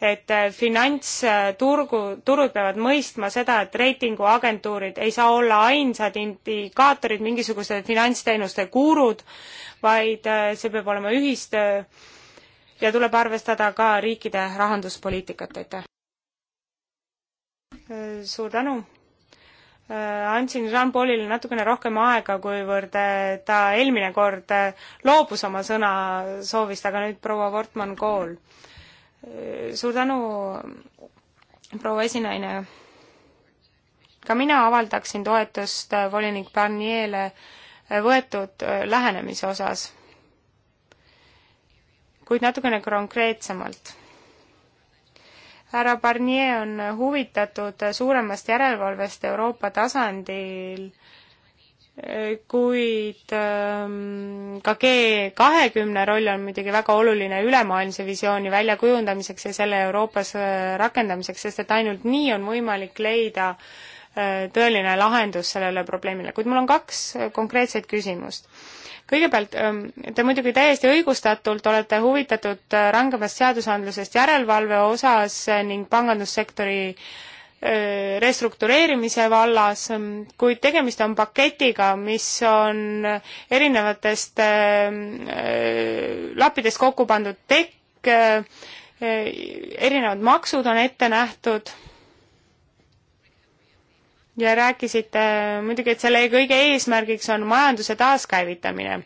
et äh, finantsturgu, turud peavad mõistma seda, et reitinguagentuurid ei saa olla ainsad indikaatorid, mingisugused finantsteenuste gurud, vaid äh, see peab olema ühistöö äh, ja tuleb arvestada ka riikide rahanduspoliitikat, aitäh! suur tänu! andsin Jean-Paulile natukene rohkem aega, kuivõrd ta eelmine kord loobus oma sõnasoovist, aga nüüd proua Wortmann-Kool suur tänu, proua esinaine. ka mina avaldaksin toetust volinik Barnier'le võetud äh, lähenemise osas, kuid natukene konkreetsemalt. härra Barnier on huvitatud suuremast järelevalvest Euroopa tasandil kuid ähm, ka G kahekümne roll on muidugi väga oluline ülemaailmse visiooni väljakujundamiseks ja selle Euroopas äh, rakendamiseks, sest et ainult nii on võimalik leida äh, tõeline lahendus sellele probleemile, kuid mul on kaks äh, konkreetset küsimust. kõigepealt, ähm, te muidugi täiesti õigustatult olete huvitatud rangemast seadusandlusest järelevalve osas ning pangandussektori äh, Äh, restruktureerimise vallas, mm, kuid tegemist on paketiga, mis on erinevatest ähm, äh, lappidest kokku pandud tekk, äh, erinevad maksud on ette nähtud ja rääkisite muidugi, et selle kõige eesmärgiks on majanduse taaskäivitamine.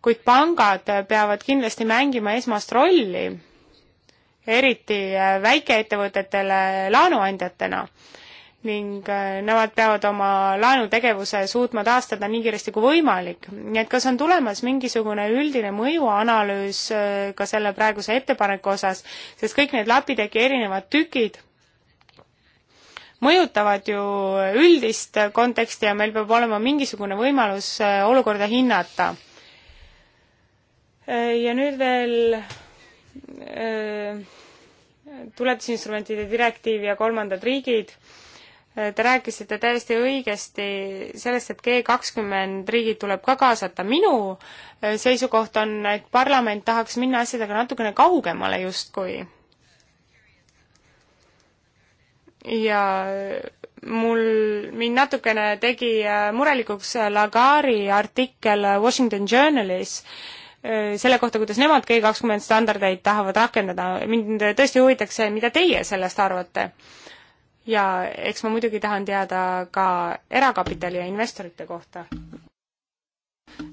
kuid pangad peavad kindlasti mängima esmast rolli eriti äh, väikeettevõtetele laenuandjatena ning äh, nemad peavad oma laenutegevuse suutma taastada nii kiiresti kui võimalik. nii et kas on tulemas mingisugune üldine mõjuanalüüs äh, ka selle praeguse ettepaneku osas, sest kõik need lapiteki erinevad tükid mõjutavad ju üldist konteksti ja meil peab olema mingisugune võimalus olukorda hinnata. ja nüüd veel öö, tuletusinstrumentide direktiiv ja kolmandad riigid. Te rääkisite täiesti õigesti sellest, et G kakskümmend riigid tuleb ka kaasata. minu eh, seisukoht on, et parlament tahaks minna asjadega natukene kaugemale justkui. ja mul, mind natukene tegi eh, murelikuks Lagari artikkel Washington Journalis, Äh, selle kohta, kuidas nemad G kakskümmend standardeid tahavad rakendada. mind tõesti huvitaks see, mida teie sellest arvate. ja eks ma muidugi tahan teada ka erakapitali ja investorite kohta.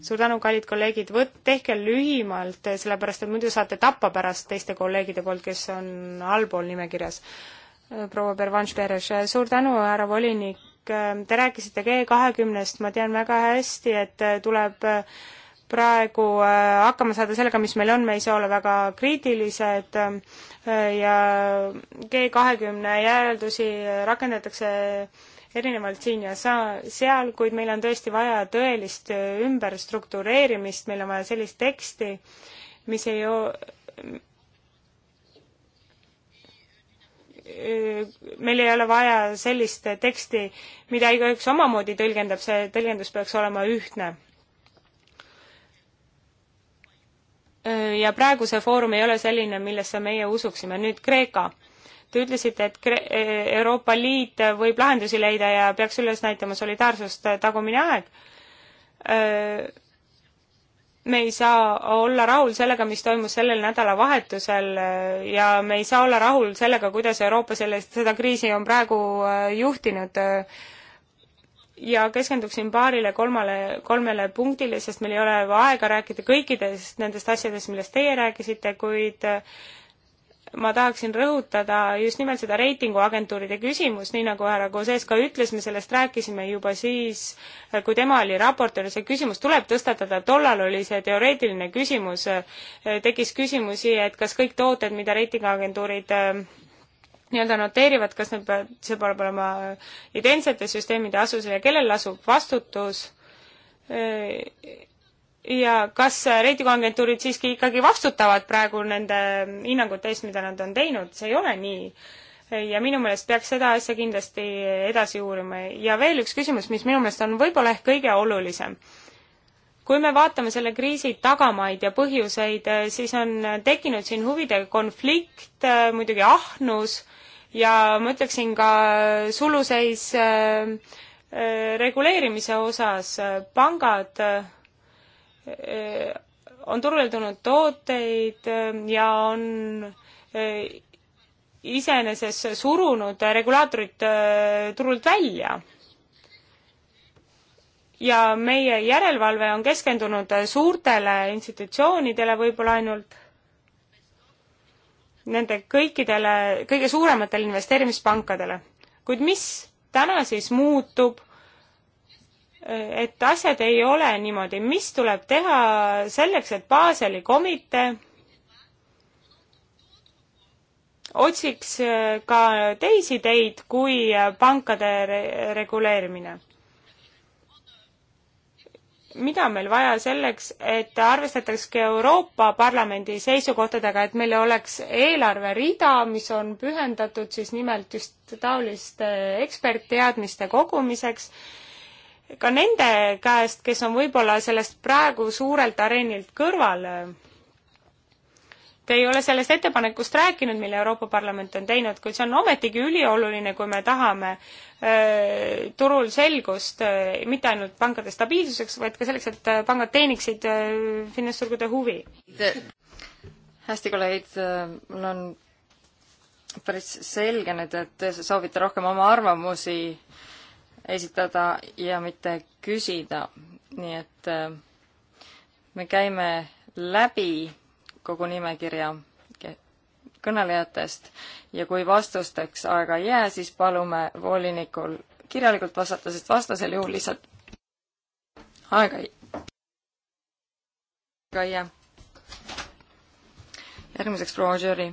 suur tänu, kallid kolleegid, võt-, tehke lühimalt, sellepärast et muidu saate tappa pärast teiste kolleegide poolt, kes on allpool nimekirjas. Äh, proua Pervanš Peres, suur tänu, härra volinik, äh, te rääkisite G kahekümnest, ma tean väga hästi, et tuleb praegu äh, hakkama saada sellega, mis meil on, me ei saa olla väga kriitilised äh, ja G kahekümne järeldusi rakendatakse erinevalt siin ja sa-, seal, kuid meil on tõesti vaja tõelist äh, ümberstruktureerimist, meil on vaja sellist teksti, mis ei o-, meil ei ole vaja sellist teksti, mida igaüks omamoodi tõlgendab, see tõlgendus peaks olema ühtne ja praegu see foorum ei ole selline, millesse meie usuksime. nüüd Kreeka. Te ütlesite, et Kre-, e, Euroopa Liit võib lahendusi leida ja peaks üles näitama solidaarsust äh, tagumine aeg. me ei saa olla rahul sellega, mis toimus sellel nädalavahetusel äh, ja me ei saa olla rahul sellega, kuidas Euroopa sellest, seda kriisi on praegu äh, juhtinud ja keskenduksin paarile kolmale, kolmele punktile, sest meil ei ole aega rääkida kõikidest nendest asjadest, millest teie rääkisite, kuid äh, ma tahaksin rõhutada just nimelt seda reitinguagentuuride küsimust, nii nagu härra Koses ka ütles, me sellest rääkisime juba siis, äh, kui tema oli raportöör, see küsimus tuleb tõstatada, tollal oli see teoreetiline küsimus, äh, tekkis küsimusi, et kas kõik tooted, mida reitinguagentuurid nii-öelda noteerivad, kas need peavad, see peab olema identsete süsteemide asusel ja kellel lasub vastutus ja kas reitinguagentuurid siiski ikkagi vastutavad praegu nende hinnangute eest, mida nad on teinud, see ei ole nii. ja minu meelest peaks seda asja kindlasti edasi uurima ja veel üks küsimus, mis minu meelest on võib-olla ehk kõige olulisem kui me vaatame selle kriisi tagamaid ja põhjuseid, siis on tekkinud siin huvide konflikt, muidugi ahnus ja ma ütleksin ka suluseis äh, äh, reguleerimise osas, äh, pangad on turule tulnud tooteid ja on iseenesest surunud regulaatorid turult välja. ja meie järelevalve on keskendunud suurtele institutsioonidele võib-olla ainult nende kõikidele, kõige suurematele investeerimispankadele. kuid mis täna siis muutub, et asjad ei ole niimoodi, mis tuleb teha selleks, et Baseli komitee otsiks ka teisi teid kui pankade reguleerimine mida on meil vaja selleks, et arvestataks ka Euroopa Parlamendi seisukohtadega, et meil oleks eelarverida, mis on pühendatud siis nimelt just taoliste ekspertteadmiste kogumiseks, ka nende käest, kes on võib-olla sellest praegu suurelt areenilt kõrval Te ei ole sellest ettepanekust rääkinud, mille Euroopa Parlament on teinud, kuid see on ometigi ülioluline, kui me tahame öö, turul selgust öö, mitte ainult pankade stabiilsuseks, vaid ka selleks, et pangad teeniksid finantsturgude huvi. hästi, kolleegid, mul on päris selge nüüd, et te soovite rohkem oma arvamusi esitada ja mitte küsida, nii et me käime läbi kogu nimekirja kõnelejatest ja kui vastusteks aega ei jää, siis palume volinikul kirjalikult vastata, sest vastasel juhul lihtsalt aega ei, aega ei jää. järgmiseks proua Žüri.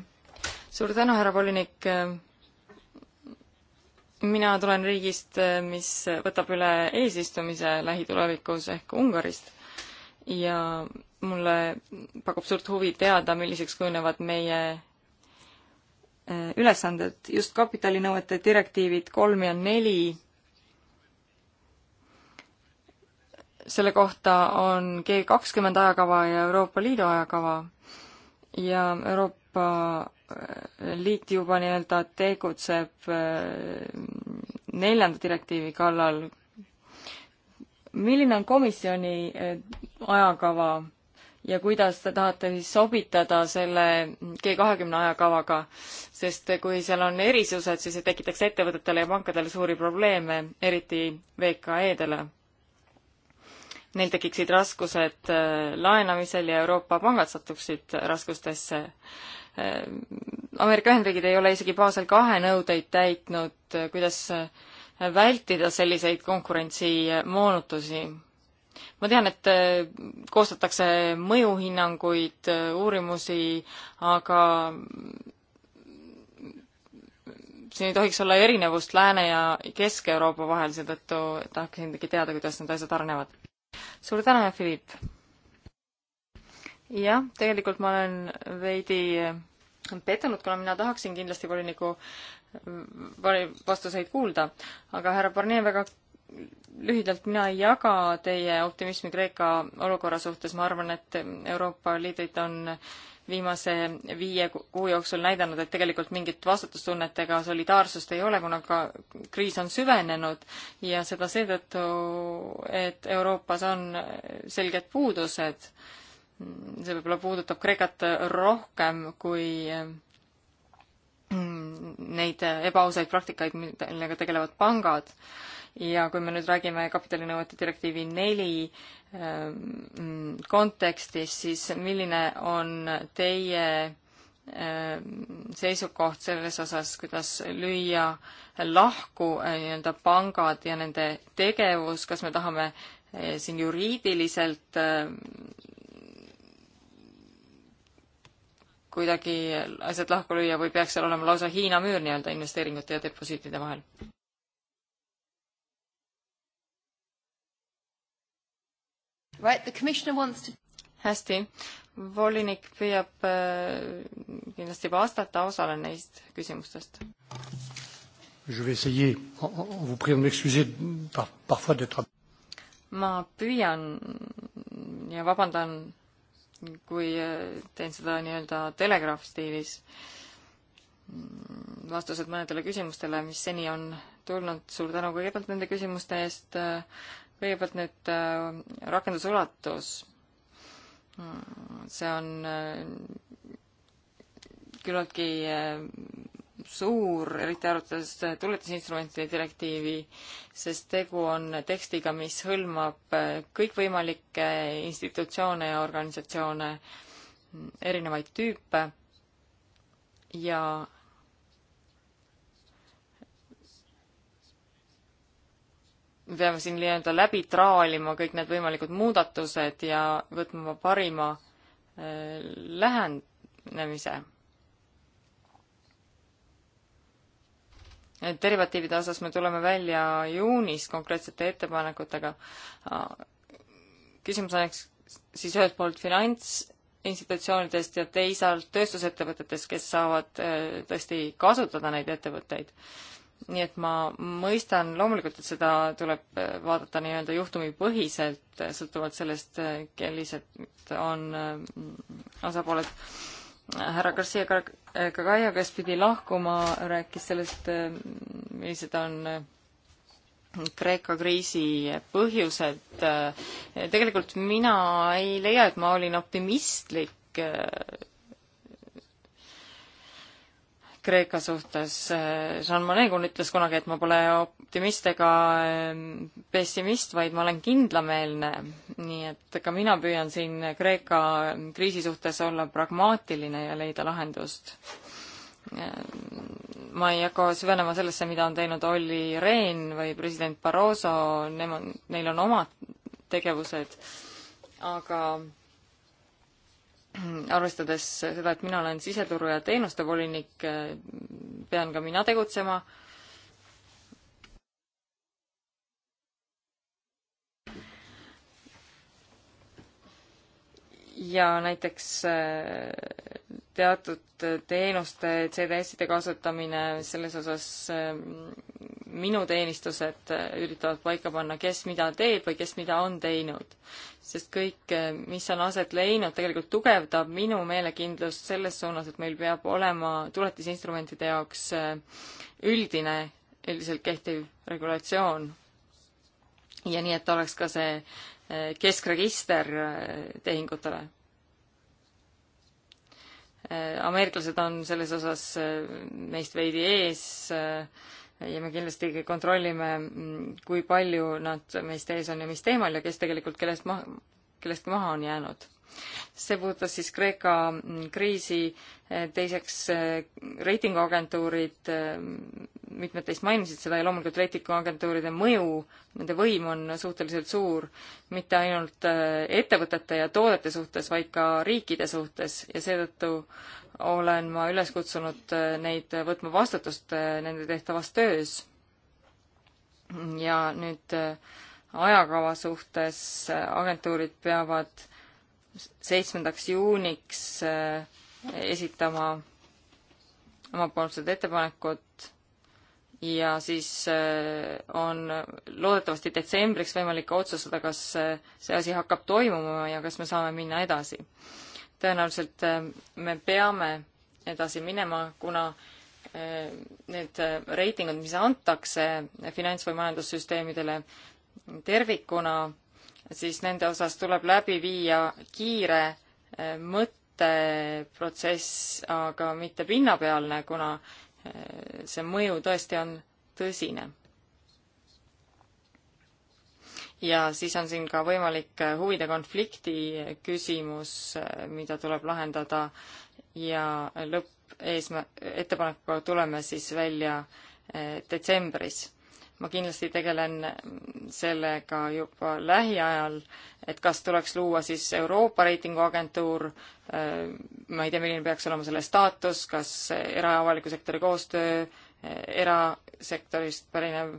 suur tänu, härra volinik. mina tulen riigist, mis võtab üle eesistumise lähitulevikus ehk Ungarist ja mulle pakub suurt huvi teada, milliseks kujunevad meie eh, ülesanded, just kapitalinõuete direktiivid kolm ja neli. selle kohta on G kakskümmend ajakava ja Euroopa Liidu ajakava ja Euroopa eh, Liit juba nii-öelda tegutseb eh, neljanda direktiivi kallal. milline on komisjoni ajakava ja kuidas te tahate siis sobitada selle G kahekümne ajakavaga, sest kui seal on erisused, siis see tekitaks ettevõtetele ja pankadele suuri probleeme, eriti VKE-dele. Neil tekiksid raskused äh, laenamisel ja Euroopa pangad satuksid raskustesse. Äh, Ameerika Ühendriigid ei ole isegi Basel kahe nõudeid täitnud, äh, kuidas vältida selliseid konkurentsimoonutusi ma tean, et äh, koostatakse mõjuhinnanguid, äh, uurimusi, aga siin ei tohiks olla erinevust Lääne- ja Kesk-Euroopa vahel, seetõttu tahaksingi teada, kuidas need asjad arenevad. suur tänu, Philipp! jah, tegelikult ma olen veidi äh, pettunud, kuna mina tahaksin kindlasti voliniku vastuseid kuulda, aga härra Barnier väga lühidalt, mina ei jaga teie optimismi Kreeka olukorra suhtes, ma arvan, et Euroopa liidrid on viimase viie kuu jooksul näidanud, et tegelikult mingit vastutustunnet ega solidaarsust ei ole, kuna ka kriis on süvenenud ja seda seetõttu, et Euroopas on selged puudused. see võib-olla puudutab Kreekat rohkem kui mm, neid ebaausaid praktikaid, millega tegelevad pangad ja kui me nüüd räägime kapitalinõuete direktiivi neli ähm, kontekstis, siis milline on teie ähm, seisukoht selles osas, kuidas lüüa lahku äh, nii-öelda pangad ja nende tegevus, kas me tahame äh, siin juriidiliselt äh, kuidagi asjad lahku lüüa või peaks seal olema lausa Hiina müür nii-öelda investeeringute ja deposiitide vahel? Right, the commissioner wants to... hästi, volinik püüab äh, kindlasti vastata osale neist küsimustest. ma püüan ja vabandan, kui äh, teen seda nii-öelda telegraafstiilis, mm, vastused mõnedele küsimustele, mis seni on tulnud, suur tänu kõigepealt nende küsimuste eest äh,, kõigepealt nüüd äh, rakenduse ulatus. Mm, see on äh, küllaltki äh, suur, eriti arvates tuletisinstrumentide direktiivi, sest tegu on tekstiga, mis hõlmab kõikvõimalikke institutsioone ja organisatsioone, mm, erinevaid tüüpe ja me peame siin nii-öelda läbi traalima kõik need võimalikud muudatused ja võtma parima äh, lähenemise. derivatiivide osas me tuleme välja juunis konkreetsete ettepanekutega. Äh, küsimus oleks siis ühelt poolt finantsinstitutsioonidest ja teisalt tööstusettevõtetest, kes saavad äh, tõesti kasutada neid ettevõtteid nii et ma mõistan loomulikult, et seda tuleb äh, vaadata nii-öelda juhtumipõhiselt, äh, sõltuvalt sellest, millised äh, on osapooled. härra Garcia Cagaya, kes pidi lahkuma, rääkis sellest, millised on Kreeka kriisi põhjused. tegelikult mina ei leia, et ma olin optimistlik Kreeka suhtes. Jean Monnet ütles kunagi, et ma pole optimist ega pessimist, vaid ma olen kindlameelne. nii et ka mina püüan siin Kreeka kriisi suhtes olla pragmaatiline ja leida lahendust. ma ei hakka süvenema sellesse, mida on teinud Olli Rehn või president Barroso, nemad, neil on omad tegevused, aga arvestades seda, et mina olen siseturu ja teenuste volinik, pean ka mina tegutsema ja näiteks äh, teatud teenuste CDS-ide kasutamine, selles osas äh, minu teenistused äh, üritavad paika panna, kes mida teeb või kes mida on teinud. sest kõik, mis on aset leidnud, tegelikult tugevdab minu meelekindlust selles suunas, et meil peab olema tuletisinstrumentide jaoks üldine, üldiselt kehtiv regulatsioon. ja nii, et oleks ka see keskregister äh, tehingutele. Äh, ameeriklased on selles osas äh, meist veidi ees ja me kindlasti kontrollime, mm, kui palju nad meist ees on ja mis teemal ja kes tegelikult kellest ma-, kellestki maha on jäänud see puudutas siis Kreeka mm, kriisi, eh, teiseks eh, reitinguagentuurid, eh, mitmed teist mainisid seda ja loomulikult reitinguagentuuride mõju, nende võim on suhteliselt suur, mitte ainult ettevõtete ja toodete suhtes, vaid ka riikide suhtes ja seetõttu olen ma üles kutsunud neid võtma vastutust nende tehtavas töös. ja nüüd ajakava suhtes agentuurid peavad seitsmendaks juuniks äh, esitama omapoolsed ettepanekud ja siis äh, on loodetavasti detsembriks võimalik otsustada, kas äh, see asi hakkab toimuma ja kas me saame minna edasi. tõenäoliselt me peame edasi minema, kuna need reitingud, mis antakse finants- või majandussüsteemidele tervikuna, siis nende osas tuleb läbi viia kiire eh, mõtteprotsess, aga mitte pinnapealne, kuna eh, see mõju tõesti on tõsine. ja siis on siin ka võimalik eh, huvide konflikti küsimus, mida tuleb lahendada ja lõppeesmärk, ettepanekuga tuleme siis välja detsembris ma kindlasti tegelen sellega juba lähiajal, et kas tuleks luua siis Euroopa reitinguagentuur, äh, ma ei tea, milline peaks olema selle staatus, kas era- ja avaliku sektori koostöö, äh, erasektorist pärinev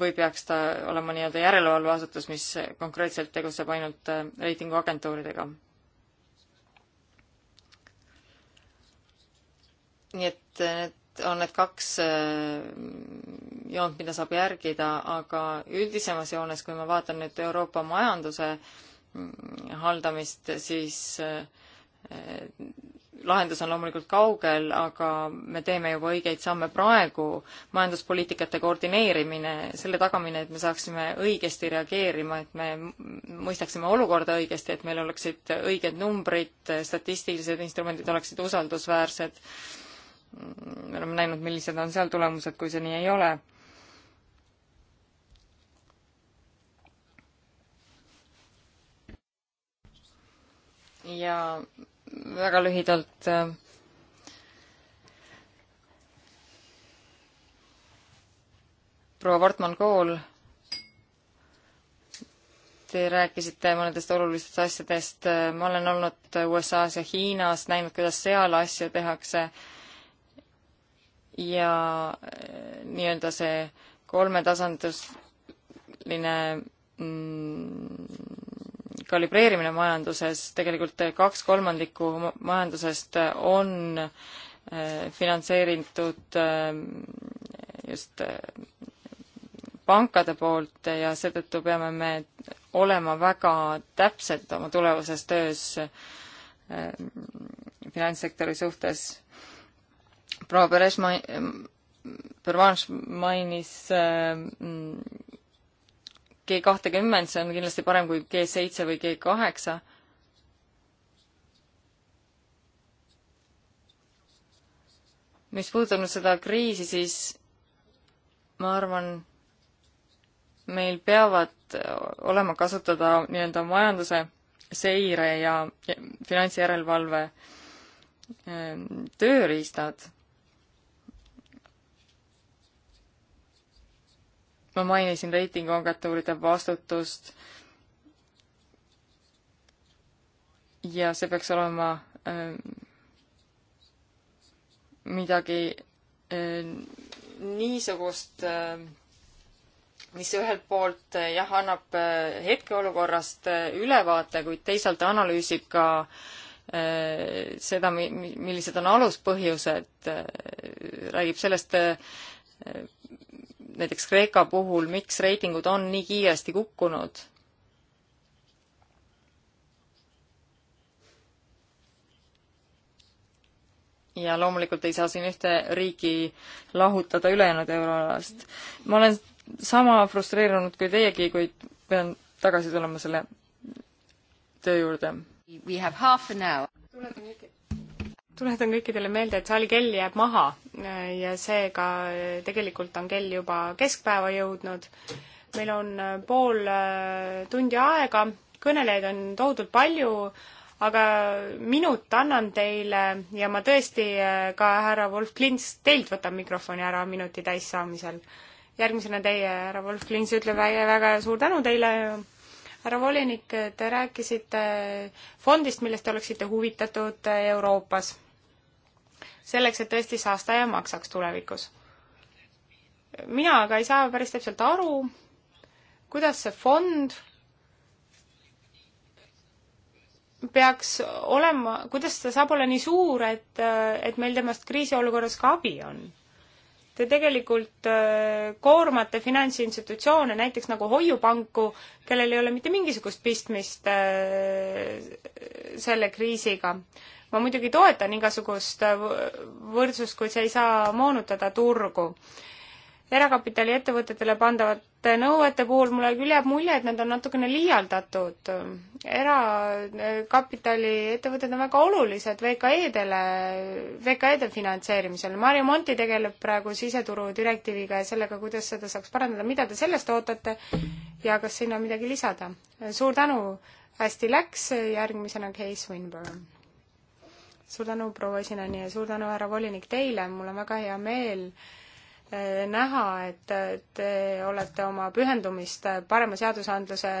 või peaks ta olema nii-öelda järelevalveasutus, mis konkreetselt tegutseb ainult äh, reitinguagentuuridega? nii et need on need kaks äh, joont, mida saab järgida, aga üldisemas joones, kui ma vaatan nüüd Euroopa majanduse mm, haldamist, siis äh, lahendus on loomulikult kaugel, aga me teeme juba õigeid samme praegu, majanduspoliitikate koordineerimine, selle tagamine, et me saaksime õigesti reageerima, et me mõistaksime olukorda õigesti, et meil oleksid õiged numbrid, statistilised instrumendid oleksid usaldusväärsed me oleme näinud, millised on seal tulemused, kui see nii ei ole. ja väga lühidalt äh, proua Wortmann-Kool, te rääkisite mõnedest olulistest asjadest, äh, ma olen olnud USA-s ja Hiinas, näinud, kuidas seal asju tehakse äh, ja eh, nii-öelda see kolmetasandiline mm, kalibreerimine majanduses, tegelikult eh, kaks kolmandikku majandusest on eh, finantseeritud just pankade poolt ja seetõttu peame me olema väga täpsed oma tulevases töös finantssektori suhtes proua Peres ma-, Pervanš mainis ähm, G kahtekümmend, see on kindlasti parem kui G seitse või G kaheksa. mis puudutab nüüd seda kriisi, siis ma arvan, meil peavad olema kasutada nii-öelda majanduse seire ja finantsjärelevalve ähm, tööriistad ma mainisin reitinguagentuuride vastutust ja see peaks olema ähm, midagi ähm, niisugust, ähm, mis ühelt poolt äh, jah, annab äh, hetkeolukorrast äh, ülevaate, kuid teisalt analüüsib ka seda, millised on aluspõhjused, räägib sellest, näiteks Kreeka puhul, miks reitingud on nii kiiresti kukkunud. ja loomulikult ei saa siin ühte riiki lahutada ülejäänud euroalast. ma olen sama frustreerunud kui teiegi, kuid pean tagasi tulema selle töö juurde. We have half an hour. tuletan ikka tuletan kõikidele meelde, et saali kell jääb maha äh, ja seega äh, tegelikult on kell juba keskpäeva jõudnud. meil on äh, pool tundi aega, kõnelejaid on tohutult palju, aga minut annan teile ja ma tõesti ka härra Wolf Klints, teilt võtan mikrofoni ära minuti täis saamisel. järgmisena teie, härra Wolf Klints, ütleb väga suur tänu teile härra volinik, te rääkisite fondist, millest te oleksite huvitatud Euroopas selleks, et tõesti saastaja maksaks tulevikus. mina aga ei saa päris täpselt aru, kuidas see fond peaks olema, kuidas ta saab olla nii suur, et, et meil temast kriisiolukorras ka abi on? Te tegelikult äh, koormate finantsinstitutsioone, näiteks nagu hoiupanku, kellel ei ole mitte mingisugust pistmist äh, selle kriisiga ma muidugi toetan igasugust võrdsust, kuid see ei saa moonutada turgu. erakapitali ettevõtetele pandavate nõuete puhul mulle küll jääb mulje, et need on natukene liialdatud. erakapitali ettevõtted on väga olulised VKE-dele, VKE-de finantseerimisel. Marju Monti tegeleb praegu siseturu direktiiviga ja sellega, kuidas seda saaks parandada. mida te sellest ootate ja kas sinna on midagi lisada? suur tänu, hästi läks, järgmisena Kay Swinburne suur tänu, proua esinejani ja suur tänu, härra volinik, teile, mul on väga hea meel eh, näha, et eh, te olete oma pühendumist eh, parema seadusandluse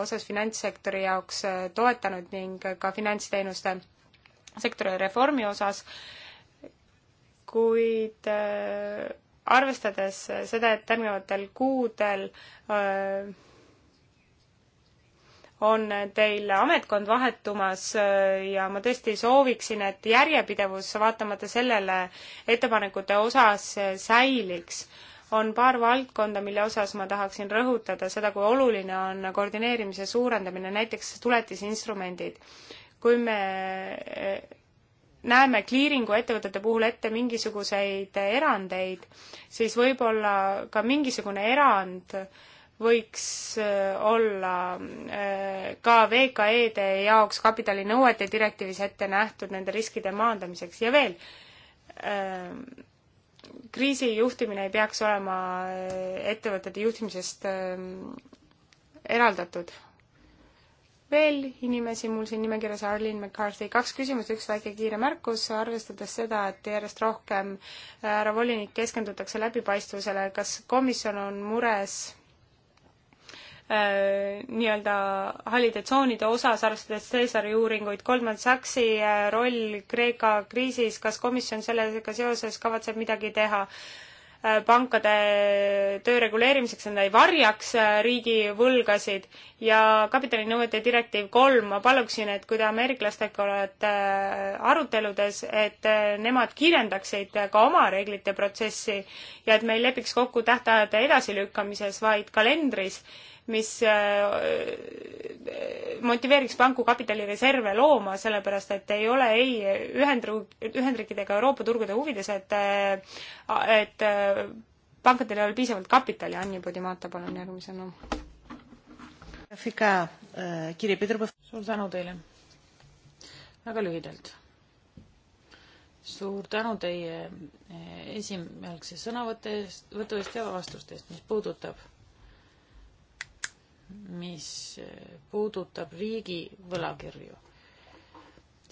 osas finantssektori jaoks toetanud ning ka finantsteenuste sektori reformi osas, kuid arvestades seda, et järgnevatel kuudel öö, on teil ametkond vahetumas äh, ja ma tõesti sooviksin, et järjepidevus vaatamata sellele ettepanekute osas äh, säiliks. on paar valdkonda, mille osas ma tahaksin rõhutada seda, kui oluline on koordineerimise suurendamine, näiteks tuletisinstrumendid. kui me äh, näeme kliiringu ettevõtete puhul ette mingisuguseid erandeid, siis võib-olla ka mingisugune erand äh, võiks äh, olla äh, ka VKE-de jaoks kapitalinõuete direktiivis ette nähtud nende riskide maandamiseks ja veel, äh, kriisi juhtimine ei peaks olema ettevõtete juhtimisest eraldatud. veel inimesi mul siin nimekirjas, Arlene McCarthy, kaks küsimust, üks väike kiire märkus, arvestades seda, et järjest rohkem härra volinik keskendutakse läbipaistvusele, kas komisjon on mures Äh, nii-öelda hallide tsoonide osas, arvestades Caesari uuringuid, Goldman Sachsi äh, roll Kreeka kriisis, kas komisjon sellega seoses kavatseb midagi teha? Äh, pankade töö reguleerimiseks, et nad ei varjaks riigi võlgasid ja kapitalinõuete direktiiv kolm, ma paluksin, et kui te ameeriklastega olete aruteludes, et nemad kiirendaksid ka oma reeglite protsessi ja et me ei lepiks kokku tähtajade edasilükkamises, vaid kalendris mis äh, äh, motiveeriks panku kapitalireserve looma, sellepärast et ei ole ei Ühendru-, Ühendriikide ega Euroopa turgude huvides, et äh, et pankadel ei ole piisavalt kapitali, Anni Podimata, palun järgmisena. suur tänu teile. väga lühidalt. suur tänu teie esimese sõnavõtte eest, võtu eest ja vastuste eest, mis puudutab mis puudutab riigi võlakirju,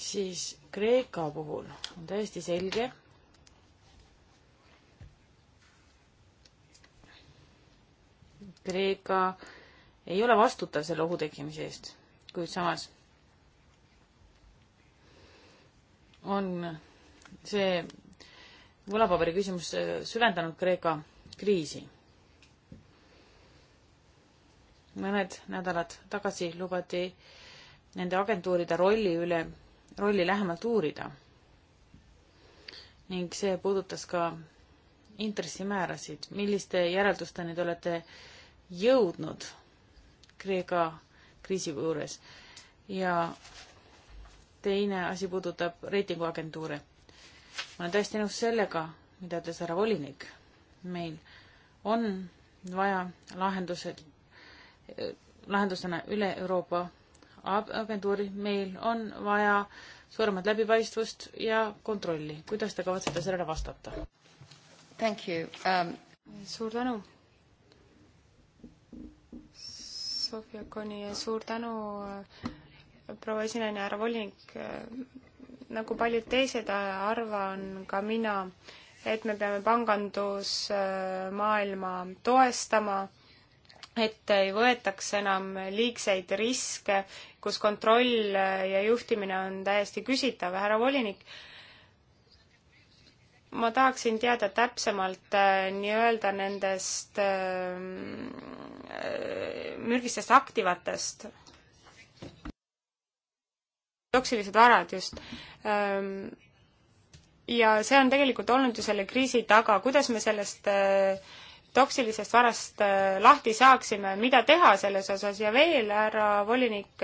siis Kreeka puhul on täiesti selge, Kreeka ei ole vastutav selle ohu tekkimise eest, kuid samas on see võlapaberi küsimus süvendanud Kreeka kriisi mõned nädalad tagasi lubati nende agentuuride rolli üle, rolli lähemalt uurida. ning see puudutas ka intressimäärasid. milliste järeldusteni te olete jõudnud Kreeka kriisi juures? ja teine asi puudutab reitinguagentuure. ma olen täiesti nõus sellega, mida ütles härra volinik. meil on vaja lahendused lahendusena üle Euroopa agentuuri, meil on vaja suuremat läbipaistvust ja kontrolli. kuidas te kavatsete sellele vastata? Thank you um.... suur tänu. Sofia Koni, suur tänu, proua esinaine, härra volinik. nagu paljud teised, arvan ka mina, et me peame pangandusmaailma toestama et ei võetaks enam liigseid riske, kus kontroll ja juhtimine on täiesti küsitav. härra volinik, ma tahaksin teada täpsemalt äh, nii-öelda nendest äh, mürgistest aktivatest. toksilised varad just ähm, ja see on tegelikult olnud ju selle kriisi taga, kuidas me sellest äh, toksilisest varast äh, lahti saaksime, mida teha selles osas ja veel, härra volinik,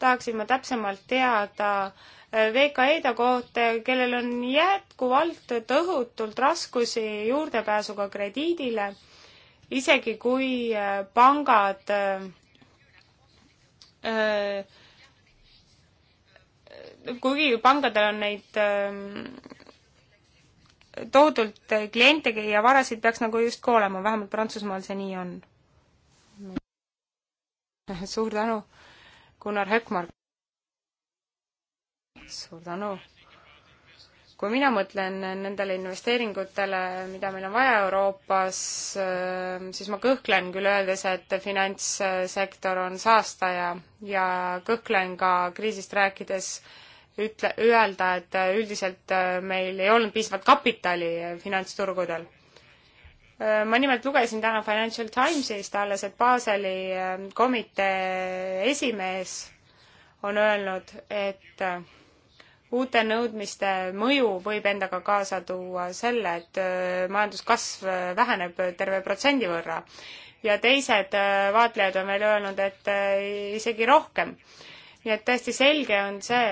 tahaksin ma täpsemalt teada äh, VKE-de kohta, kellel on jätkuvalt tõhutult raskusi juurdepääsuga krediidile, isegi kui äh, pangad kuigi pankadel on neid ähm, tohutult kliente ja varasid peaks nagu justkui olema, vähemalt Prantsusmaal see nii on. suur tänu, Gunnar Hökmark. suur tänu. kui mina mõtlen nendele investeeringutele, mida meil on vaja Euroopas, ehm, siis ma kõhklen küll, öeldes, et finantssektor on saastaja ja kõhklen ka kriisist rääkides äh, ütle, öelda, et äh, üldiselt äh, meil ei olnud piisavalt kapitali äh, finantsturgudel. ma nimelt lugesin täna Financial Timesist alles, et Baseli komitee esimees on öelnud, et uute nõudmiste mõju võib endaga kaasa tuua selle, et majanduskasv väheneb terve protsendi võrra ja teised vaatlejad on veel öelnud, et isegi rohkem. nii et täiesti selge on see,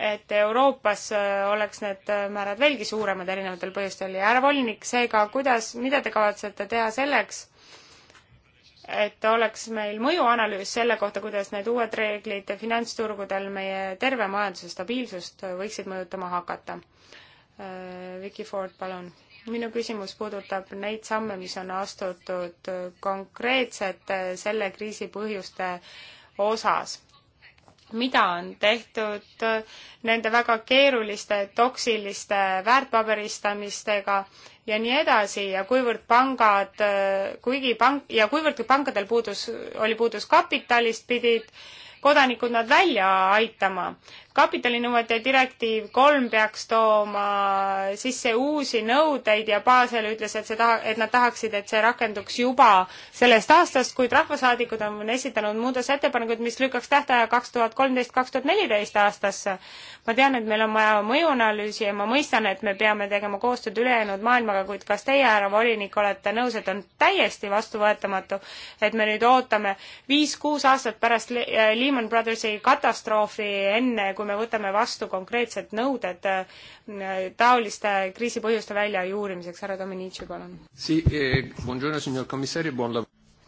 et Euroopas äh, oleks need äh, määrad veelgi suuremad erinevatel põhjustel ja härra volinik, seega kuidas, mida te kavatsete teha selleks, et oleks meil mõjuanalüüs selle kohta, kuidas need uued reeglid finantsturgudel meie terve majanduse stabiilsust võiksid mõjutama hakata? Äh, Vicky Ford, palun. minu küsimus puudutab neid samme, mis on astutud konkreetsete selle kriisi põhjuste osas mida on tehtud nende väga keeruliste toksiliste väärtpaberistamistega ja nii edasi ja kuivõrd pangad, kuigi pank ja kuivõrd pankadel puudus, oli puudus kapitalist, pidid kodanikud nad välja aitama kapitalinõuete direktiiv kolm peaks tooma sisse uusi nõudeid ja Basel ütles, et see taha, et nad tahaksid, et see rakenduks juba sellest aastast, kuid rahvasaadikud on esitanud muudatusettepanekuid, mis lükkaks tähtaja kaks tuhat kolmteist, kaks tuhat neliteist aastasse. ma tean, et meil on vaja mõjuanalüüsi ja ma mõistan, et me peame tegema koostööd ülejäänud maailmaga, kuid kas teie, härra volinik, olete nõus, et on täiesti vastuvõetamatu, et me nüüd ootame viis-kuus aastat pärast Lehman Brothersi katastroofi enne, kui me võtame vastu konkreetsed nõuded äh, taoliste kriisipõhjuste väljajuurimiseks. härra Dominici, palun si,. Eh,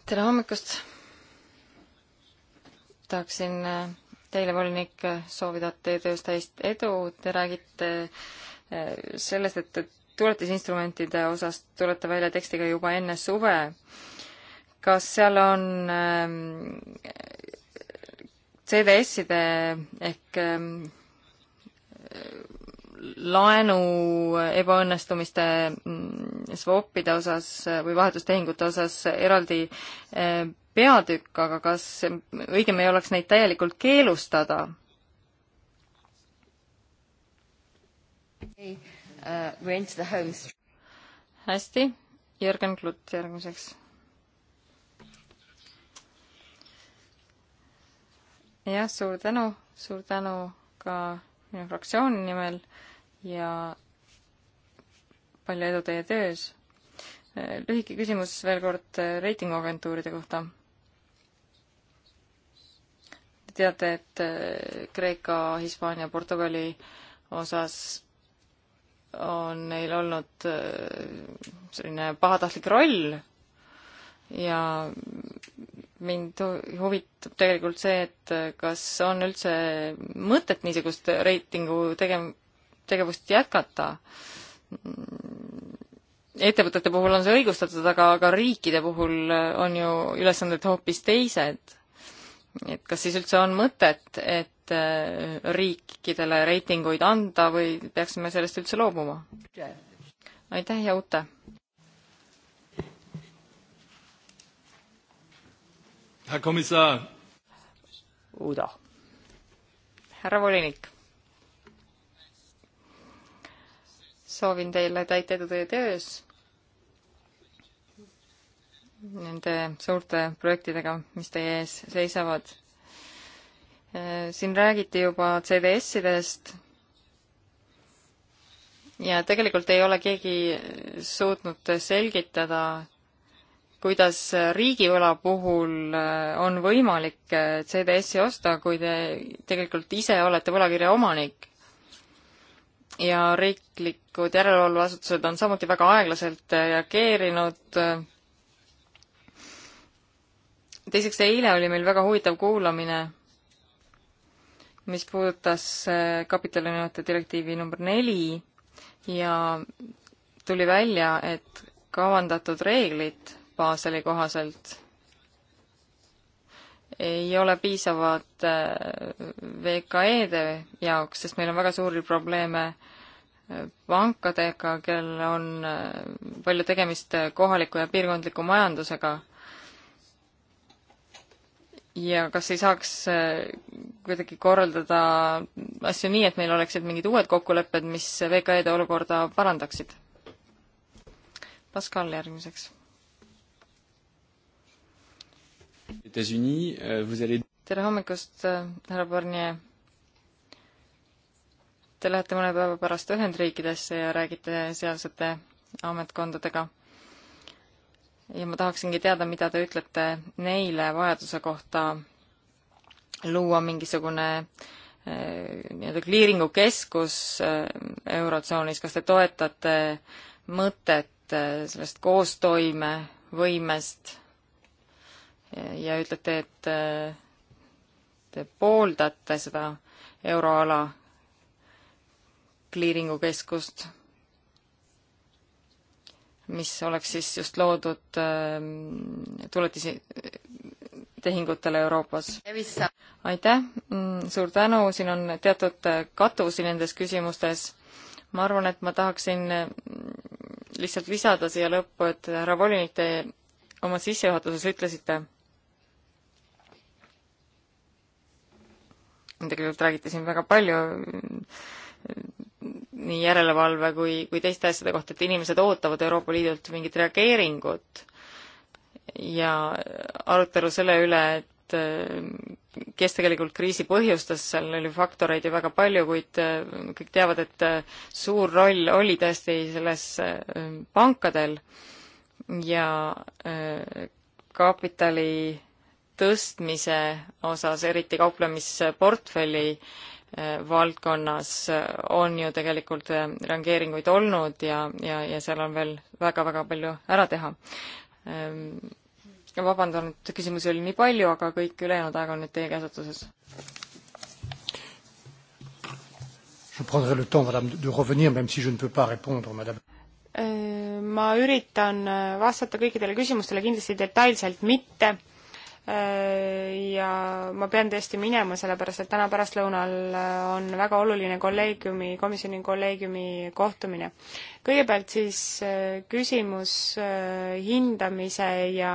tere hommikust! tahaksin äh, teile, volinik, äh, soovida teie töös täist edu. Te räägite sellest, et tuletisinstrumentide osas tulete välja tekstiga juba enne suve kas seal on ähm, CDS-ide ehk ähm, laenu ebaõnnestumiste mm, swap'ide osas äh, või vahetustehingute osas eraldi äh, peatükk, aga kas õigem ei oleks neid täielikult keelustada? Uh, hästi, Jürgen Klutt järgmiseks jah, suur tänu, suur tänu ka minu fraktsiooni nimel ja palju edu teie töös. lühike küsimus veel kord äh, reitinguagentuuride kohta. Te teate, et äh, Kreeka, Hispaania, Portugali osas on neil olnud äh, selline pahatahtlik roll ja mind huvitab tegelikult see, et kas on üldse mõtet niisugust reitingu tege-, tegevust jätkata. ettevõtete puhul on see õigustatud, aga, aga riikide puhul on ju ülesanded hoopis teised. et kas siis üldse on mõtet, et äh, riikidele reitinguid anda või peaksime sellest üldse loobuma? aitäh ja Ute! härra komissar. Udo. härra volinik. soovin teile täit edu teie töös. Nende suurte projektidega, mis teie ees seisavad. siin räägiti juba CDS-idest ja tegelikult ei ole keegi suutnud selgitada, kuidas riigivõla puhul äh, on võimalik äh, CDS-i osta, kui te tegelikult ise olete võlakirja omanik. ja riiklikud järelevalveasutused on samuti väga aeglaselt äh, reageerinud. teiseks, eile oli meil väga huvitav kuulamine, mis puudutas kapitalinõuete direktiivi number neli ja tuli välja, et kavandatud reeglid Baseli kohaselt ei ole piisavad äh, VKE-de jaoks, sest meil on väga suuri probleeme äh, pankadega, kel on äh, palju tegemist kohaliku ja piirkondliku majandusega. ja kas ei saaks kuidagi korraldada asju nii, et meil oleksid mingid uued kokkulepped, mis VKE-de olukorda parandaksid? Pascal järgmiseks Euh, tere hommikust, äh, härra Barnier! Te lähete mõne päeva pärast Ühendriikidesse ja räägite sealsete ametkondadega. ja ma tahaksingi teada, mida te ütlete neile vajaduse kohta luua mingisugune äh, nii-öelda kliiringu keskus äh, Eurotsoonis, kas te toetate mõtet sellest koostoime võimest ja ütlete, et äh, te pooldate seda euroala kliiringu keskust, mis oleks siis just loodud äh, tuletisi, tehingutele Euroopas. aitäh, mm, suur tänu, siin on teatud katusi nendes küsimustes. ma arvan, et ma tahaksin mm, lihtsalt lisada siia lõppu, et härra volinik, te oma sissejuhatuses ütlesite, tegelikult räägiti siin väga palju mm, nii järelevalve kui, kui teiste asjade kohta, et inimesed ootavad Euroopa Liidult mingit reageeringut ja arutelu selle üle, et äh, kes tegelikult kriisi põhjustas, seal oli faktoreid ju väga palju, kuid äh, kõik teavad, et äh, suur roll oli tõesti selles pankadel ja kapitali tõstmise osas, eriti kauplemisportfelli eh, valdkonnas eh, on ju tegelikult eh, rangeeringuid olnud ja, ja, ja seal on veel väga-väga palju ära teha. Ehm, vabandan, et küsimusi oli nii palju, aga kõik ülejäänud aeg on nüüd teie käsutuses. Je prendrai le temps, madame, de revenir, même si je ne peux pas répondre, madame ehm, ma üritan vastata kõikidele küsimustele kindlasti detailselt mitte, Äh, ja ma pean tõesti minema, sellepärast et täna pärastlõunal äh, on väga oluline kolleegiumi, komisjoni kolleegiumi kohtumine. kõigepealt siis äh, küsimus hindamise ja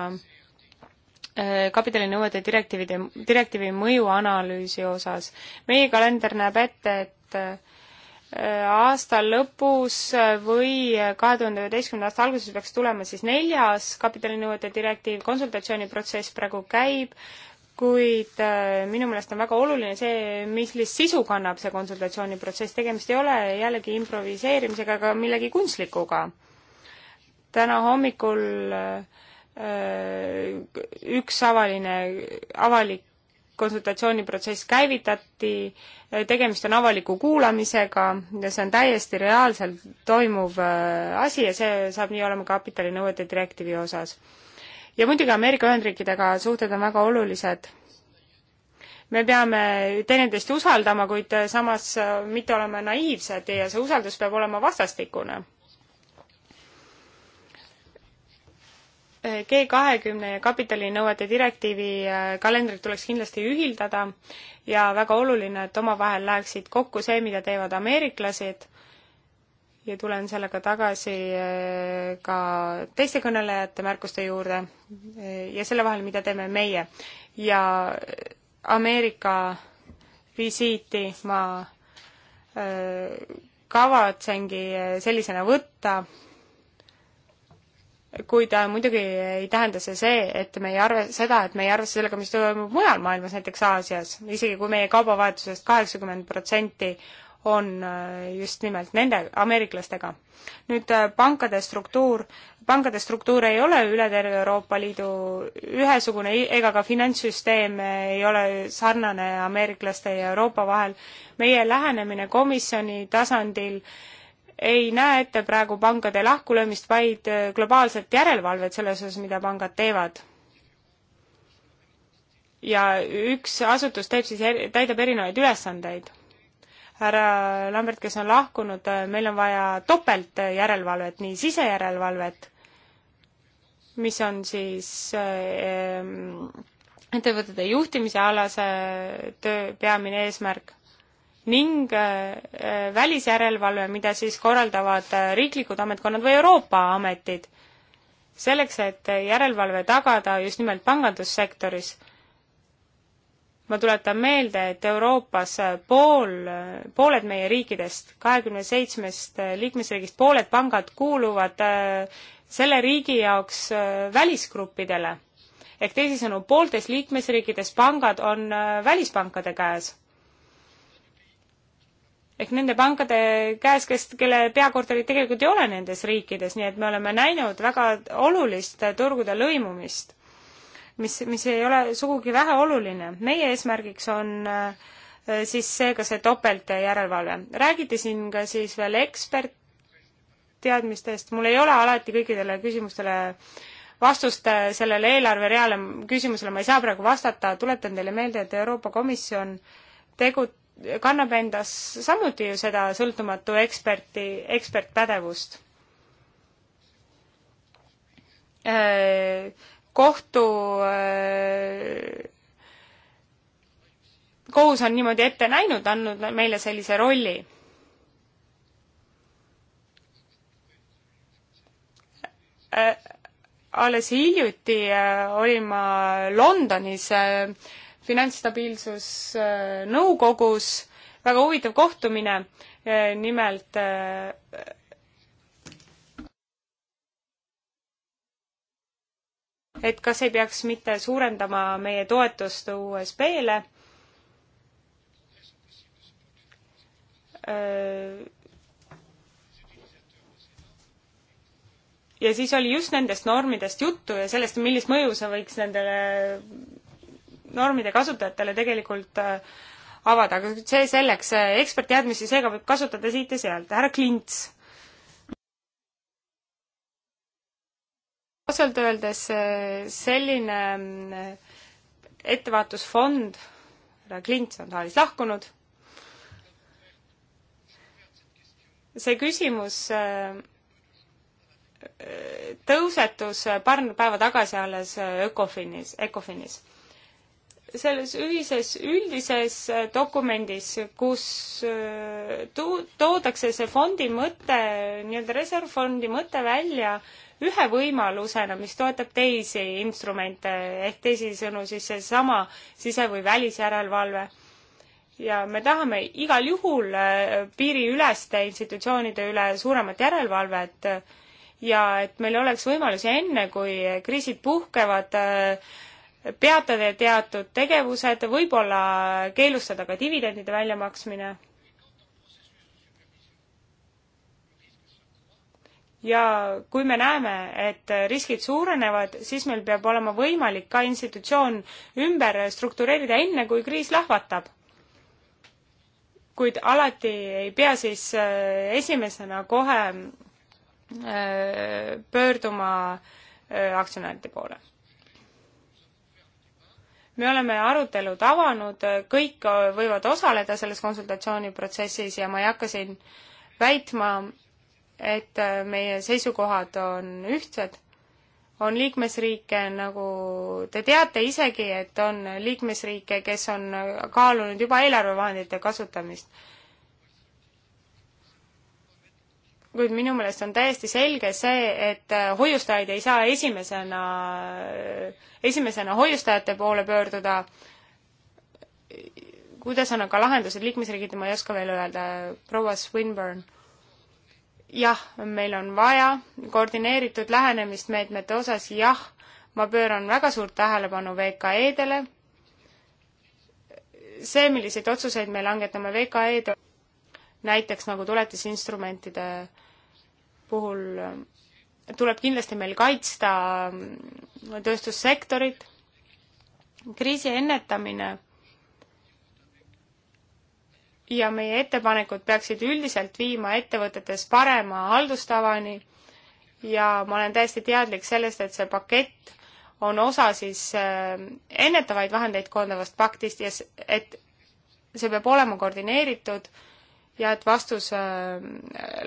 kapitalinõuete direktiivide, direktiivi mõjuanalüüsi osas. meie kalender näeb ette, et aasta lõpus või kahe tuhande üheteistkümnenda aasta alguses peaks tulema siis neljas kapitalinõuete direktiiv, konsultatsiooniprotsess praegu käib, kuid äh, minu meelest on väga oluline see, millist sisu kannab see konsultatsiooniprotsess, tegemist ei ole jällegi improviseerimisega ega millegi kunstlikuga. täna hommikul äh, äh, üks avaline, avalik konsultatsiooniprotsess käivitati, tegemist on avaliku kuulamisega ja see on täiesti reaalselt toimuv äh, asi ja see saab nii olema kapitalinõuete direktiivi osas. ja muidugi Ameerika Ühendriikidega suhted on väga olulised. me peame teineteist usaldama, kuid samas mitte olema naiivsed ja see usaldus peab olema vastastikune G kahekümne ja kapitalinõuete direktiivi äh, kalendrid tuleks kindlasti ühildada ja väga oluline, et omavahel läheksid kokku see, mida teevad ameeriklased ja tulen sellega tagasi äh, ka teiste kõnelejate märkuste juurde äh, ja selle vahel, mida teeme meie. ja Ameerika visiiti ma kavatsengi sellisena võtta kuid äh, muidugi ei tähenda see see, et me ei arva seda, et me ei arvesta sellega, mis toimub mujal maailmas, näiteks Aasias, isegi kui meie kaubavahetusest kaheksakümmend protsenti on äh, just nimelt nende, ameeriklastega. nüüd äh, pankade struktuur, pankade struktuur ei ole üle terve Euroopa Liidu ühesugune ega ka finantssüsteem ei ole sarnane ameeriklaste ja Euroopa vahel. meie lähenemine komisjoni tasandil äh, ei näe ette praegu pankade lahkulöömist, vaid äh, globaalset järelevalvet selles osas, mida pangad teevad. ja üks asutus teeb siis, täidab erinevaid ülesandeid. härra Lambert, kes on lahkunud, äh, meil on vaja topeltjärelevalvet, äh, nii sisejärelevalvet, mis on siis ettevõtete juhtimise alase töö peamine eesmärk, ning äh, äh, välisjärelevalve, mida siis korraldavad äh, riiklikud ametkonnad või Euroopa ametid, selleks, et järelevalve tagada just nimelt pangandussektoris. ma tuletan meelde, et Euroopas pool, pooled meie riikidest, kahekümne seitsmest liikmesriigist pooled pangad kuuluvad selle riigi jaoks välisgruppidele ehk teisisõnu, pooltes liikmesriikides pangad on välispankade käes ehk nende pankade käes, kes, kelle peakorterid tegelikult ei ole nendes riikides, nii et me oleme näinud väga olulist turgude lõimumist, mis, mis ei ole sugugi väheoluline. meie eesmärgiks on äh, siis seega see topeltjärelevalve. räägiti siin ka siis veel ekspertteadmistest, mul ei ole alati kõikidele küsimustele vastust äh, sellele eelarvereale küsimusele ma ei saa praegu vastata, tuletan teile meelde, et Euroopa Komisjon tegu-, kannab endas samuti ju seda sõltumatu eksperti, ekspertpädevust. kohtu kohus on niimoodi ette näinud, andnud meile sellise rolli. alles hiljuti olin ma Londonis äh, Finantsstabiilsusnõukogus väga huvitav kohtumine, eh, nimelt eh, et kas ei peaks mitte suurendama meie toetust USB-le eh, ja siis oli just nendest normidest juttu ja sellest, millist mõju see võiks nendele normide kasutajatele tegelikult äh, avada, aga see selleks, äh, ekspertteadmisi seega võib kasutada siit ja sealt. härra Klints. ausalt öeldes äh, selline ettevaatusfond, härra Klints on saalist lahkunud, see küsimus tõusetus paar päeva tagasi alles Ökofinis, Ecofinis selles ühises üldises äh, dokumendis, kus äh, tu-, toodakse see fondi mõte, nii-öelda reservfondi mõte välja ühe võimalusena, mis toetab teisi instrumente, ehk teisisõnu siis seesama sise- või välisjärelevalve. ja me tahame igal juhul äh, piiriüleste institutsioonide üle suuremat järelevalvet ja et meil oleks võimalusi enne, kui kriisid puhkevad äh,, peatada teatud tegevused, võib-olla keelustada ka dividendide väljamaksmine. ja kui me näeme, et riskid suurenevad, siis meil peab olema võimalik ka institutsioon ümber struktureerida enne, kui kriis lahvatab. kuid alati ei pea siis äh, esimesena kohe äh, pöörduma äh, aktsionäride poole me oleme arutelud avanud, kõik võivad osaleda selles konsultatsiooniprotsessis ja ma ei hakka siin väitma, et meie seisukohad on ühtsed. on liikmesriike, nagu te teate isegi, et on liikmesriike, kes on kaalunud juba eelarvevahendite kasutamist kuid minu meelest on täiesti selge see, et äh, hoiustajaid ei saa esimesena, esimesena hoiustajate poole pöörduda. kuidas on aga lahendused liikmesriigid, ma ei oska veel öelda, proua Swinburne. jah, meil on vaja koordineeritud lähenemist meetmete osas, jah, ma pööran väga suurt tähelepanu VKE-dele. see, milliseid otsuseid me langetame VKE-de näiteks nagu tuletisinstrumentide puhul tuleb kindlasti meil kaitsta tööstussektorit, kriisi ennetamine ja meie ettepanekud peaksid üldiselt viima ettevõtetes parema haldustavani ja ma olen täiesti teadlik sellest, et see pakett on osa siis äh, ennetavaid vahendeid koondavast paktist ja et see peab olema koordineeritud ja et vastus äh,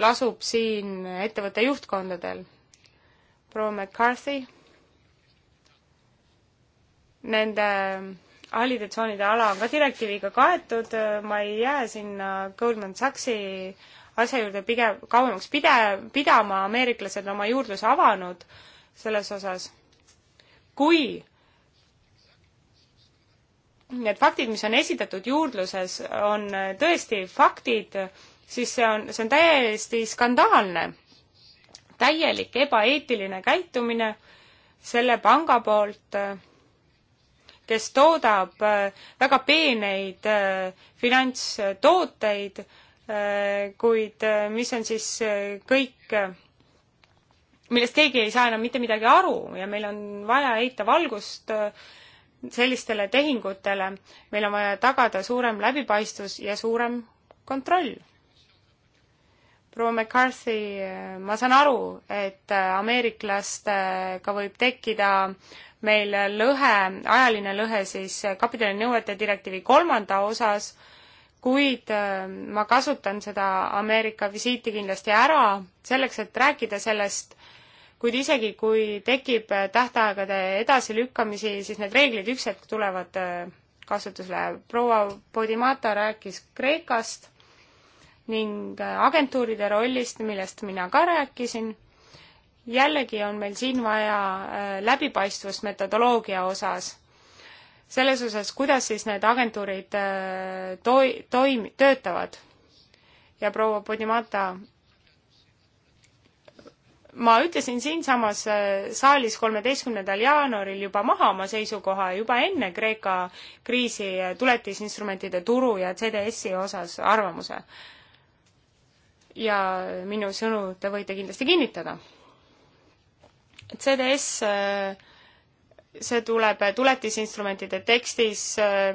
lasub siin ettevõtte juhtkondadel. proua McCarthy, nende hallitatsioonide ala on ka direktiiviga kaetud, ma ei jää sinna Goldman Sachsi asja juurde pigem, kauemaks pide-, pidama, ameeriklased on oma juurdluse avanud selles osas. kui need faktid, mis on esitatud juurdluses, on tõesti faktid, siis see on, see on täiesti skandaalne, täielik ebaeetiline käitumine selle panga poolt, kes toodab äh, väga peeneid äh, finantstooteid, äh, kuid mis on siis kõik, millest keegi ei saa enam mitte midagi aru ja meil on vaja heita valgust äh, sellistele tehingutele. meil on vaja tagada suurem läbipaistvus ja suurem kontroll. proua McCarthy, ma saan aru, et ameeriklastega võib tekkida meil lõhe, ajaline lõhe siis kapitalinõuete direktiivi kolmanda osas, kuid äh, ma kasutan seda Ameerika visiiti kindlasti ära selleks, et rääkida sellest kuid isegi, kui tekib äh, tähtaegade edasilükkamisi, siis need reeglid üks hetk tulevad äh, kasutusele. proua Podimata rääkis Kreekast ning äh, agentuuride rollist, millest mina ka rääkisin. jällegi on meil siin vaja läbipaistvust metodoloogia osas selles osas, kuidas siis need agentuurid toi-, toim-, töötavad. ja proua Podimata ma ütlesin siinsamas äh, saalis kolmeteistkümnendal jaanuaril juba maha oma seisukoha juba enne Kreeka kriisi äh, tuletisinstrumentide turu ja CDS-i osas arvamuse. ja minu sõnu te võite kindlasti kinnitada. CDS, äh, see tuleb tuletisinstrumentide tekstis,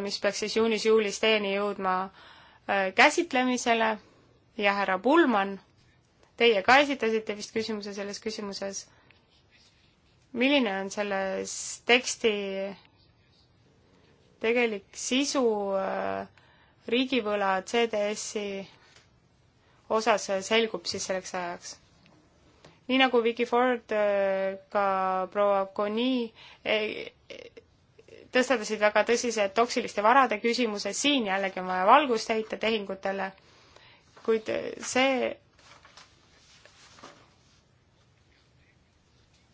mis peaks siis juunis-juulis teieni jõudma käsitlemisele ja härra Pullmann Teie ka esitasite vist küsimuse selles küsimuses. milline on selles teksti tegelik sisu äh, riigivõla CDS-i osas äh, selgub siis selleks ajaks? nii nagu Vicky Ford äh, ka proua Coni tõstatasid väga tõsise toksiliste varade küsimuse, siin jällegi on vaja valgust heita tehingutele, kuid see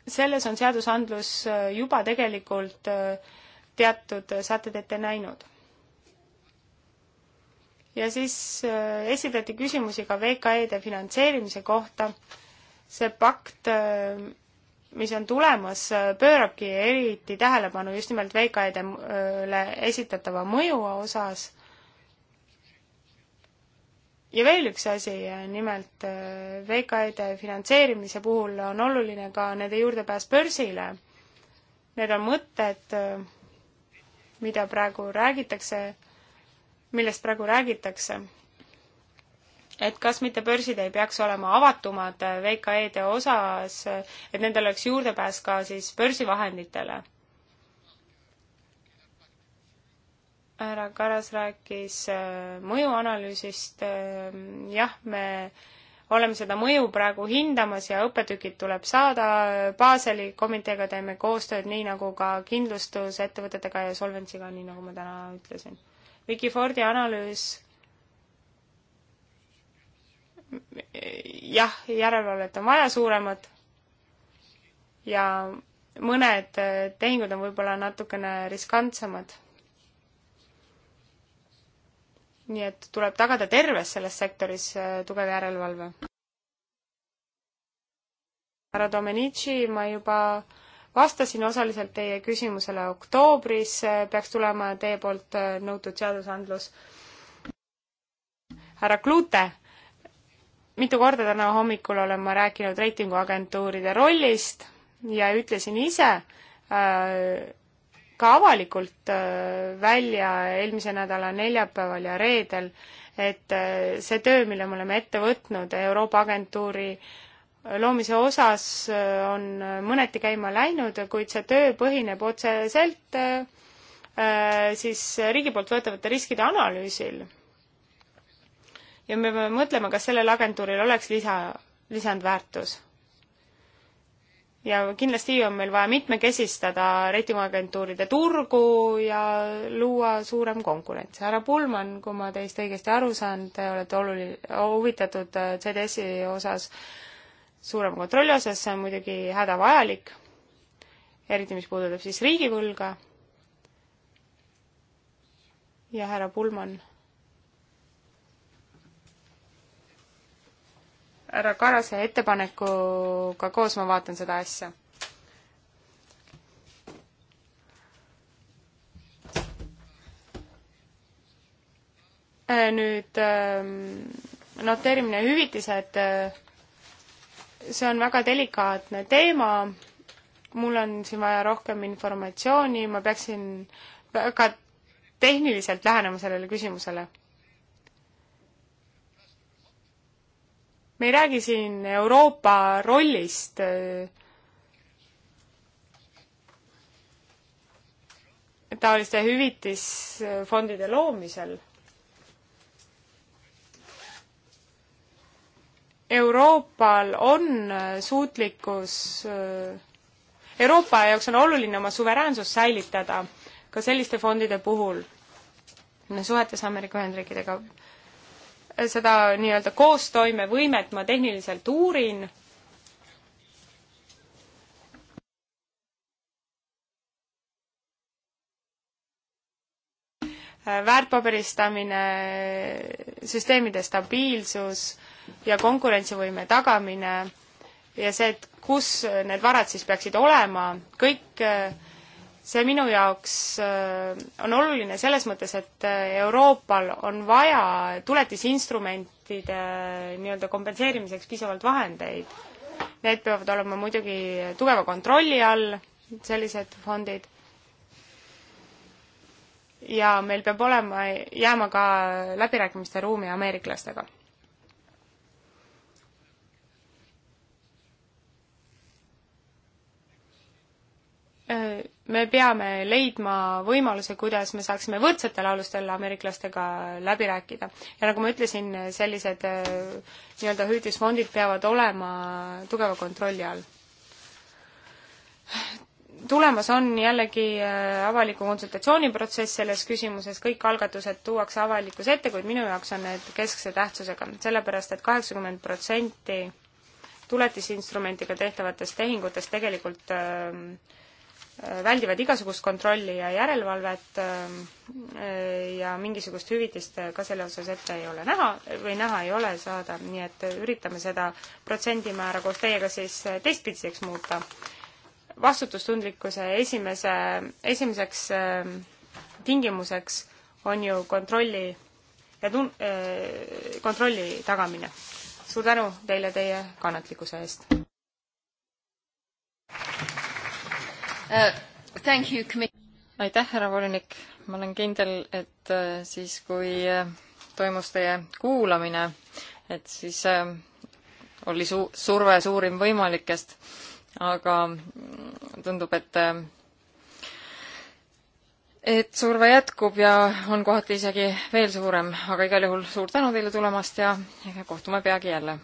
selles on seadusandlus äh, juba tegelikult äh, teatud sätted ette näinud. ja siis äh, esitati küsimusi ka VKE-de finantseerimise kohta. see pakt, mis on tulemas, pöörabki eriti tähelepanu just nimelt VKE-dele esitatava mõju osas ja veel üks asi, nimelt äh, VKE-de finantseerimise puhul on oluline ka nende juurdepääs börsile. Need on mõtted, äh, mida praegu räägitakse, millest praegu räägitakse. et kas mitte börsid ei peaks olema avatumad äh, VKE-de osas, et nendel oleks juurdepääs ka siis börsivahenditele härra Karas rääkis äh, mõjuanalüüsist, äh, jah, me oleme seda mõju praegu hindamas ja õppetükid tuleb saada, Baseli komiteega teeme koostööd, nii nagu ka kindlustusettevõtetega ja Solventsiga, nii nagu ma täna ütlesin. Vicky Fordi analüüs jah, järelevalvet on vaja suuremat ja mõned äh, tehingud on võib-olla natukene riskantsemad nii et tuleb tagada terves selles sektoris äh, tugev järelevalve. härra Domenici, ma juba vastasin osaliselt teie küsimusele oktoobris, äh, peaks tulema teie poolt äh, nõutud seadusandlus. härra Klute, mitu korda täna hommikul olen ma rääkinud reitinguagentuuride rollist ja ütlesin ise äh, ka avalikult äh, välja eelmise nädala neljapäeval ja reedel, et äh, see töö, mille me oleme ette võtnud Euroopa Agentuuri äh, loomise osas, on mõneti käima läinud, kuid see töö põhineb otseselt siis riigi poolt võetavate riskide analüüsil. ja me peame mõtlema, kas sellel agentuuril oleks lisa, lisandväärtus ja kindlasti on meil vaja mitmekesistada reitinguagentuuride turgu ja luua suurem konkurents. härra Pullmann, kui ma teist õigesti aru saan, te olete oluline, huvitatud äh, CDS-i osas suurema kontrolli osas, see on muidugi hädavajalik, eriti mis puudutab siis riigivõlga. ja härra Pullmann härra Karase ettepanekuga koos ma vaatan seda asja. nüüd ähm, noteerimine ja hüvitised, äh, see on väga delikaatne teema, mul on siin vaja rohkem informatsiooni, ma peaksin väga tehniliselt lähenema sellele küsimusele me ei räägi siin Euroopa rollist. taoliste hüvitisfondide loomisel. Euroopal on suutlikkus, Euroopa jaoks on oluline oma suveräänsust säilitada ka selliste fondide puhul suhetes Ameerika Ühendriikidega seda nii-öelda koostoimevõimet ma tehniliselt uurin. väärtpaberistamine, süsteemide stabiilsus ja konkurentsivõime tagamine ja see, et kus need varad siis peaksid olema, kõik äh, see minu jaoks äh, on oluline selles mõttes, et äh, Euroopal on vaja tuletisinstrumentide äh, nii-öelda kompenseerimiseks piisavalt vahendeid. Need peavad olema muidugi tugeva kontrolli all, sellised fondid. ja meil peab olema, jääma ka läbirääkimiste ruumi ameeriklastega me peame leidma võimaluse, kuidas me saaksime võrdsetel alustel ameeriklastega läbi rääkida. ja nagu ma ütlesin, sellised äh, nii-öelda hüvitisfondid peavad olema tugeva kontrolli all. tulemas on jällegi äh, avaliku konsultatsiooni protsess selles küsimuses, kõik algatused tuuakse avalikkuse ette, kuid minu jaoks on need keskse tähtsusega, sellepärast et kaheksakümmend protsenti tuletisinstrumentiga tehtavatest tehingutest tegelikult äh, väldivad igasugust kontrolli ja järelevalvet ähm, ja mingisugust hüvitist ka selle osas ette ei ole näha või näha ei ole saada, nii et üritame seda protsendimäära koos teiega siis teistpidiseks muuta. vastutustundlikkuse esimese, esimeseks ähm, tingimuseks on ju kontrolli ja tun-, äh, kontrolli tagamine. suur tänu teile teie kannatlikkuse eest! uh,. aitäh, härra volinik, ma olen kindel, et äh, siis, kui äh, toimus teie kuulamine, et siis äh, oli su-, surve suurim võimalikest, aga mm, tundub, et et surve jätkub ja on kohati isegi veel suurem, aga igal juhul suur tänu teile tulemast ja kohtume peagi jälle!